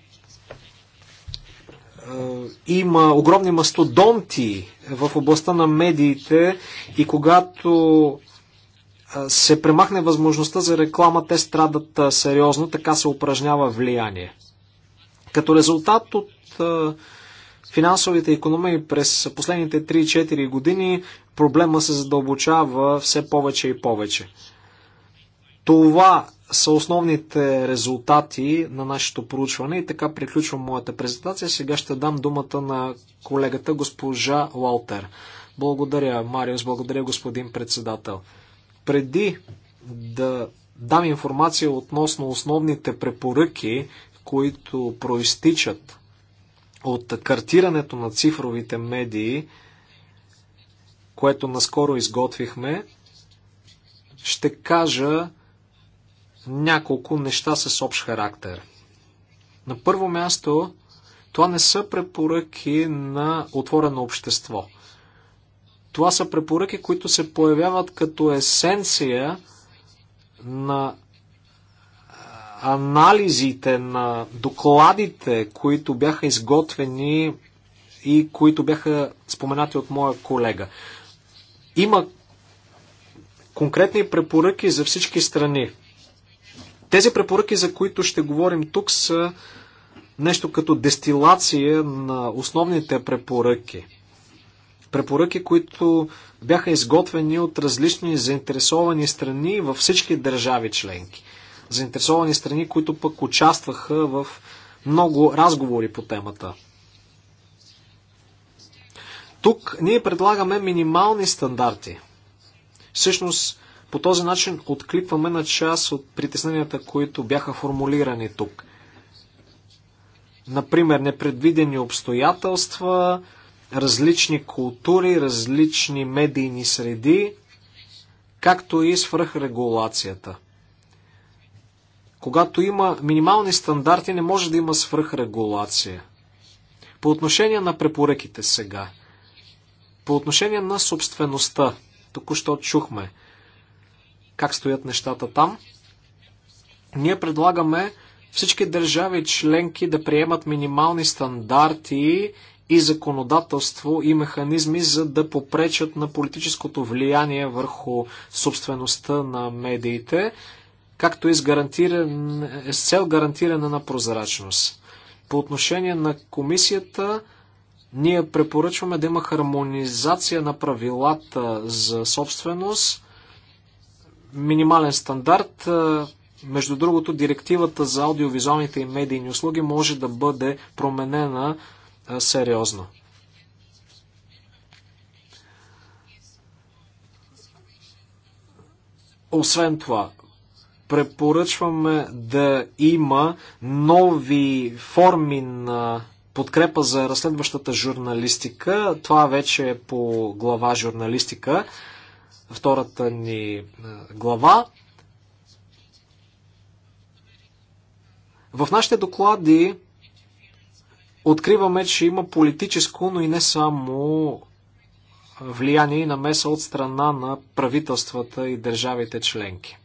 има огромни мастодонти в областта на медиите и когато се премахне възможността за реклама, те страдат сериозно, така се упражнява влияние. Като резултат от финансовите економии през последните 3-4 години проблема се задълбочава все повече и повече. Това са основните резултати на нашето проучване и така приключвам моята презентация. Сега ще дам думата на колегата госпожа Уалтер. Благодаря, Мариус, благодаря господин председател. Преди да дам информация относно основните препоръки, които проистичат от картирането на цифровите медии, което наскоро изготвихме, ще кажа няколко неща с общ характер. На първо място, това не са препоръки на отворено общество – това са препоръки, които се появяват като есенция на анализите, на докладите, които бяха изготвени и които бяха споменати от моя колега. Има конкретни препоръки за всички страни. Тези препоръки, за които ще говорим тук, са нещо като дестилация на основните препоръки – препоръки, които бяха изготвени от различни заинтересовани страни във всички държави членки. Заинтересовани страни, които пък участваха в много разговори по темата. Тук ние предлагаме минимални стандарти. Всъщност, по този начин откликваме на част от притесненията, които бяха формулирани тук. Например, непредвидени обстоятелства, различни култури, различни медийни среди, както и свръхрегулацията. Когато има минимални стандарти, не може да има свръхрегулация. По отношение на препоръките сега. По отношение на собствеността. Току-що чухме как стоят нещата там. Ние предлагаме всички държави членки да приемат минимални стандарти и законодателство и механизми, за да попречат на политическото влияние върху собствеността на медиите, както и с, гарантиране, с цел гарантиране на прозрачност. По отношение на комисията, ние препоръчваме да има хармонизация на правилата за собственост, минимален стандарт. Между другото, директивата за аудиовизуалните и медийни услуги може да бъде променена сериозно. Освен това, препоръчваме да има нови форми на подкрепа за разследващата журналистика. Това вече е по глава журналистика, втората ни е, глава. В нашите доклади откриваме, че има политическо, но и не само влияние и намеса от страна на правителствата и държавите членки.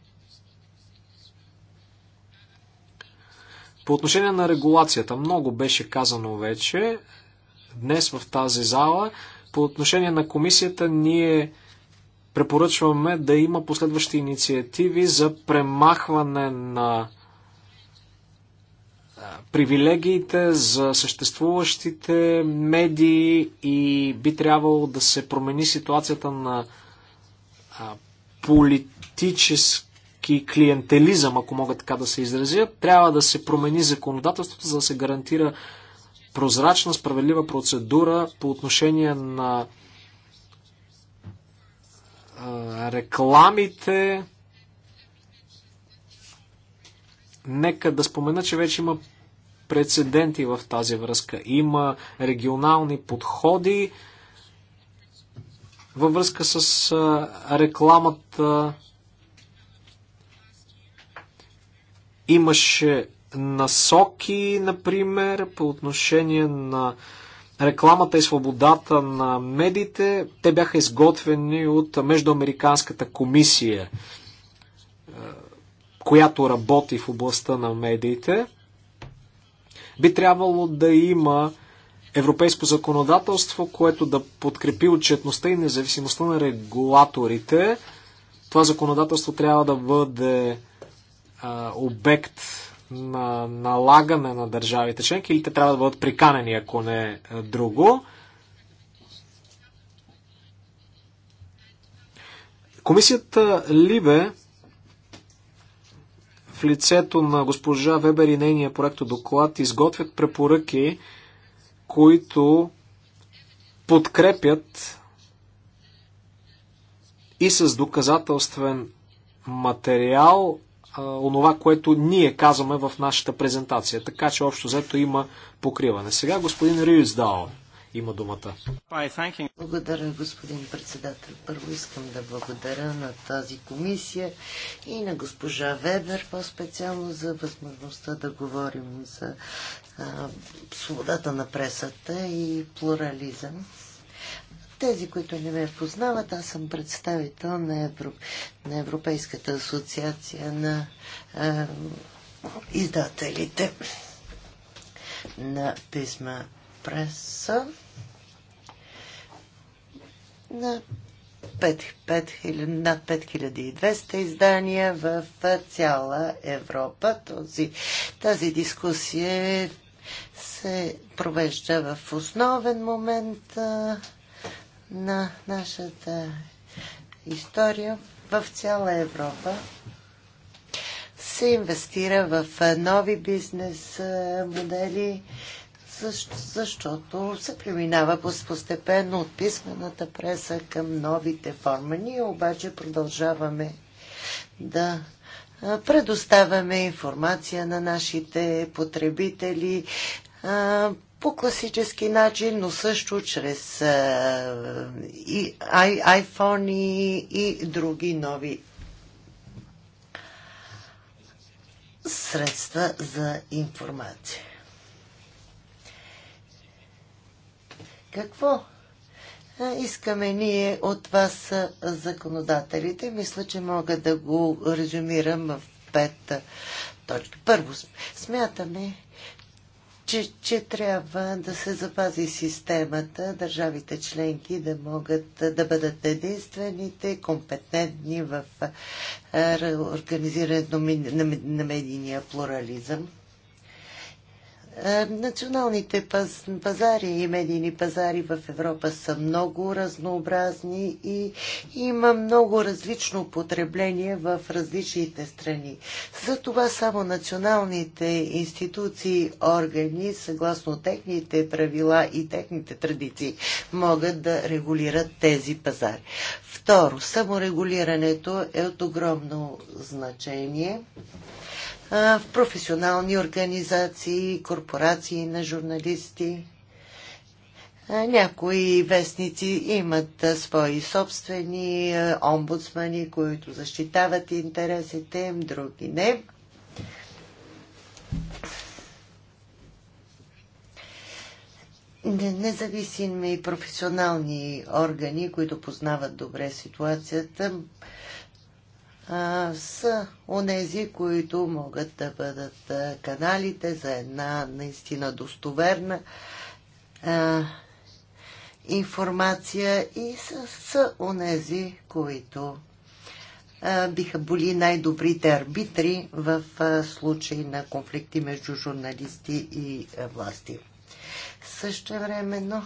По отношение на регулацията, много беше казано вече днес в тази зала. По отношение на комисията, ние препоръчваме да има последващи инициативи за премахване на привилегиите за съществуващите медии и би трябвало да се промени ситуацията на политически клиентелизъм, ако мога така да се изразя. Трябва да се промени законодателството, за да се гарантира прозрачна, справедлива процедура по отношение на рекламите, Нека да спомена, че вече има прецеденти в тази връзка. Има регионални подходи във връзка с рекламата. Имаше насоки, например, по отношение на рекламата и свободата на медиите. Те бяха изготвени от Междуамериканската комисия която работи в областта на медиите, би трябвало да има европейско законодателство, което да подкрепи отчетността и независимостта на регулаторите. Това законодателство трябва да бъде а, обект на налагане на държавите членки или те трябва да бъдат приканени, ако не а, е, друго. Комисията Либе в лицето на госпожа Вебер и нейния проект доклад изготвят препоръки, които подкрепят и с доказателствен материал а, онова, което ние казваме в нашата презентация. Така че общо взето има покриване. Сега господин Риюсдал има думата. Благодаря, господин председател. Първо искам да благодаря на тази комисия и на госпожа Вебер по-специално за възможността да говорим за а, свободата на пресата и плурализъм. Тези, които не ме познават, аз съм представител на, Евро... на Европейската асоциация на е, издателите на писма преса на 5, 5, над 5200 издания в цяла Европа. Този, тази дискусия се провежда в основен момент а, на нашата история в цяла Европа. Се инвестира в нови бизнес модели, защото се преминава постепенно от писмената преса към новите форми. Ние обаче продължаваме да предоставяме информация на нашите потребители по класически начин, но също чрез и iPhone и други нови средства за информация. Какво искаме ние от вас, законодателите? Мисля, че мога да го резюмирам в пет точки. Първо, смятаме, че, че трябва да се запази системата, държавите членки да могат да бъдат единствените компетентни в организирането на медийния плурализъм. Е, националните пазари и медийни пазари в Европа са много разнообразни и има много различно потребление в различните страни. Затова само националните институции, органи, съгласно техните правила и техните традиции, могат да регулират тези пазари. Второ, саморегулирането е от огромно значение в професионални организации, корпорации на журналисти. Някои вестници имат свои собствени омбудсмани, които защитават интересите им, други не. Независими професионални органи, които познават добре ситуацията, а, са онези, които могат да бъдат каналите за една наистина достоверна а, информация и са, са онези, които а, биха били най-добрите арбитри в а, случай на конфликти между журналисти и а, власти. Също времено, но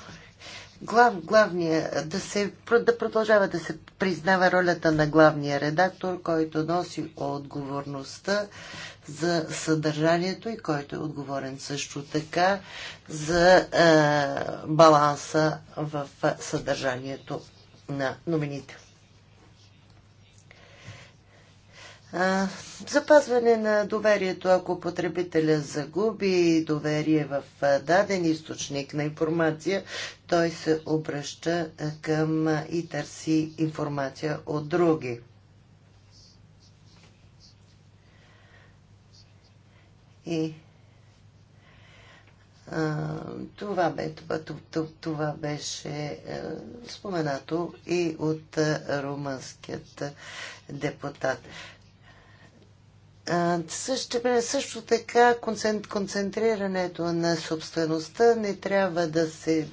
глав, главния, да, се, да продължава да се признава ролята на главния редактор, който носи отговорността за съдържанието и който е отговорен също така за е, баланса в е, съдържанието на номините. Запазване на доверието, ако потребителя загуби доверие в даден източник на информация, той се обръща към и търси информация от други. И това, бе, това, това беше споменато и от румънският депутат също, също така концентрирането на собствеността не трябва да се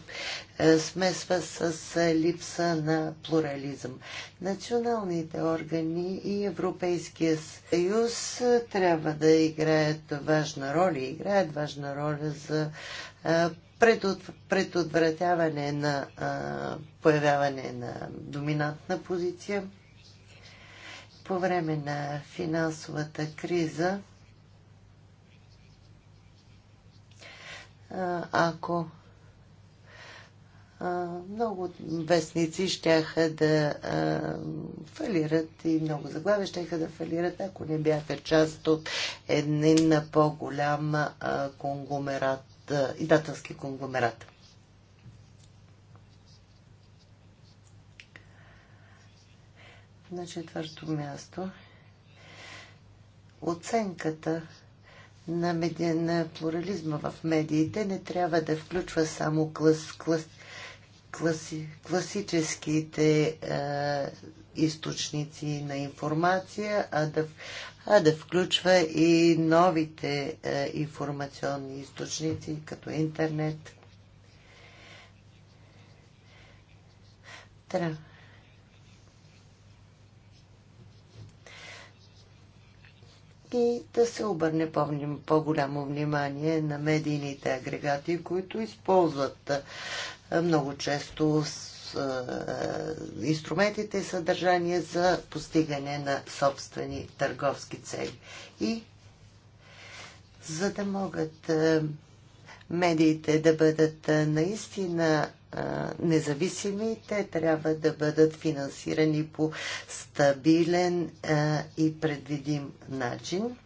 е, смесва с е, липса на плурализъм. Националните органи и Европейския съюз трябва да играят важна роля, играят важна роля за е, предотвратяване на появяване на доминантна позиция по време на финансовата криза, ако много вестници щяха да фалират и много заглавия щяха да фалират, ако не бяха част от един на по-голям конгломерат, идателски издателски конгломерат. На четвърто място оценката на, меди... на плурализма в медиите не трябва да включва само клас... Клас... Класи... класическите е, източници на информация, а да, а да включва и новите е, информационни източници, като интернет. Трябва и да се обърне по-голямо внимание на медийните агрегати, които използват много често инструментите и съдържание за постигане на собствени търговски цели. И за да могат медиите да бъдат наистина независими. Те трябва да бъдат финансирани по стабилен и предвидим начин.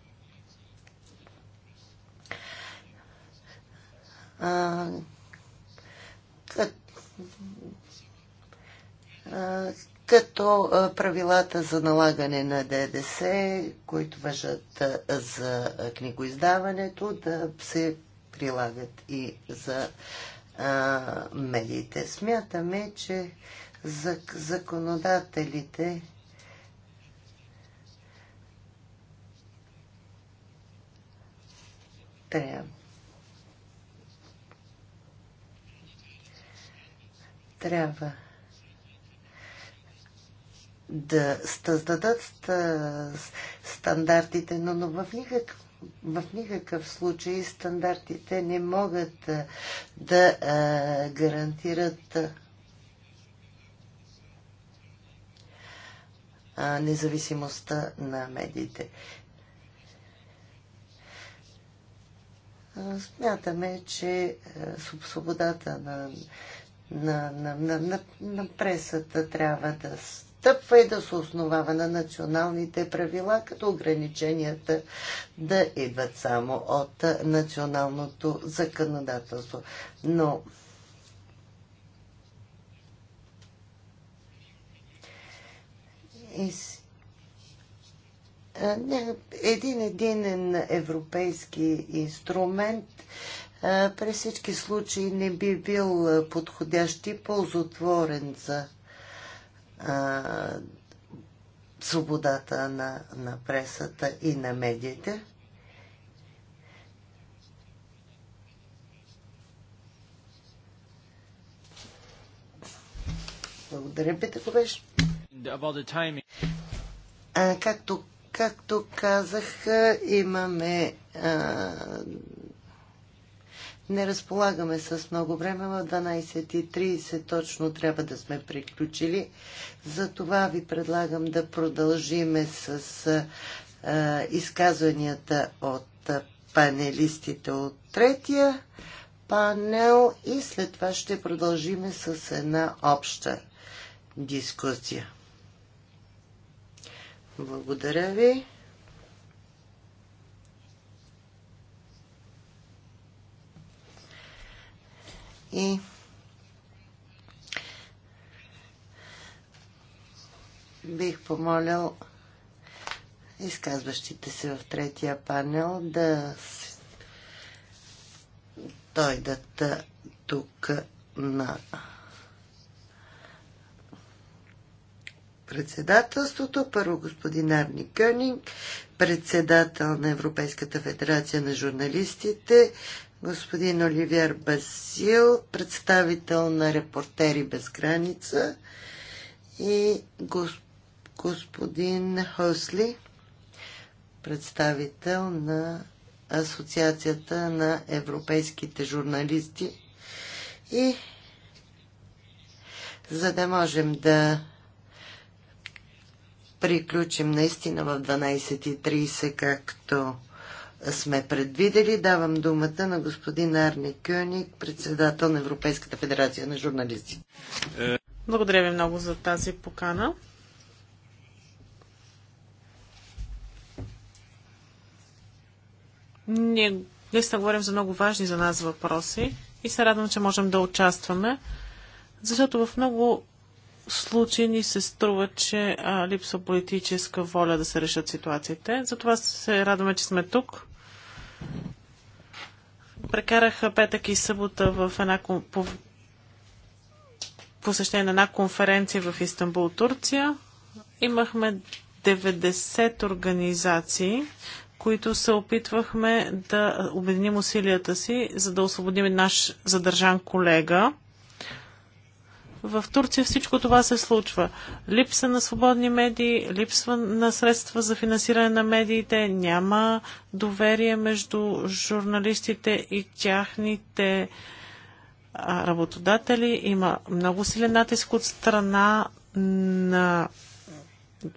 като правилата за налагане на ДДС, които въжат за книгоиздаването, да се прилагат и за а, медиите. Смятаме, че законодателите трябва трябва да създадат стандартите, но, но в никакъв в никакъв случай стандартите не могат да гарантират независимостта на медиите. Смятаме, че свободата на, на, на, на, на, пресата трябва да стъпва и да се основава на националните правила, като ограниченията да идват само от националното законодателство. Но из... един единен европейски инструмент при всички случаи не би бил подходящ и ползотворен за а, свободата на, на пресата и на медиите. Благодаря, Петъковеш. Както, както казах, имаме а, не разполагаме с много време. В 12.30 точно трябва да сме приключили. Затова ви предлагам да продължиме с а, изказванията от панелистите от третия панел и след това ще продължиме с една обща дискусия. Благодаря ви. и бих помолял изказващите се в третия панел да дойдат тук на председателството. Първо господин Арни Кънинг, председател на Европейската федерация на журналистите, господин Оливер Басил, представител на Репортери без граница и господин Хосли, представител на Асоциацията на европейските журналисти и за да можем да приключим наистина в 12.30, както сме предвидели. Давам думата на господин Арни Кюник, председател на Европейската федерация на журналисти. Благодаря ви много за тази покана. Ние днес говорим за много важни за нас въпроси и се радвам, че можем да участваме, защото в много случаи ни се струва, че а, липсва политическа воля да се решат ситуациите. Затова се радваме, че сме тук. Прекараха петък и събота в една посещение на една конференция в Истанбул, Турция. Имахме 90 организации, които се опитвахме да обединим усилията си, за да освободим наш задържан колега. В Турция всичко това се случва. Липса на свободни медии, липса на средства за финансиране на медиите, няма доверие между журналистите и тяхните работодатели. Има много силен натиск от страна на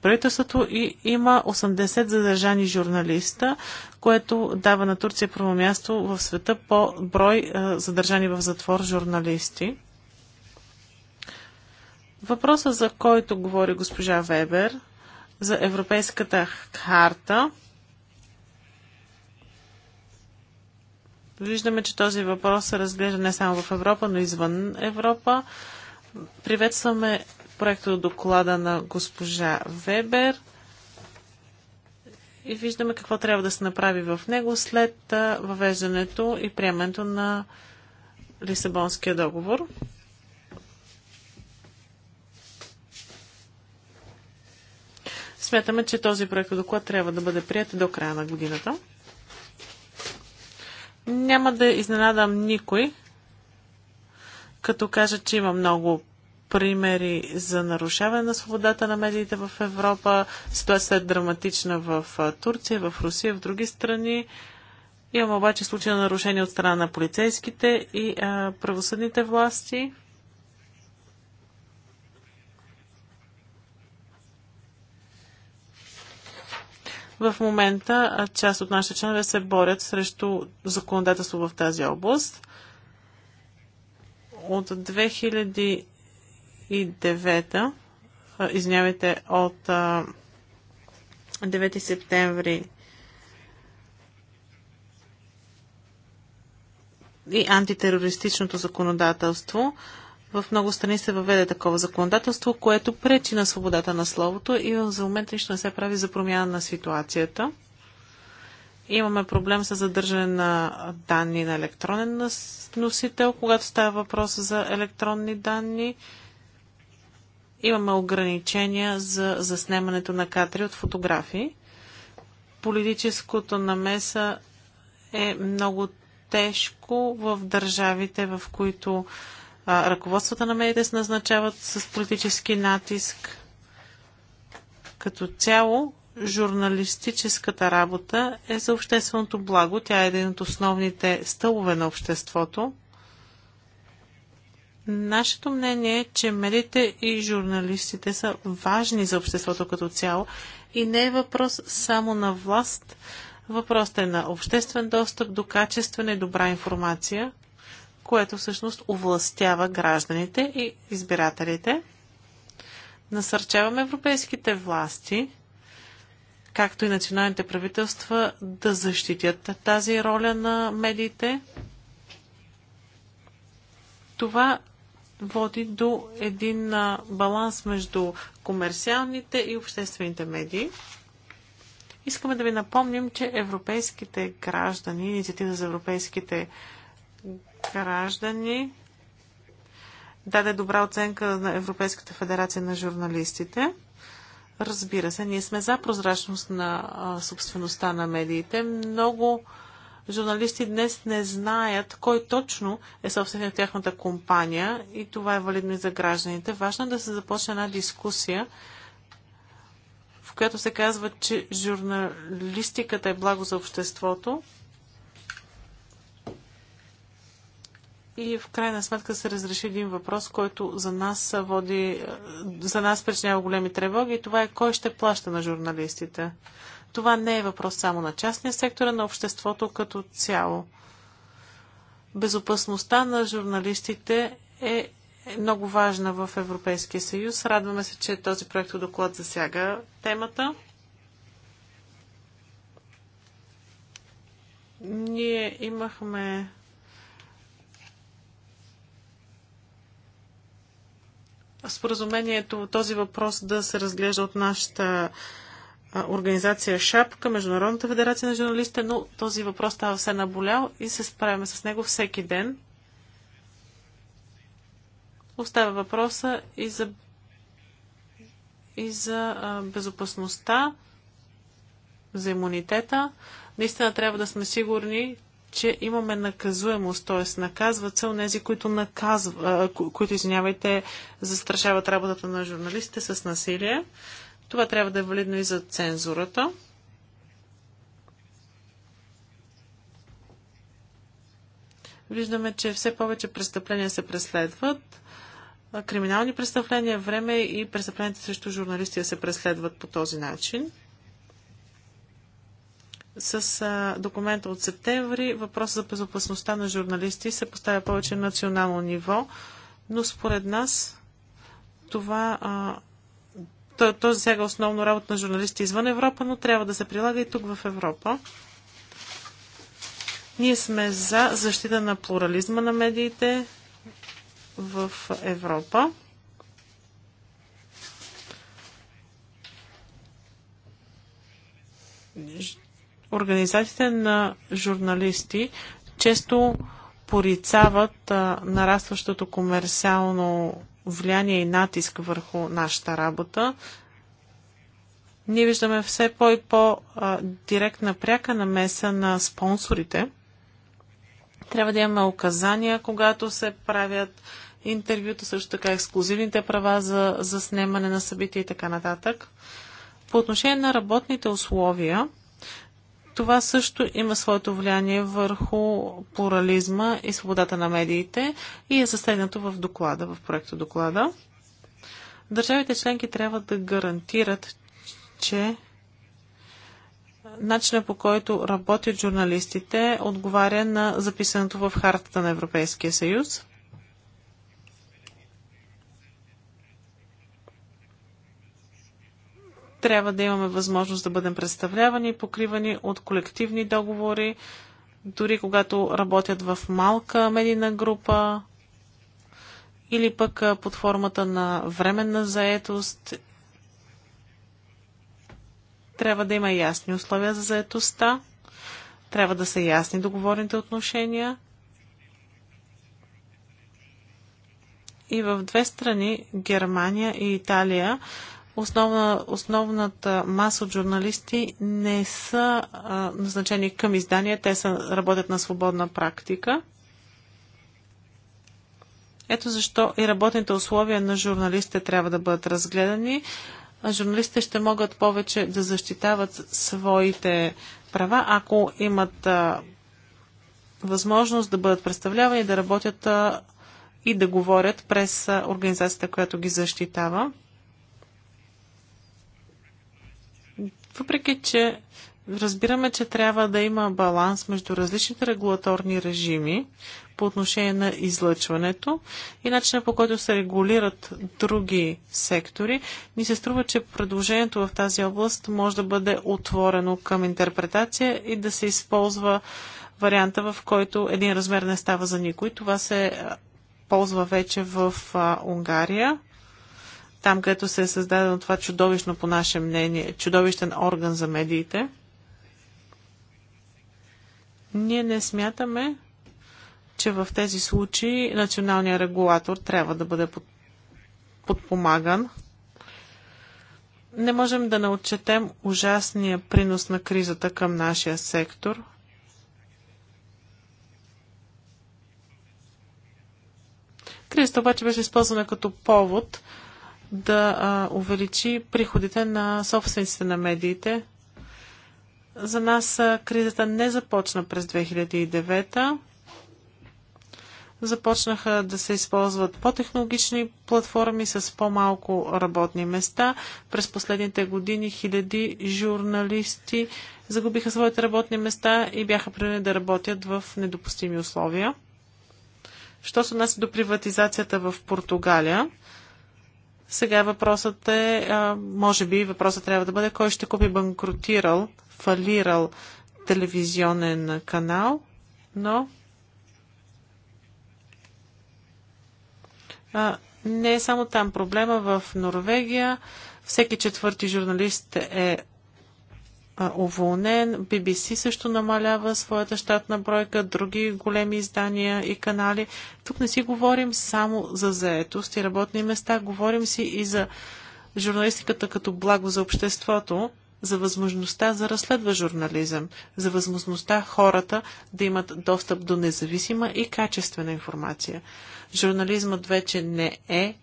правителството и има 80 задържани журналиста, което дава на Турция първо място в света по брой задържани в затвор журналисти. Въпроса, за който говори госпожа Вебер, за Европейската харта, Виждаме, че този въпрос се разглежда не само в Европа, но и извън Европа. Приветстваме проекта доклада на госпожа Вебер и виждаме какво трябва да се направи в него след въвеждането и приемането на Лисабонския договор. Смятаме, че този проект доклад трябва да бъде прият до края на годината. Няма да изненадам никой, като кажа, че има много примери за нарушаване на свободата на медиите в Европа. Ситуацията е драматична в Турция, в Русия, в други страни. Имам обаче случаи на нарушение от страна на полицейските и а, правосъдните власти. В момента част от нашите членове се борят срещу законодателство в тази област. От 2009, извинявайте, от 9 септември и антитерористичното законодателство, в много страни се въведе такова законодателство, което пречи на свободата на словото и за момента нищо не се прави за промяна на ситуацията. Имаме проблем с задържане на данни на електронен носител, когато става въпрос за електронни данни. Имаме ограничения за заснемането на кадри от фотографии. Политическото намеса е много тежко в държавите, в които ръководствата на медиите се назначават с политически натиск. Като цяло, журналистическата работа е за общественото благо. Тя е един от основните стълбове на обществото. Нашето мнение е, че медиите и журналистите са важни за обществото като цяло и не е въпрос само на власт. Въпросът е на обществен достъп до качествена и добра информация – което всъщност овластява гражданите и избирателите. Насърчаваме европейските власти, както и националните правителства, да защитят тази роля на медиите. Това води до един баланс между комерциалните и обществените медии. Искаме да ви напомним, че европейските граждани, инициатива за европейските граждани, граждани даде добра оценка на Европейската федерация на журналистите. Разбира се, ние сме за прозрачност на собствеността на медиите. Много журналисти днес не знаят кой точно е собственик на тяхната компания и това е валидно и за гражданите. Важно е да се започне една дискусия, в която се казва, че журналистиката е благо за обществото и в крайна сметка се разреши един въпрос, който за нас води, е, за нас причинява големи тревоги и това е кой ще плаща на журналистите. Това не е въпрос само на частния сектор, а на обществото като цяло. Безопасността на журналистите е много важна в Европейския съюз. Радваме се, че този проект доклад засяга темата. Ние имахме споразумението този въпрос да се разглежда от нашата организация Шапка, Международната федерация на журналистите, но този въпрос става все наболял и се справяме с него всеки ден. Остава въпроса и за, и за а, безопасността, за имунитета. Наистина трябва да сме сигурни, че имаме наказуемост, т.е. наказват се онези, които, наказва, които извинявайте, застрашават работата на журналистите с насилие. Това трябва да е валидно и за цензурата. Виждаме, че все повече престъпления се преследват. Криминални престъпления, време и престъпленията срещу журналисти се преследват по този начин с а, документа от септември Въпрос за безопасността на журналисти се поставя повече на национално ниво, но според нас това а, то, то засяга основно работа на журналисти извън Европа, но трябва да се прилага и тук в Европа. Ние сме за защита на плурализма на медиите в Европа. Организациите на журналисти често порицават а, нарастващото комерциално влияние и натиск върху нашата работа. Ние виждаме все по- и по-директна пряка намеса на спонсорите. Трябва да имаме указания, когато се правят интервюта, също така ексклюзивните права за, за снимане на събития и така нататък. По отношение на работните условия, това също има своето влияние върху плурализма и свободата на медиите и е засегнато в доклада, в проекта доклада. Държавите членки трябва да гарантират, че начина по който работят журналистите отговаря на записаното в хартата на Европейския съюз. трябва да имаме възможност да бъдем представлявани и покривани от колективни договори, дори когато работят в малка медийна група или пък под формата на временна заетост. Трябва да има ясни условия за заетостта, трябва да са ясни договорните отношения. И в две страни, Германия и Италия, Основна, основната маса от журналисти не са а, назначени към издания, те са, работят на свободна практика. Ето защо и работните условия на журналистите трябва да бъдат разгледани. Журналистите ще могат повече да защитават своите права, ако имат а, възможност да бъдат представлявани, да работят а, и да говорят през а, организацията, която ги защитава. Въпреки, че разбираме, че трябва да има баланс между различните регулаторни режими по отношение на излъчването и начина по който се регулират други сектори, ми се струва, че предложението в тази област може да бъде отворено към интерпретация и да се използва варианта, в който един размер не става за никой. Това се ползва вече в Унгария там, където се е създадено това чудовищно, по наше мнение, чудовищен орган за медиите, ние не смятаме, че в тези случаи националният регулатор трябва да бъде подпомаган. Не можем да не отчетем ужасния принос на кризата към нашия сектор. Кризата обаче беше използвана като повод – да а, увеличи приходите на собствениците на медиите. За нас а, кризата не започна през 2009. Започнаха да се използват по-технологични платформи с по-малко работни места. През последните години хиляди журналисти загубиха своите работни места и бяха принудени да работят в недопустими условия. Що се отнася до приватизацията в Португалия, сега въпросът е, може би въпросът трябва да бъде кой ще купи банкротирал, фалирал телевизионен канал, но не е само там проблема. В Норвегия всеки четвърти журналист е уволнен. BBC също намалява своята щатна бройка, други големи издания и канали. Тук не си говорим само за заетост и работни места, говорим си и за журналистиката като благо за обществото, за възможността за разследва журнализъм, за възможността хората да имат достъп до независима и качествена информация. Журнализмът вече не е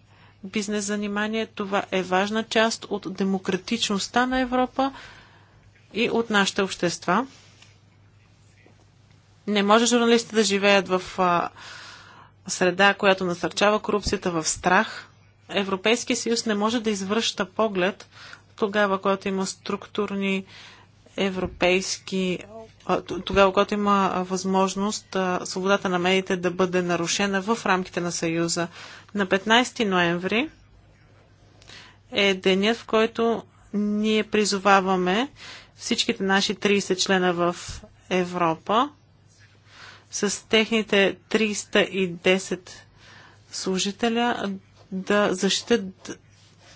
бизнес занимание, това е важна част от демократичността на Европа, и от нашите общества. Не може журналистите да живеят в а, среда, която насърчава корупцията в страх. Европейския съюз не може да извръща поглед тогава, когато има структурни европейски тогава, когато има възможност свободата на медиите да бъде нарушена в рамките на Съюза. На 15 ноември е денят, в който ние призоваваме всичките наши 30 члена в Европа с техните 310 служителя да защитят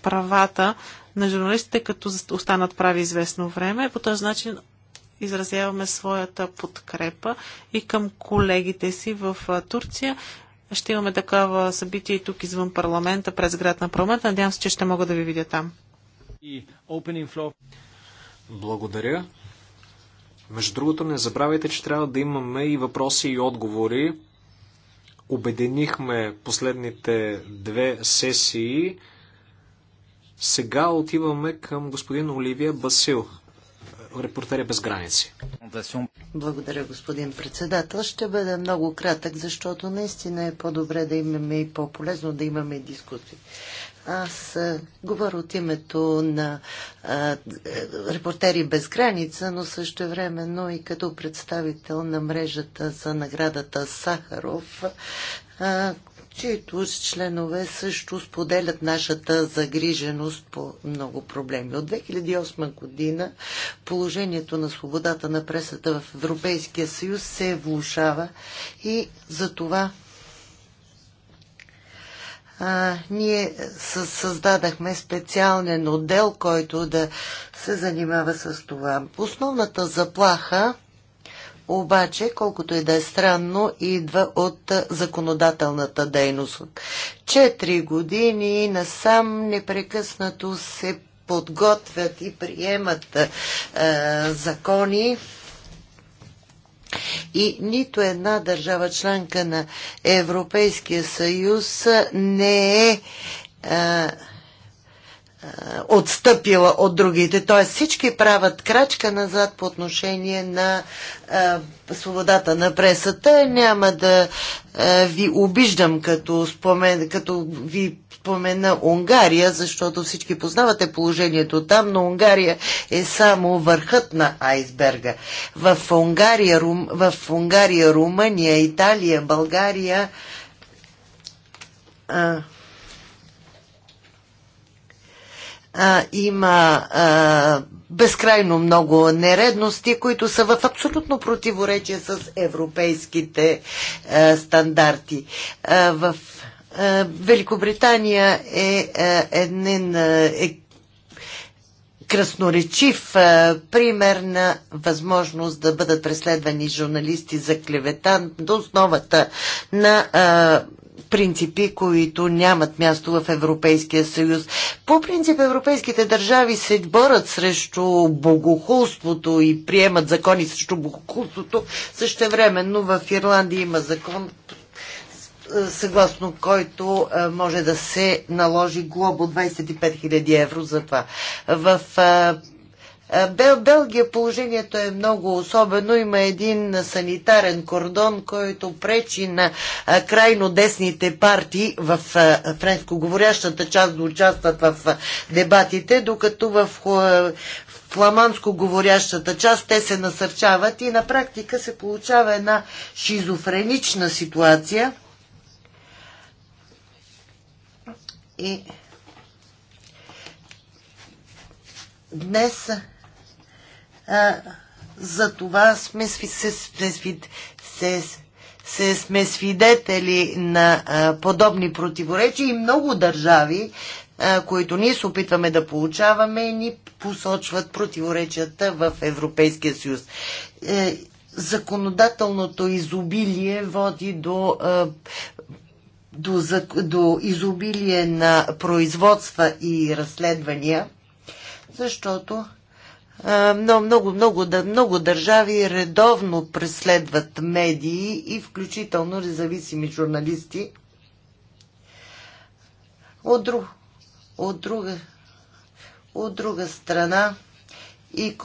правата на журналистите, като останат прави известно време. По този начин изразяваме своята подкрепа и към колегите си в Турция. Ще имаме такава събитие и тук извън парламента, през град на парламента. Надявам се, че ще мога да ви видя там. Благодаря. Между другото, не забравяйте, че трябва да имаме и въпроси и отговори. Обединихме последните две сесии. Сега отиваме към господин Оливия Басил. Репортери без граници. Благодаря, господин председател. Ще бъда много кратък, защото наистина е по-добре да имаме и по-полезно да имаме дискусии. Аз а, говоря от името на а, е, Репортери без граница, но също времено и като представител на мрежата за наградата Сахаров, а, чието членове също споделят нашата загриженост по много проблеми. От 2008 година положението на свободата на пресата в Европейския съюз се влушава и за това а, ние създадахме специален отдел, който да се занимава с това. Основната заплаха обаче, колкото и да е странно, идва от законодателната дейност. Четири години насам непрекъснато се подготвят и приемат а, закони и нито една държава членка на Европейския съюз не е, е е, отстъпила от другите. Т.е. всички правят крачка назад по отношение на а, е, свободата на пресата. Няма да а, е, ви обиждам, като, спомен, като ви спомена Унгария, защото всички познавате положението там, но Унгария е само върхът на айсберга. В Унгария, Рум, в Унгария Румъния, Италия, България а, а, има а, безкрайно много нередности, които са в абсолютно противоречие с европейските а, е, стандарти. А, в а, е, Великобритания е, е един е, красноречив а, пример на възможност да бъдат преследвани журналисти за клеветан до основата на а, принципи, които нямат място в Европейския съюз. По принцип европейските държави се борят срещу богохулството и приемат закони срещу богохулството. Същевременно в Ирландия има закон, съгласно който може да се наложи глоба от 25 000 евро за това. В е, Бел, Белгия положението е много особено. Има един санитарен кордон, който пречи на е, крайно десните партии в е, френскоговорящата част да участват в дебатите, докато в фламандско говорящата част те се насърчават и на практика се получава една шизофренична ситуация. И днес за това сме, се, се, се, се сме свидетели на а, подобни противоречия и много държави, а, които ние се опитваме да получаваме, ни посочват противоречията в Европейския съюз. Е, законодателното изобилие води до, а, до, до изобилие на производства и разследвания, защото много, много, много, много държави редовно преследват медии и включително независими журналисти. От, друг, от, друга, от друга страна, и,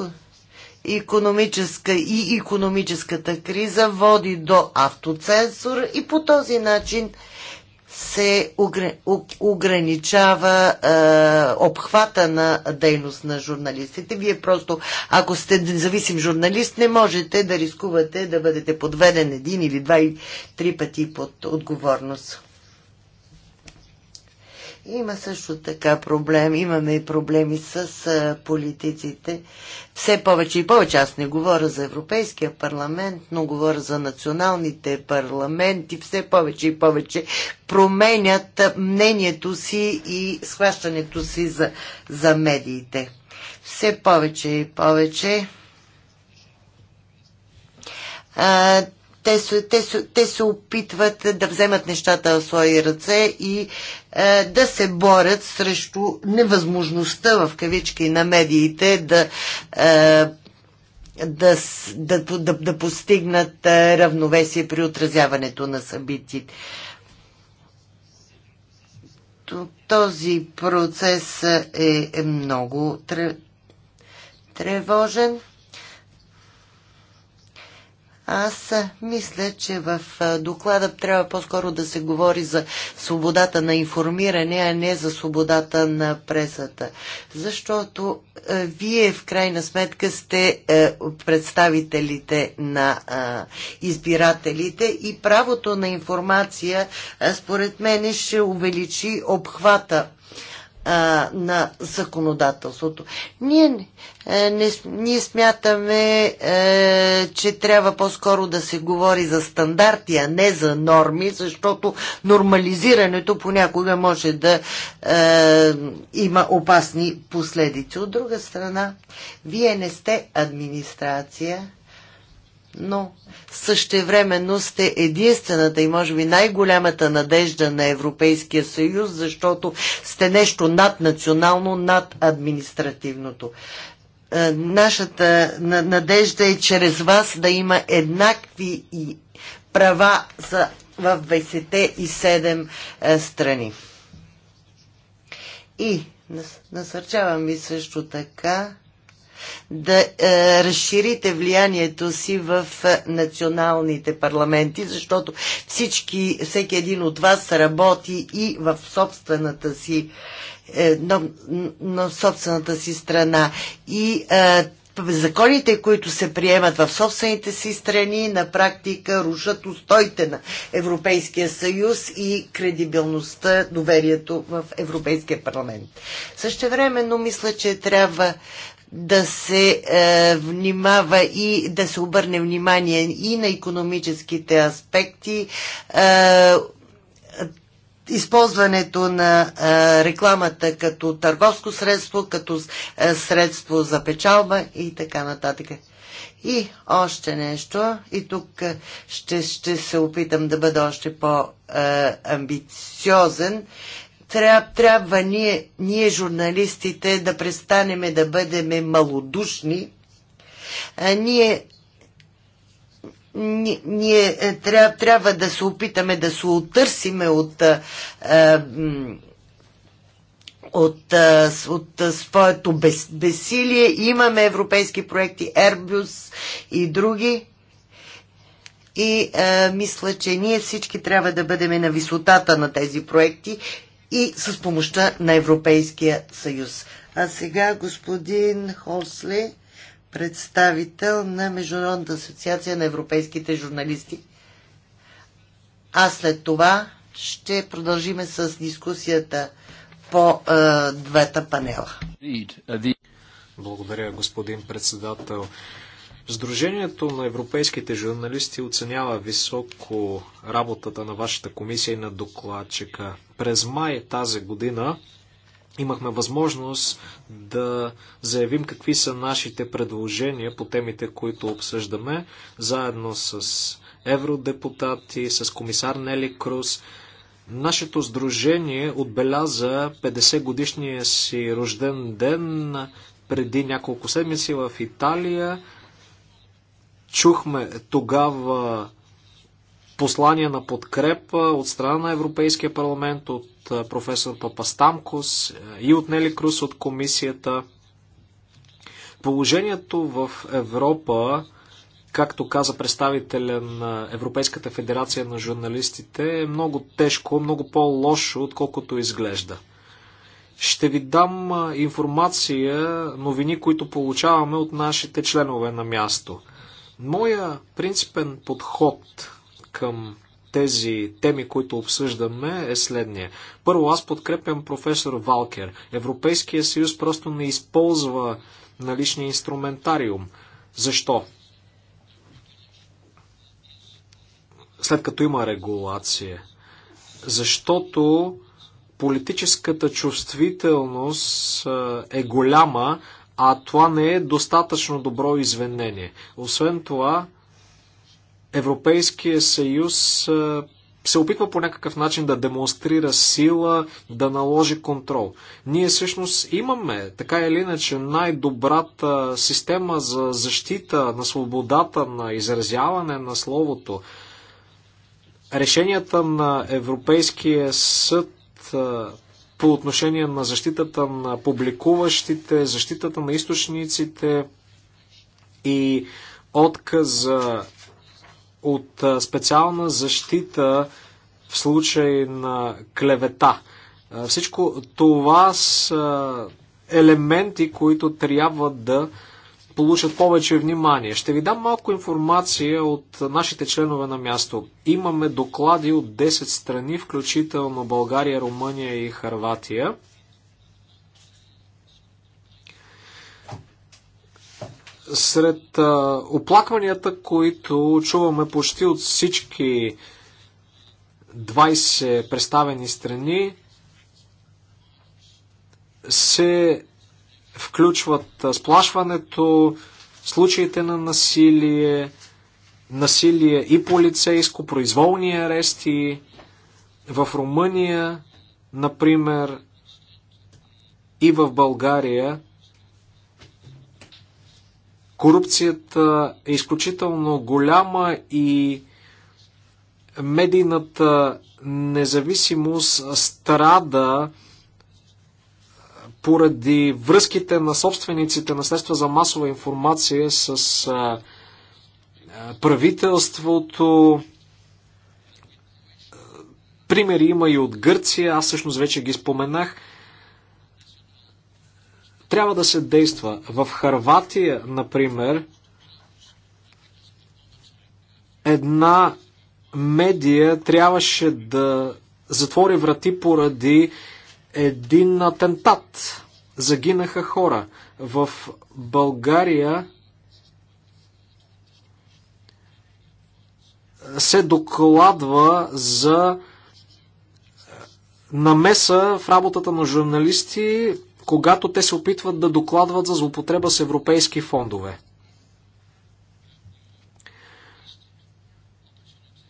економическа и економическата криза води до автоцензура и по този начин се ограничава е, обхвата на дейност на журналистите. Вие просто, ако сте независим журналист, не можете да рискувате да бъдете подведен един или два и три пъти под отговорност. Има също така проблем, имаме и проблеми с а, политиците. Все повече и повече, аз не говоря за Европейския парламент, но говоря за националните парламенти, все повече и повече променят мнението си и схващането си за, за медиите. Все повече и повече а, те се, те, се, те се опитват да вземат нещата в свои ръце и е, да се борят срещу невъзможността в кавички на медиите да, е, да, да, да, да постигнат е, равновесие при отразяването на събитите. Този процес е, е много тревожен аз мисля, че в доклада трябва по-скоро да се говори за свободата на информиране, а не за свободата на пресата. Защото вие в крайна сметка сте представителите на избирателите и правото на информация според мен ще увеличи обхвата а, на законодателството. Ние, е, не, ние смятаме, е, че трябва по-скоро да се говори за стандарти, а не за норми, защото нормализирането понякога може да е, има опасни последици. От друга страна, вие не сте администрация но същевременно сте единствената и може би най-голямата надежда на Европейския съюз, защото сте нещо наднационално, над административното. Е, нашата надежда е чрез вас да има еднакви и права за, в 27 е, страни. И насърчавам ви също така да е, разширите влиянието си в е, националните парламенти, защото всички, всеки един от вас работи и в собствената си е, но, но собствената си страна. И е, законите, които се приемат в собствените си страни, на практика рушат устоите на Европейския съюз и кредибилността, доверието в Европейския парламент. времено мисля, че трябва да се е, внимава и да се обърне внимание и на економическите аспекти. Е, използването на а, е, рекламата като търговско средство, като а, е, средство за печалба и така нататък. И още нещо, и тук е, ще, ще се опитам да бъда още по-амбициозен. Тряб, трябва ние, ние, журналистите, да престанеме да бъдеме малодушни. А, ние ние, е, трябва, трябва да се опитаме да се отърсиме от, от, от, от своето без, безсилие. Имаме европейски проекти Airbus и други. И а, мисля, че ние всички трябва да бъдем на висотата на тези проекти и с помощта на Европейския съюз. А сега господин Холсли, представител на Международната асоциация на европейските журналисти. А след това ще продължиме с дискусията по е, двата панела. Благодаря, господин председател. Сдружението на европейските журналисти оценява високо работата на вашата комисия и на докладчика. През май тази година имахме възможност да заявим какви са нашите предложения по темите, които обсъждаме, заедно с евродепутати, с комисар Нели Круз. Нашето сдружение отбеляза 50 годишния си рожден ден преди няколко седмици в Италия. Чухме тогава послания на подкрепа от страна на Европейския парламент, от професор Папастамкос и от Нели Крус от комисията. Положението в Европа, както каза представителя на Европейската федерация на журналистите, е много тежко, много по-лошо, отколкото изглежда. Ще ви дам информация, новини, които получаваме от нашите членове на място. Моя принципен подход към тези теми, които обсъждаме, е следния. Първо, аз подкрепям професор Валкер. Европейския съюз просто не използва наличния инструментариум. Защо? След като има регулация. Защото политическата чувствителност е голяма, а това не е достатъчно добро извинение. Освен това, Европейския съюз се опитва по някакъв начин да демонстрира сила, да наложи контрол. Ние всъщност имаме, така или иначе, най-добрата система за защита на свободата, на изразяване на словото. Решенията на Европейския съд по отношение на защитата на публикуващите, защитата на източниците и отказа от специална защита в случай на клевета. Всичко това са елементи, които трябва да получат повече внимание. Ще ви дам малко информация от нашите членове на място. Имаме доклади от 10 страни, включително България, Румъния и Харватия. Сред а, оплакванията, които чуваме почти от всички 20 представени страни, се включват сплашването, случаите на насилие, насилие и полицейско, произволни арести. В Румъния, например, и в България корупцията е изключително голяма и медийната независимост страда поради връзките на собствениците на средства за масова информация с а, правителството. Примери има и от Гърция, аз всъщност вече ги споменах. Трябва да се действа. В Харватия, например, една медия трябваше да затвори врати поради един атентат. Загинаха хора. В България се докладва за е, намеса в работата на журналисти, когато те се опитват да докладват за злопотреба с европейски фондове.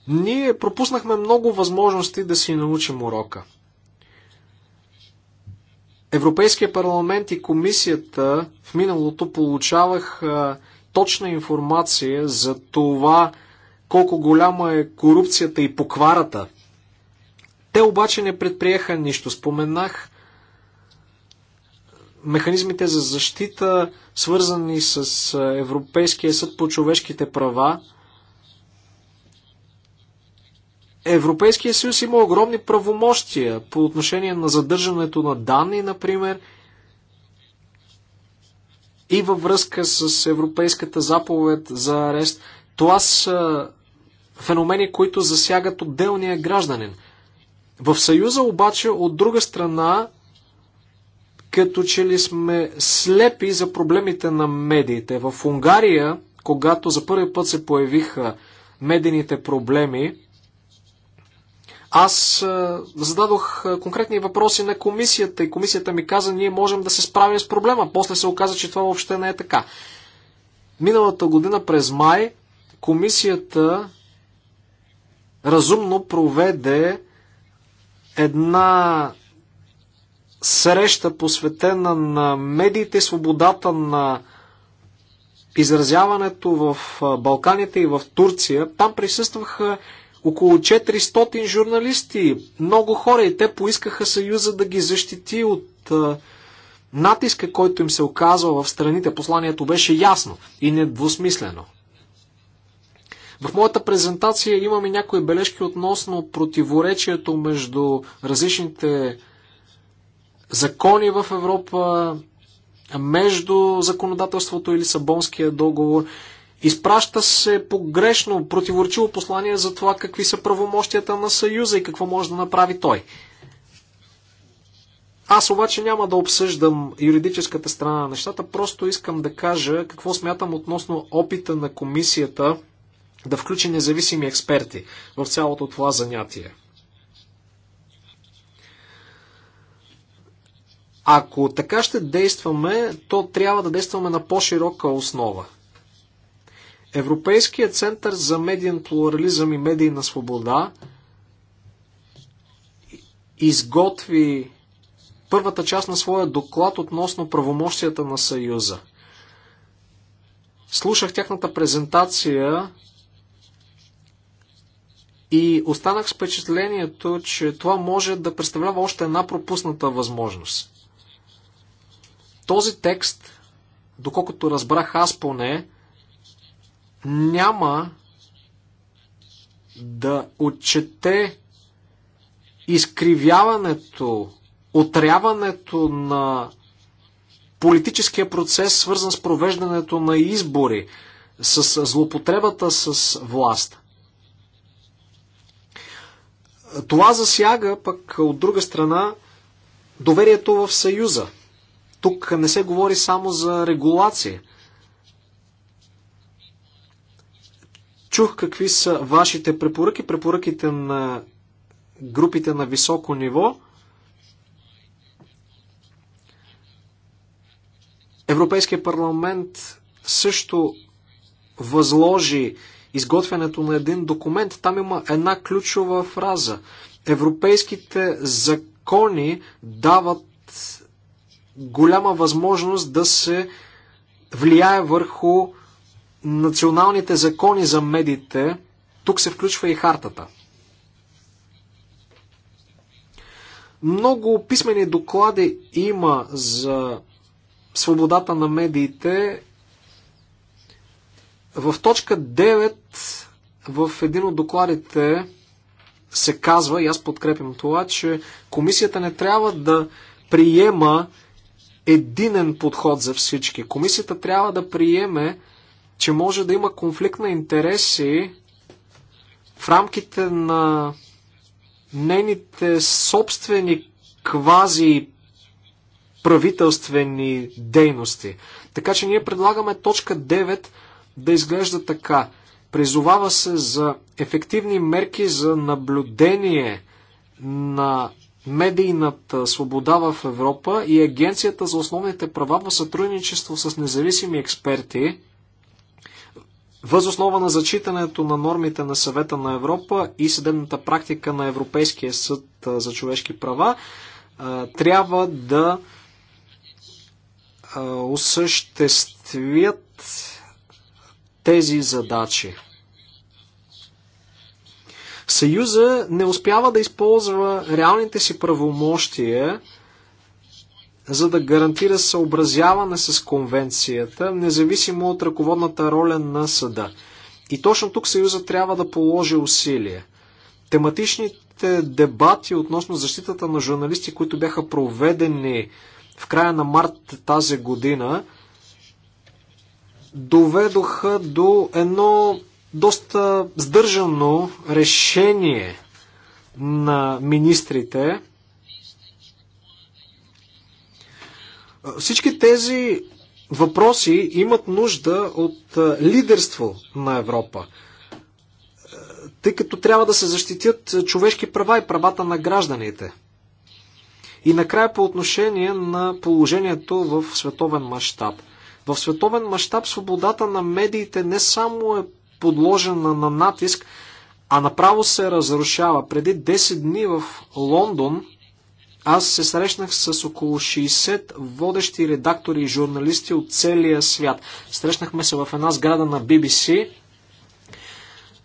Ние пропуснахме много възможности да си научим урока. Европейския парламент и комисията в миналото получавах точна информация за това колко голяма е корупцията и покварата. Те обаче не предприеха нищо. Споменах механизмите за защита, свързани с Европейския съд по човешките права. Европейския съюз има огромни правомощия по отношение на задържането на данни, например, и във връзка с Европейската заповед за арест. Това са феномени, които засягат отделния гражданин. В Съюза обаче, от друга страна, като че ли сме слепи за проблемите на медиите. В Унгария, когато за първи път се появиха медийните проблеми, аз е, зададох е, конкретни въпроси на комисията и комисията ми каза, ние можем да се справим с проблема. После се оказа, че това въобще не е така. Миналата година през май комисията разумно проведе една среща, посветена на медиите и свободата на изразяването в е, Балканите и в Турция. Там присъстваха около 400 журналисти, много хора и те поискаха Съюза да ги защити от а, натиска, който им се оказва в страните. Посланието беше ясно и недвусмислено. В моята презентация имаме някои бележки относно противоречието между различните закони в Европа, между законодателството и Лисабонския договор. Изпраща се погрешно, противоречиво послание за това какви са правомощията на Съюза и какво може да направи той. Аз обаче няма да обсъждам юридическата страна на нещата, просто искам да кажа какво смятам относно опита на комисията да включи независими експерти в цялото това занятие. Ако така ще действаме, то трябва да действаме на по-широка основа. Европейския център за медиен плурализъм и медийна свобода изготви първата част на своя доклад относно правомощията на Съюза. Слушах тяхната презентация и останах с впечатлението, че това може да представлява още една пропусната възможност. Този текст, доколкото разбрах аз поне, няма да отчете изкривяването, отряването на политическия процес, свързан с провеждането на избори, с злопотребата с власт. Това засяга пък от друга страна доверието в Съюза. Тук не се говори само за регулация. Чух какви са вашите препоръки, препоръките на групите на високо ниво. Европейския парламент също възложи изготвянето на един документ. Там има една ключова фраза. Европейските закони дават голяма възможност да се влияе върху националните закони за медиите, тук се включва и хартата. Много писмени доклади има за свободата на медиите. В точка 9 в един от докладите се казва, и аз подкрепям това, че комисията не трябва да приема единен подход за всички. Комисията трябва да приеме че може да има конфликт на интереси в рамките на нейните собствени квази правителствени дейности. Така че ние предлагаме точка 9 да изглежда така. Призовава се за ефективни мерки за наблюдение на медийната свобода в Европа и Агенцията за основните права в сътрудничество с независими експерти възоснова на зачитането на нормите на съвета на Европа и съдебната практика на Европейския съд за човешки права, трябва да осъществят тези задачи. Съюза не успява да използва реалните си правомощия за да гарантира съобразяване с конвенцията, независимо от ръководната роля на съда. И точно тук Съюза трябва да положи усилия. Тематичните дебати относно защитата на журналисти, които бяха проведени в края на март тази година, доведоха до едно доста сдържано решение на министрите Всички тези въпроси имат нужда от лидерство на Европа, тъй като трябва да се защитят човешки права и правата на гражданите. И накрая по отношение на положението в световен мащаб. В световен мащаб свободата на медиите не само е подложена на натиск, а направо се разрушава. Преди 10 дни в Лондон аз се срещнах с около 60 водещи редактори и журналисти от целия свят. Срещнахме се в една сграда на BBC.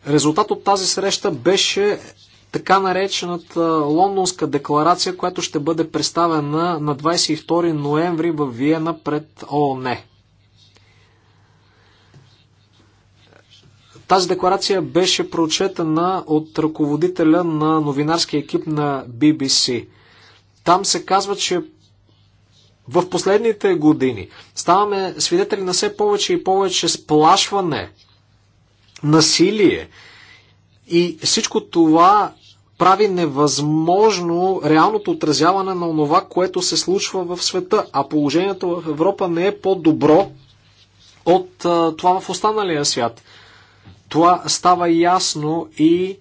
Резултат от тази среща беше така наречената Лондонска декларация, която ще бъде представена на 22 ноември в Виена пред ООН. Е. Тази декларация беше прочетена от ръководителя на новинарския екип на BBC. Там се казва, че в последните години ставаме свидетели на все повече и повече сплашване, насилие и всичко това прави невъзможно реалното отразяване на това, което се случва в света, а положението в Европа не е по-добро от това в останалия свят. Това става ясно и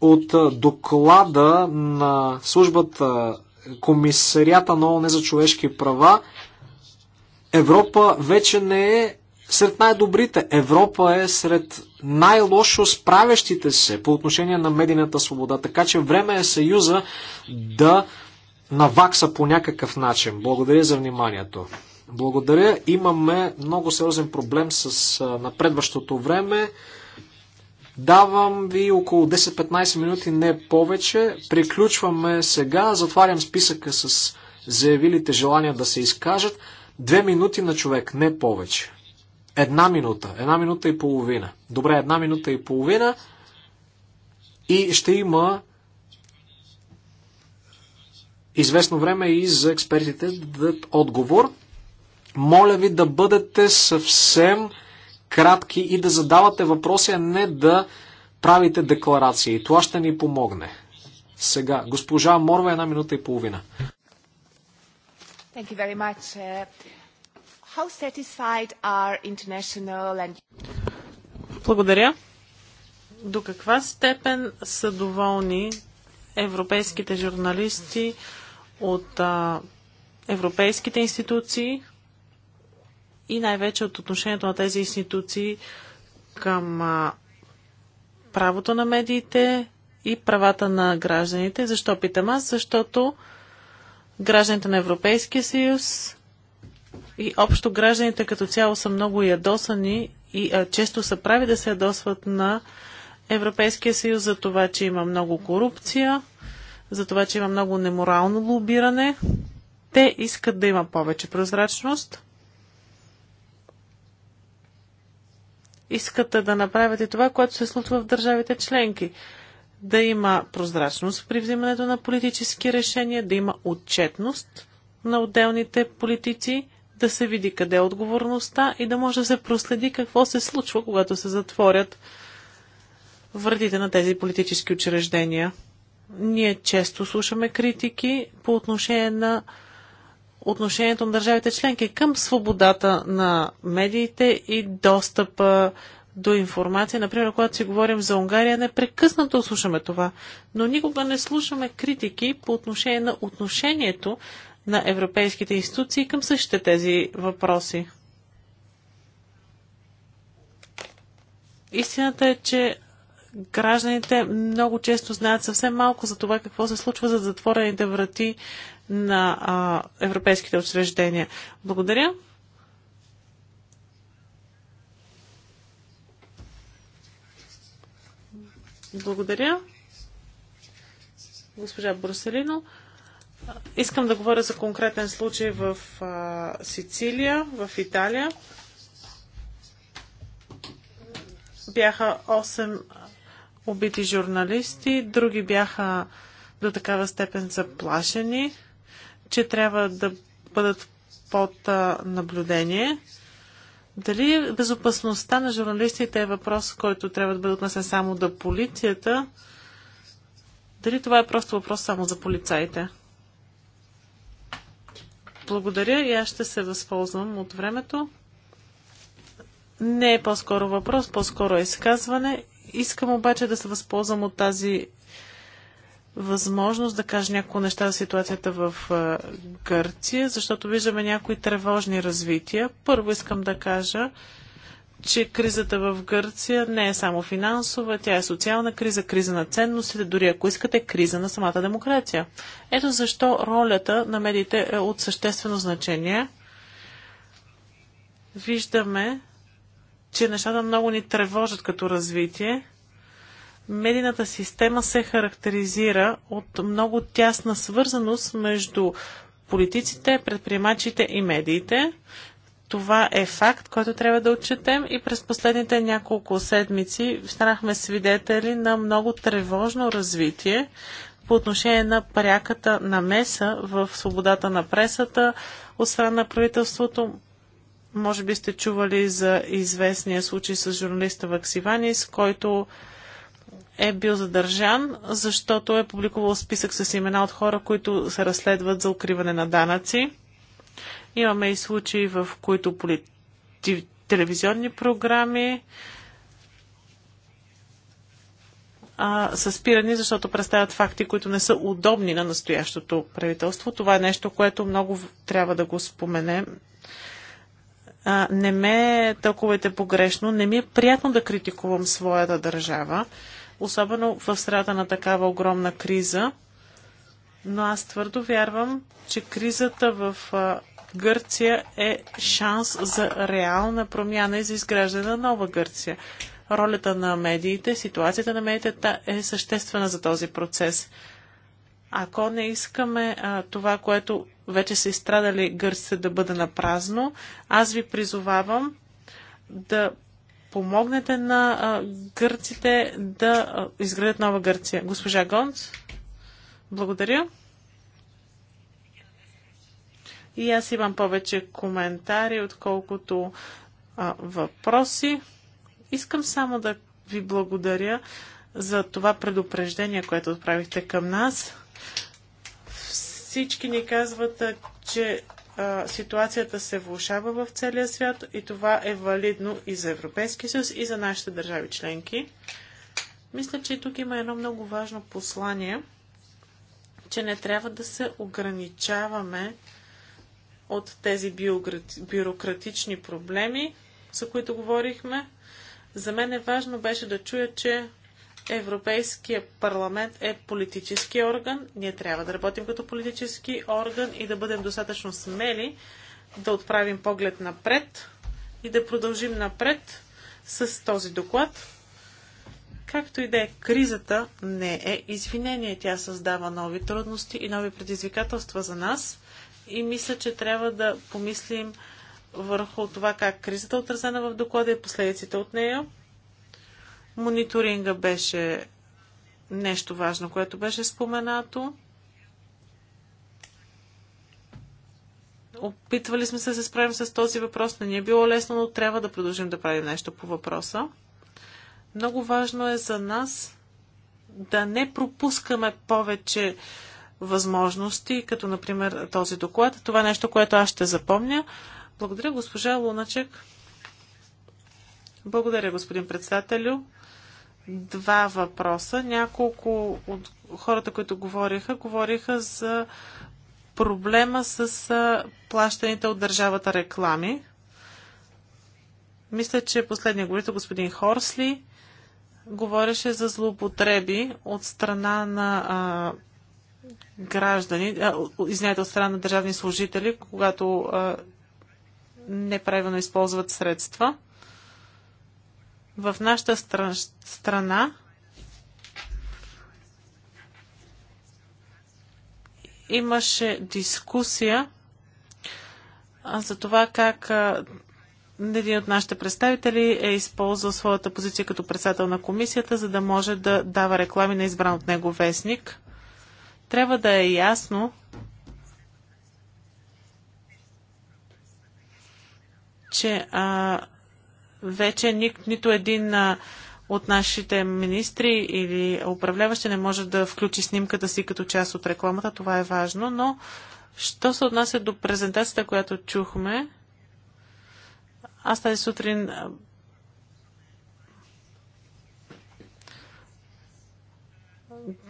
от доклада на службата комисарията на ООН за човешки права, Европа вече не е сред най-добрите. Европа е сред най-лошо справящите се по отношение на медийната свобода. Така че време е Съюза да навакса по някакъв начин. Благодаря за вниманието. Благодаря. Имаме много сериозен проблем с напредващото време. Давам ви около 10-15 минути, не повече. Приключваме сега. Затварям списъка с заявилите желания да се изкажат. Две минути на човек, не повече. Една минута, една минута и половина. Добре, една минута и половина. И ще има известно време и за експертите да дадат отговор. Моля ви да бъдете съвсем кратки и да задавате въпроси, а не да правите декларации. Това ще ни помогне. Сега, госпожа Морва, една минута и половина. Thank you very much. Uh, how satisfied are international and... Благодаря. До каква степен са доволни европейските журналисти от а, европейските институции, и най-вече от отношението на тези институции към правото на медиите и правата на гражданите. Защо питам аз? Защото гражданите на Европейския съюз и общо гражданите като цяло са много ядосани и а, често са прави да се ядосват на Европейския съюз за това, че има много корупция, за това, че има много неморално лобиране. Те искат да има повече прозрачност. искате да направите това, което се случва в държавите членки. Да има прозрачност при взимането на политически решения, да има отчетност на отделните политици, да се види къде е отговорността и да може да се проследи какво се случва, когато се затворят вредите на тези политически учреждения. Ние често слушаме критики по отношение на отношението на държавите членки към свободата на медиите и достъпа до информация. Например, когато си говорим за Унгария, непрекъснато слушаме това, но никога не слушаме критики по отношение на отношението на европейските институции към същите тези въпроси. Истината е, че гражданите много често знаят съвсем малко за това какво се случва за затворените врати на а, европейските учреждения. Благодаря. Благодаря. Госпожа Борселино. Искам да говоря за конкретен случай в а, Сицилия, в Италия. Бяха 8 убити журналисти, други бяха до такава степен заплашени че трябва да бъдат под наблюдение. Дали безопасността на журналистите е въпрос, който трябва да бъде отнесен само до полицията? Дали това е просто въпрос само за полицаите? Благодаря и аз ще се възползвам от времето. Не е по-скоро въпрос, по-скоро е изказване. Искам обаче да се възползвам от тази възможност да каже някои неща за ситуацията в Гърция, защото виждаме някои тревожни развития. Първо искам да кажа, че кризата в Гърция не е само финансова, тя е социална криза, криза на ценностите, дори ако искате криза на самата демокрация. Ето защо ролята на медиите е от съществено значение. Виждаме, че нещата много ни тревожат като развитие медийната система се характеризира от много тясна свързаност между политиците, предприемачите и медиите. Това е факт, който трябва да отчетем и през последните няколко седмици станахме свидетели на много тревожно развитие по отношение на пряката намеса в свободата на пресата от страна на правителството. Може би сте чували за известния случай с журналиста Ваксиванис, който е бил задържан, защото е публикувал списък с имена от хора, които се разследват за укриване на данъци. Имаме и случаи, в които телевизионни програми а, са спирани, защото представят факти, които не са удобни на настоящото правителство. Това е нещо, което много трябва да го споменем. А, не ме тълкувайте погрешно. Не ми е приятно да критикувам своята държава особено в среда на такава огромна криза. Но аз твърдо вярвам, че кризата в Гърция е шанс за реална промяна и за изграждане на нова Гърция. Ролята на медиите, ситуацията на медиите е съществена за този процес. Ако не искаме а, това, което вече са изстрадали гърците да бъде на празно, аз ви призовавам да помогнете на а, гърците да а, изградят нова Гърция. Госпожа Гонц, благодаря. И аз имам повече коментари, отколкото а, въпроси. Искам само да ви благодаря за това предупреждение, което отправихте към нас. Всички ни казват, че а, ситуацията се влушава в целия свят и това е валидно и за Европейския съюз, и за нашите държави членки. Мисля, че и тук има едно много важно послание, че не трябва да се ограничаваме от тези бюрократични проблеми, за които говорихме. За мен е важно беше да чуя, че Европейския парламент е политически орган. Ние трябва да работим като политически орган и да бъдем достатъчно смели да отправим поглед напред и да продължим напред с този доклад. Както и да е, кризата не е извинение. Тя създава нови трудности и нови предизвикателства за нас. И мисля, че трябва да помислим върху това как кризата е отразена в доклада и последиците от нея. Мониторинга беше нещо важно, което беше споменато. Опитвали сме се да се справим с този въпрос. Не ни е било лесно, но трябва да продължим да правим нещо по въпроса. Много важно е за нас да не пропускаме повече възможности, като например този доклад. Това е нещо, което аз ще запомня. Благодаря, госпожа Луначек. Благодаря, господин председателю два въпроса. Няколко от хората, които говориха, говориха за проблема с плащаните от държавата реклами. Мисля, че последния говорител, господин Хорсли, говореше за злоупотреби от страна на а, граждани, а, извинете, от страна на държавни служители, когато а, неправилно използват средства. В нашата страна имаше дискусия за това как един от нашите представители е използвал своята позиция като председател на комисията, за да може да дава реклами на избран от него вестник. Трябва да е ясно, че а, вече ни, нито един а, от нашите министри или управляващи не може да включи снимката си като част от рекламата. Това е важно, но що се отнася до презентацията, която чухме, аз тази сутрин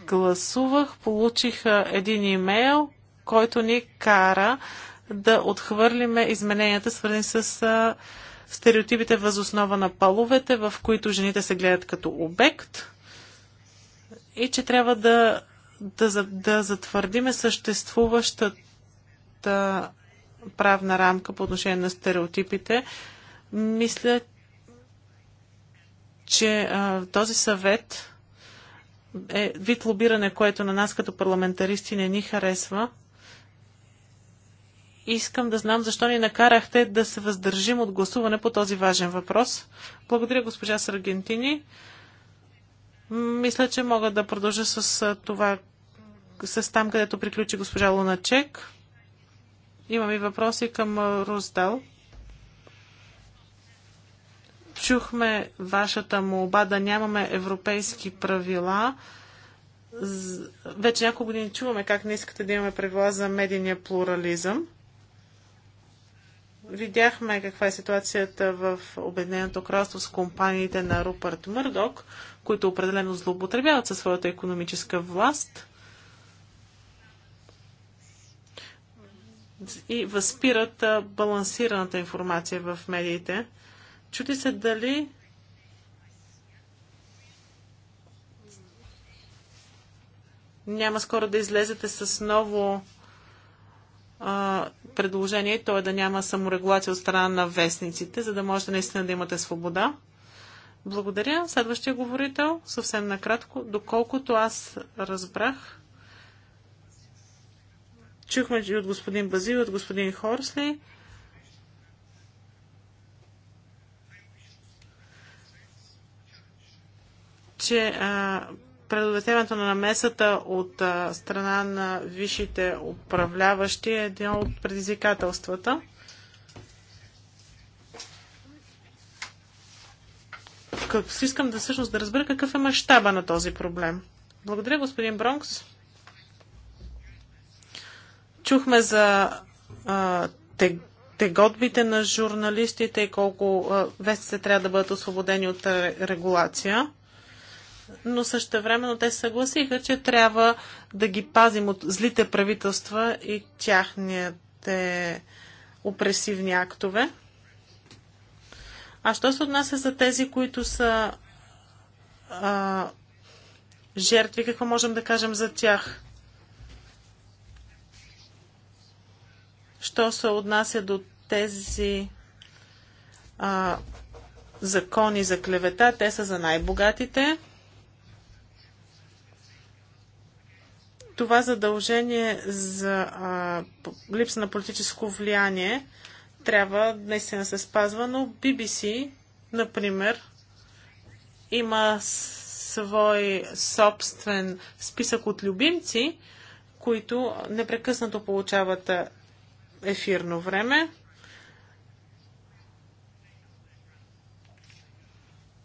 гласувах, получих един имейл, който ни кара да отхвърлиме измененията, свързани с стереотипите възоснова на половете, в които жените се гледат като обект и че трябва да, да, да затвърдиме съществуващата правна рамка по отношение на стереотипите. Мисля, че а, този съвет е вид лобиране, което на нас като парламентаристи не ни харесва. Искам да знам защо ни накарахте да се въздържим от гласуване по този важен въпрос. Благодаря, госпожа Саргентини. Мисля, че мога да продължа с това, с там, където приключи госпожа Луначек. Имам и въпроси към Роздал. Чухме вашата молба да нямаме европейски правила. Вече няколко години чуваме как не искате да имаме правила за медийния плурализъм видяхме каква е ситуацията в Обединеното кралство с компаниите на Рупърт Мърдок, които определено злоупотребяват със своята економическа власт и възпират балансираната информация в медиите. Чути се дали няма скоро да излезете с ново предложение, то е да няма саморегулация от страна на вестниците, за да можете наистина да имате свобода. Благодаря. Следващия говорител, съвсем накратко, доколкото аз разбрах, чухме и от господин Базил, от господин Хорсли, че а, предотвратяването на намесата от страна на висшите управляващи е един от предизвикателствата. Как, искам да всъщност да разбера какъв е мащаба на този проблем. Благодаря, господин Бронкс. Чухме за а, те, на журналистите и колко вестите трябва да бъдат освободени от регулация но времено те съгласиха, че трябва да ги пазим от злите правителства и тяхните опресивни актове. А що се отнася за тези, които са а, жертви, какво можем да кажем за тях? Що се отнася до тези а, закони за клевета, те са за най-богатите. това задължение за а, липса на политическо влияние трябва наистина се спазва, но BBC, например, има свой собствен списък от любимци, които непрекъснато получават ефирно време.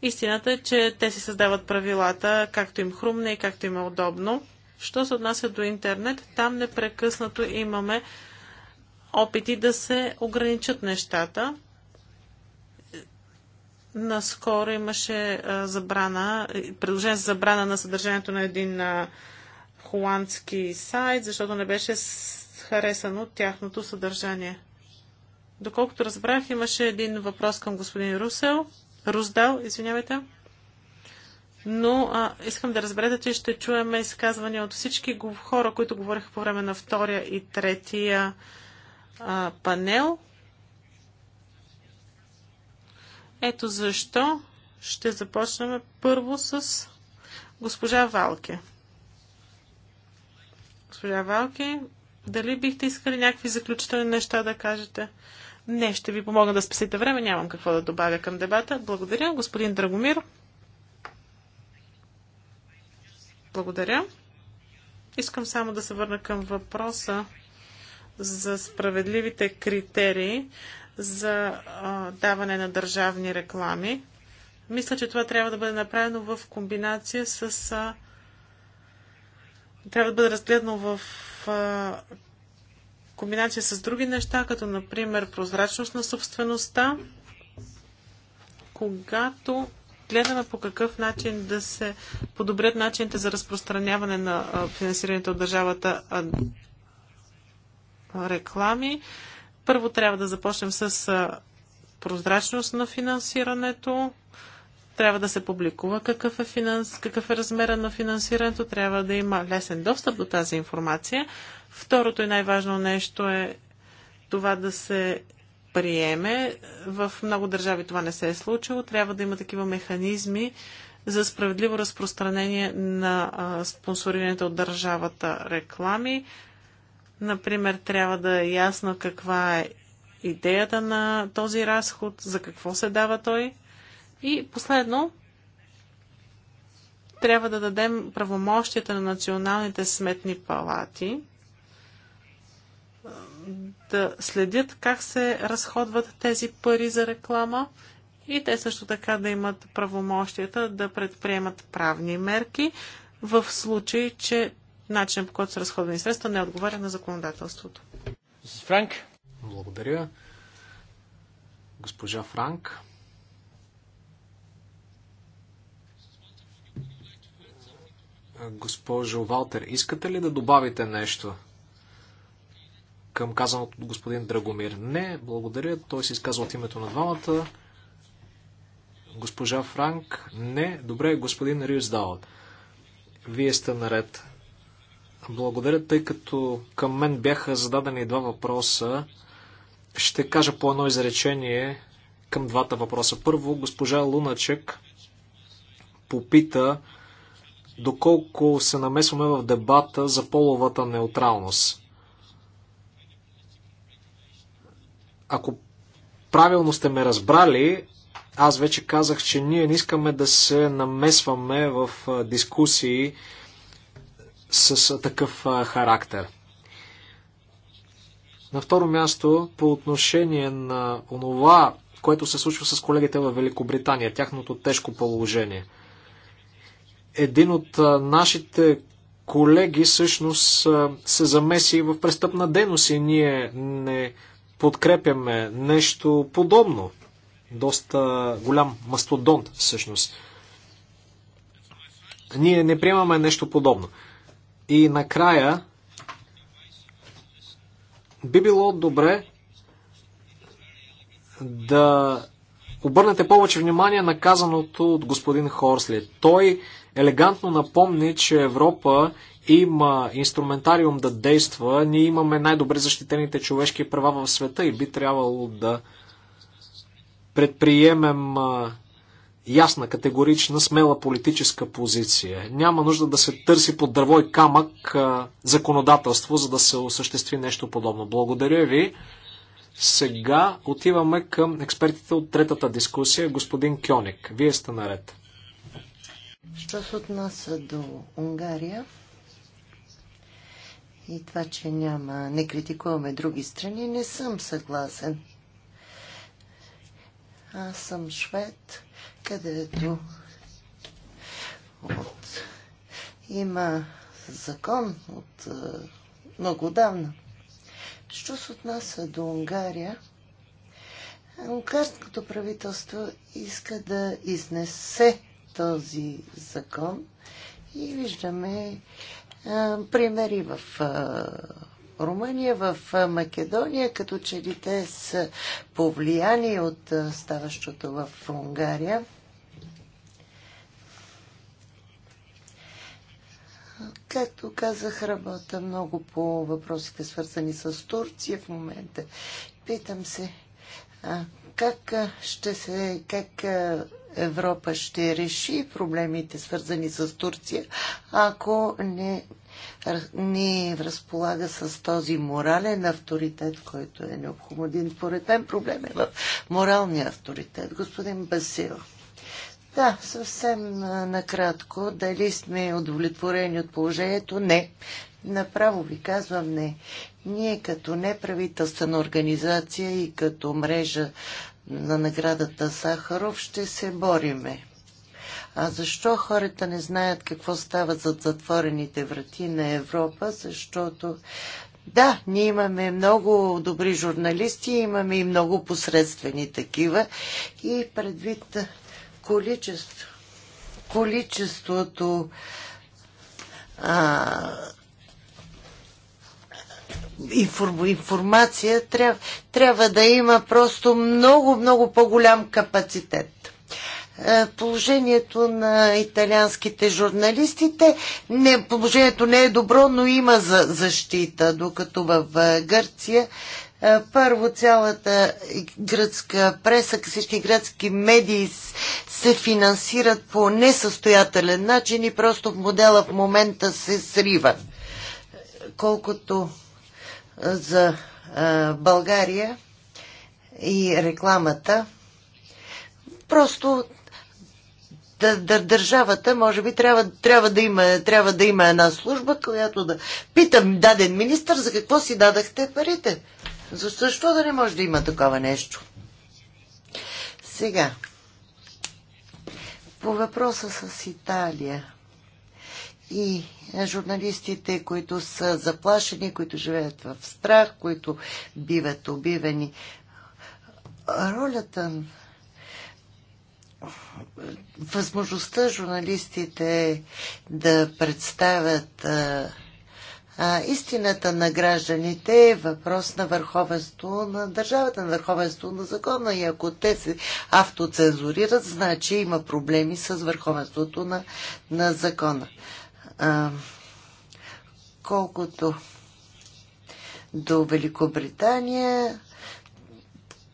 Истината е, че те си създават правилата както им хрумне и както им е удобно. Що се отнася до интернет, там непрекъснато имаме опити да се ограничат нещата. Наскоро имаше забрана, предложение за забрана на съдържанието на един холандски сайт, защото не беше харесано тяхното съдържание. Доколкото разбрах, имаше един въпрос към господин Русел. Руздал, извинявайте но а, искам да разберете, че ще чуем изказвания от всички хора, които говориха по време на втория и третия а, панел. Ето защо ще започнем първо с госпожа Валке. Госпожа Валке, дали бихте искали някакви заключителни неща да кажете? Не, ще ви помогна да спасите време, нямам какво да добавя към дебата. Благодаря, господин Драгомир. Благодаря. Искам само да се върна към въпроса за справедливите критерии за а, даване на държавни реклами. Мисля, че това трябва да бъде направено в комбинация с. А, трябва да бъде разгледано в а, комбинация с други неща, като например прозрачност на собствеността. Когато гледаме по какъв начин да се подобрят начините за разпространяване на финансирането от държавата реклами. Първо трябва да започнем с прозрачност на финансирането. Трябва да се публикува какъв е, финанс, какъв е размера на финансирането. Трябва да има лесен достъп до тази информация. Второто и най-важно нещо е това да се приеме. В много държави това не се е случило. Трябва да има такива механизми за справедливо разпространение на спонсорираните от държавата реклами. Например, трябва да е ясно каква е идеята на този разход, за какво се дава той. И последно, трябва да дадем правомощията на националните сметни палати да следят как се разходват тези пари за реклама и те също така да имат правомощията да предприемат правни мерки в случай, че начинът по който са разходени средства не отговаря на законодателството. Франк. Благодаря. Госпожа Франк. Госпожо Валтер, искате ли да добавите нещо? към казаното от господин Драгомир? Не, благодаря. Той се изказва от името на двамата. Госпожа Франк? Не. Добре, господин Риусдал. Вие сте наред. Благодаря, тъй като към мен бяха зададени два въпроса. Ще кажа по едно изречение към двата въпроса. Първо, госпожа Луначек попита доколко се намесваме в дебата за половата неутралност. Ако правилно сте ме разбрали, аз вече казах, че ние не искаме да се намесваме в дискусии с такъв характер. На второ място, по отношение на онова, което се случва с колегите в Великобритания, тяхното тежко положение. Един от нашите колеги всъщност се замеси в престъпна дейност и ние не подкрепяме нещо подобно. Доста голям мастодонт, всъщност. Ние не приемаме нещо подобно. И накрая би било добре да обърнете повече внимание на казаното от господин Хорсли. Той елегантно напомни, че Европа има инструментариум да действа, ние имаме най-добре защитените човешки права в света и би трябвало да предприемем ясна, категорична, смела политическа позиция. Няма нужда да се търси под дърво и камък законодателство, за да се осъществи нещо подобно. Благодаря ви. Сега отиваме към експертите от третата дискусия. Господин Кьоник, вие сте наред. Що се отнася до Унгария, и това, че няма, не критикуваме други страни, не съм съгласен. Аз съм швед, където от... има закон от е, много давна. Що се отнася до Унгария, унгарското правителство иска да изнесе този закон и виждаме е, примери в е, Румъния, в е, Македония, като че ли те са повлияни от ставащото в Унгария. Както казах, работа много по въпросите свързани с Турция в момента. Питам се, а, как ще се, как Европа ще реши проблемите свързани с Турция, ако не, не разполага с този морален авторитет, който е необходим. Поред мен проблем е в моралния авторитет. Господин Басил. Да, съвсем накратко. Дали сме удовлетворени от положението? Не. Направо ви казвам не. Ние като неправителствена организация и като мрежа на наградата Сахаров ще се бориме. А защо хората не знаят какво става зад затворените врати на Европа? Защото да, ние имаме много добри журналисти, имаме и много посредствени такива и предвид количество, количеството а, информация, трябва, трябва да има просто много, много по-голям капацитет. Е, положението на италианските журналистите, не, положението не е добро, но има за, защита, докато в Гърция е, първо цялата гръцка преса, всички гръцки медии се финансират по несъстоятелен начин и просто модела в момента се срива. Колкото за е, България и рекламата. Просто държавата, може би, трябва, трябва, да има, трябва да има една служба, която да питам даден министр за какво си дадахте парите. За защо да не може да има такова нещо? Сега, по въпроса с Италия и журналистите, които са заплашени, които живеят в страх, които биват убивани. Ролята възможността журналистите да представят а, а, истината на гражданите е въпрос на върховенство на държавата, на върховенство на закона. И ако те се автоцензурират, значи има проблеми с върховенството на, на закона. А, колкото до Великобритания,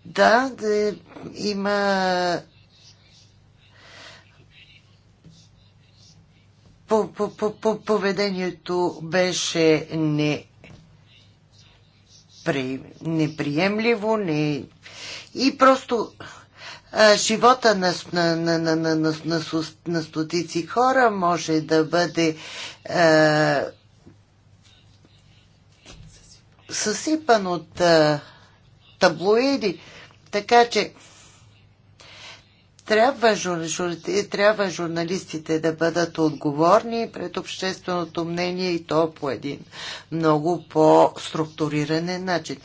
да, да има по, по, по, по, поведението беше не неприемливо, не... И просто живота на, на, на, на, на, на, на, на стотици хора може да бъде е, съсипан от е, таблоиди. Така че трябва, жур, трябва журналистите да бъдат отговорни пред общественото мнение и то по един много по структуриране начин.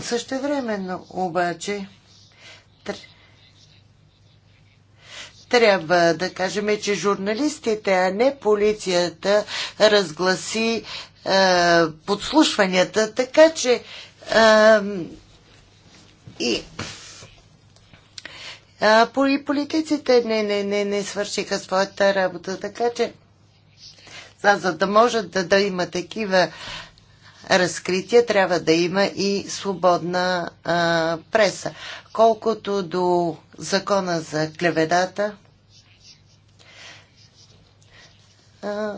Същевременно обаче трябва да кажем, че журналистите, а не полицията разгласи е, подслушванията, така че е, и а, и политиците не, не, не, не свършиха своята работа, така че за, за да може да, да има такива разкрития, трябва да има и свободна а, преса. Колкото до закона за клеведата, а,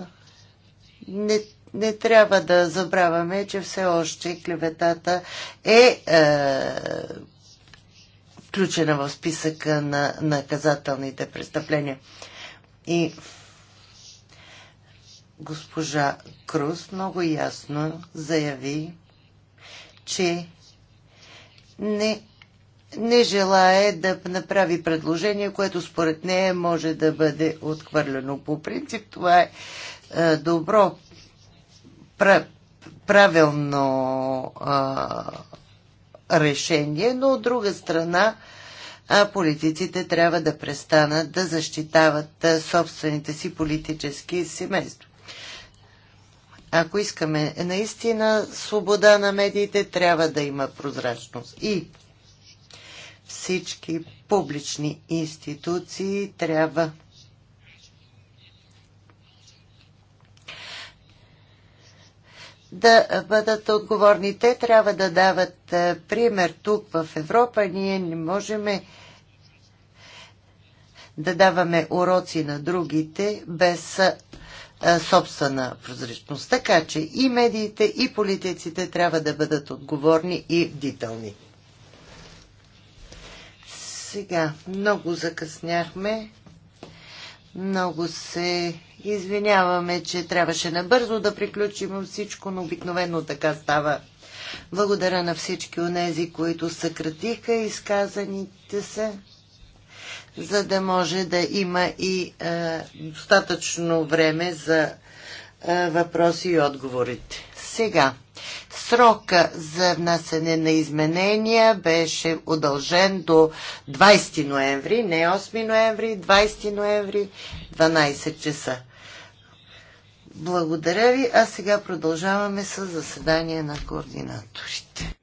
не, не трябва да забравяме, че все още клеветата е. е включена в списъка на наказателните престъпления. И госпожа Круз много ясно заяви, че не, не желае да направи предложение, което според нея може да бъде отхвърлено. По принцип това е, е добро, правилно е, решение, но от друга страна а политиците трябва да престанат да защитават собствените си политически семейства. Ако искаме наистина свобода на медиите, трябва да има прозрачност. И всички публични институции трябва да бъдат отговорни. Те трябва да дават е, пример тук в Европа. Ние не можем да даваме уроци на другите без е, е, собствена прозрачност. Така че и медиите, и политиците трябва да бъдат отговорни и бдителни. Сега, много закъсняхме. Много се извиняваме, че трябваше набързо да приключим всичко, но обикновено така става. Благодаря на всички тези, които съкратиха изказаните се за да може да има и а, е, достатъчно време за а, е, въпроси и отговорите. Сега, срока за внасене на изменения беше удължен до 20 ноември, не 8 ноември, 20 ноември, 12 часа. Благодаря ви, а сега продължаваме с заседание на координаторите.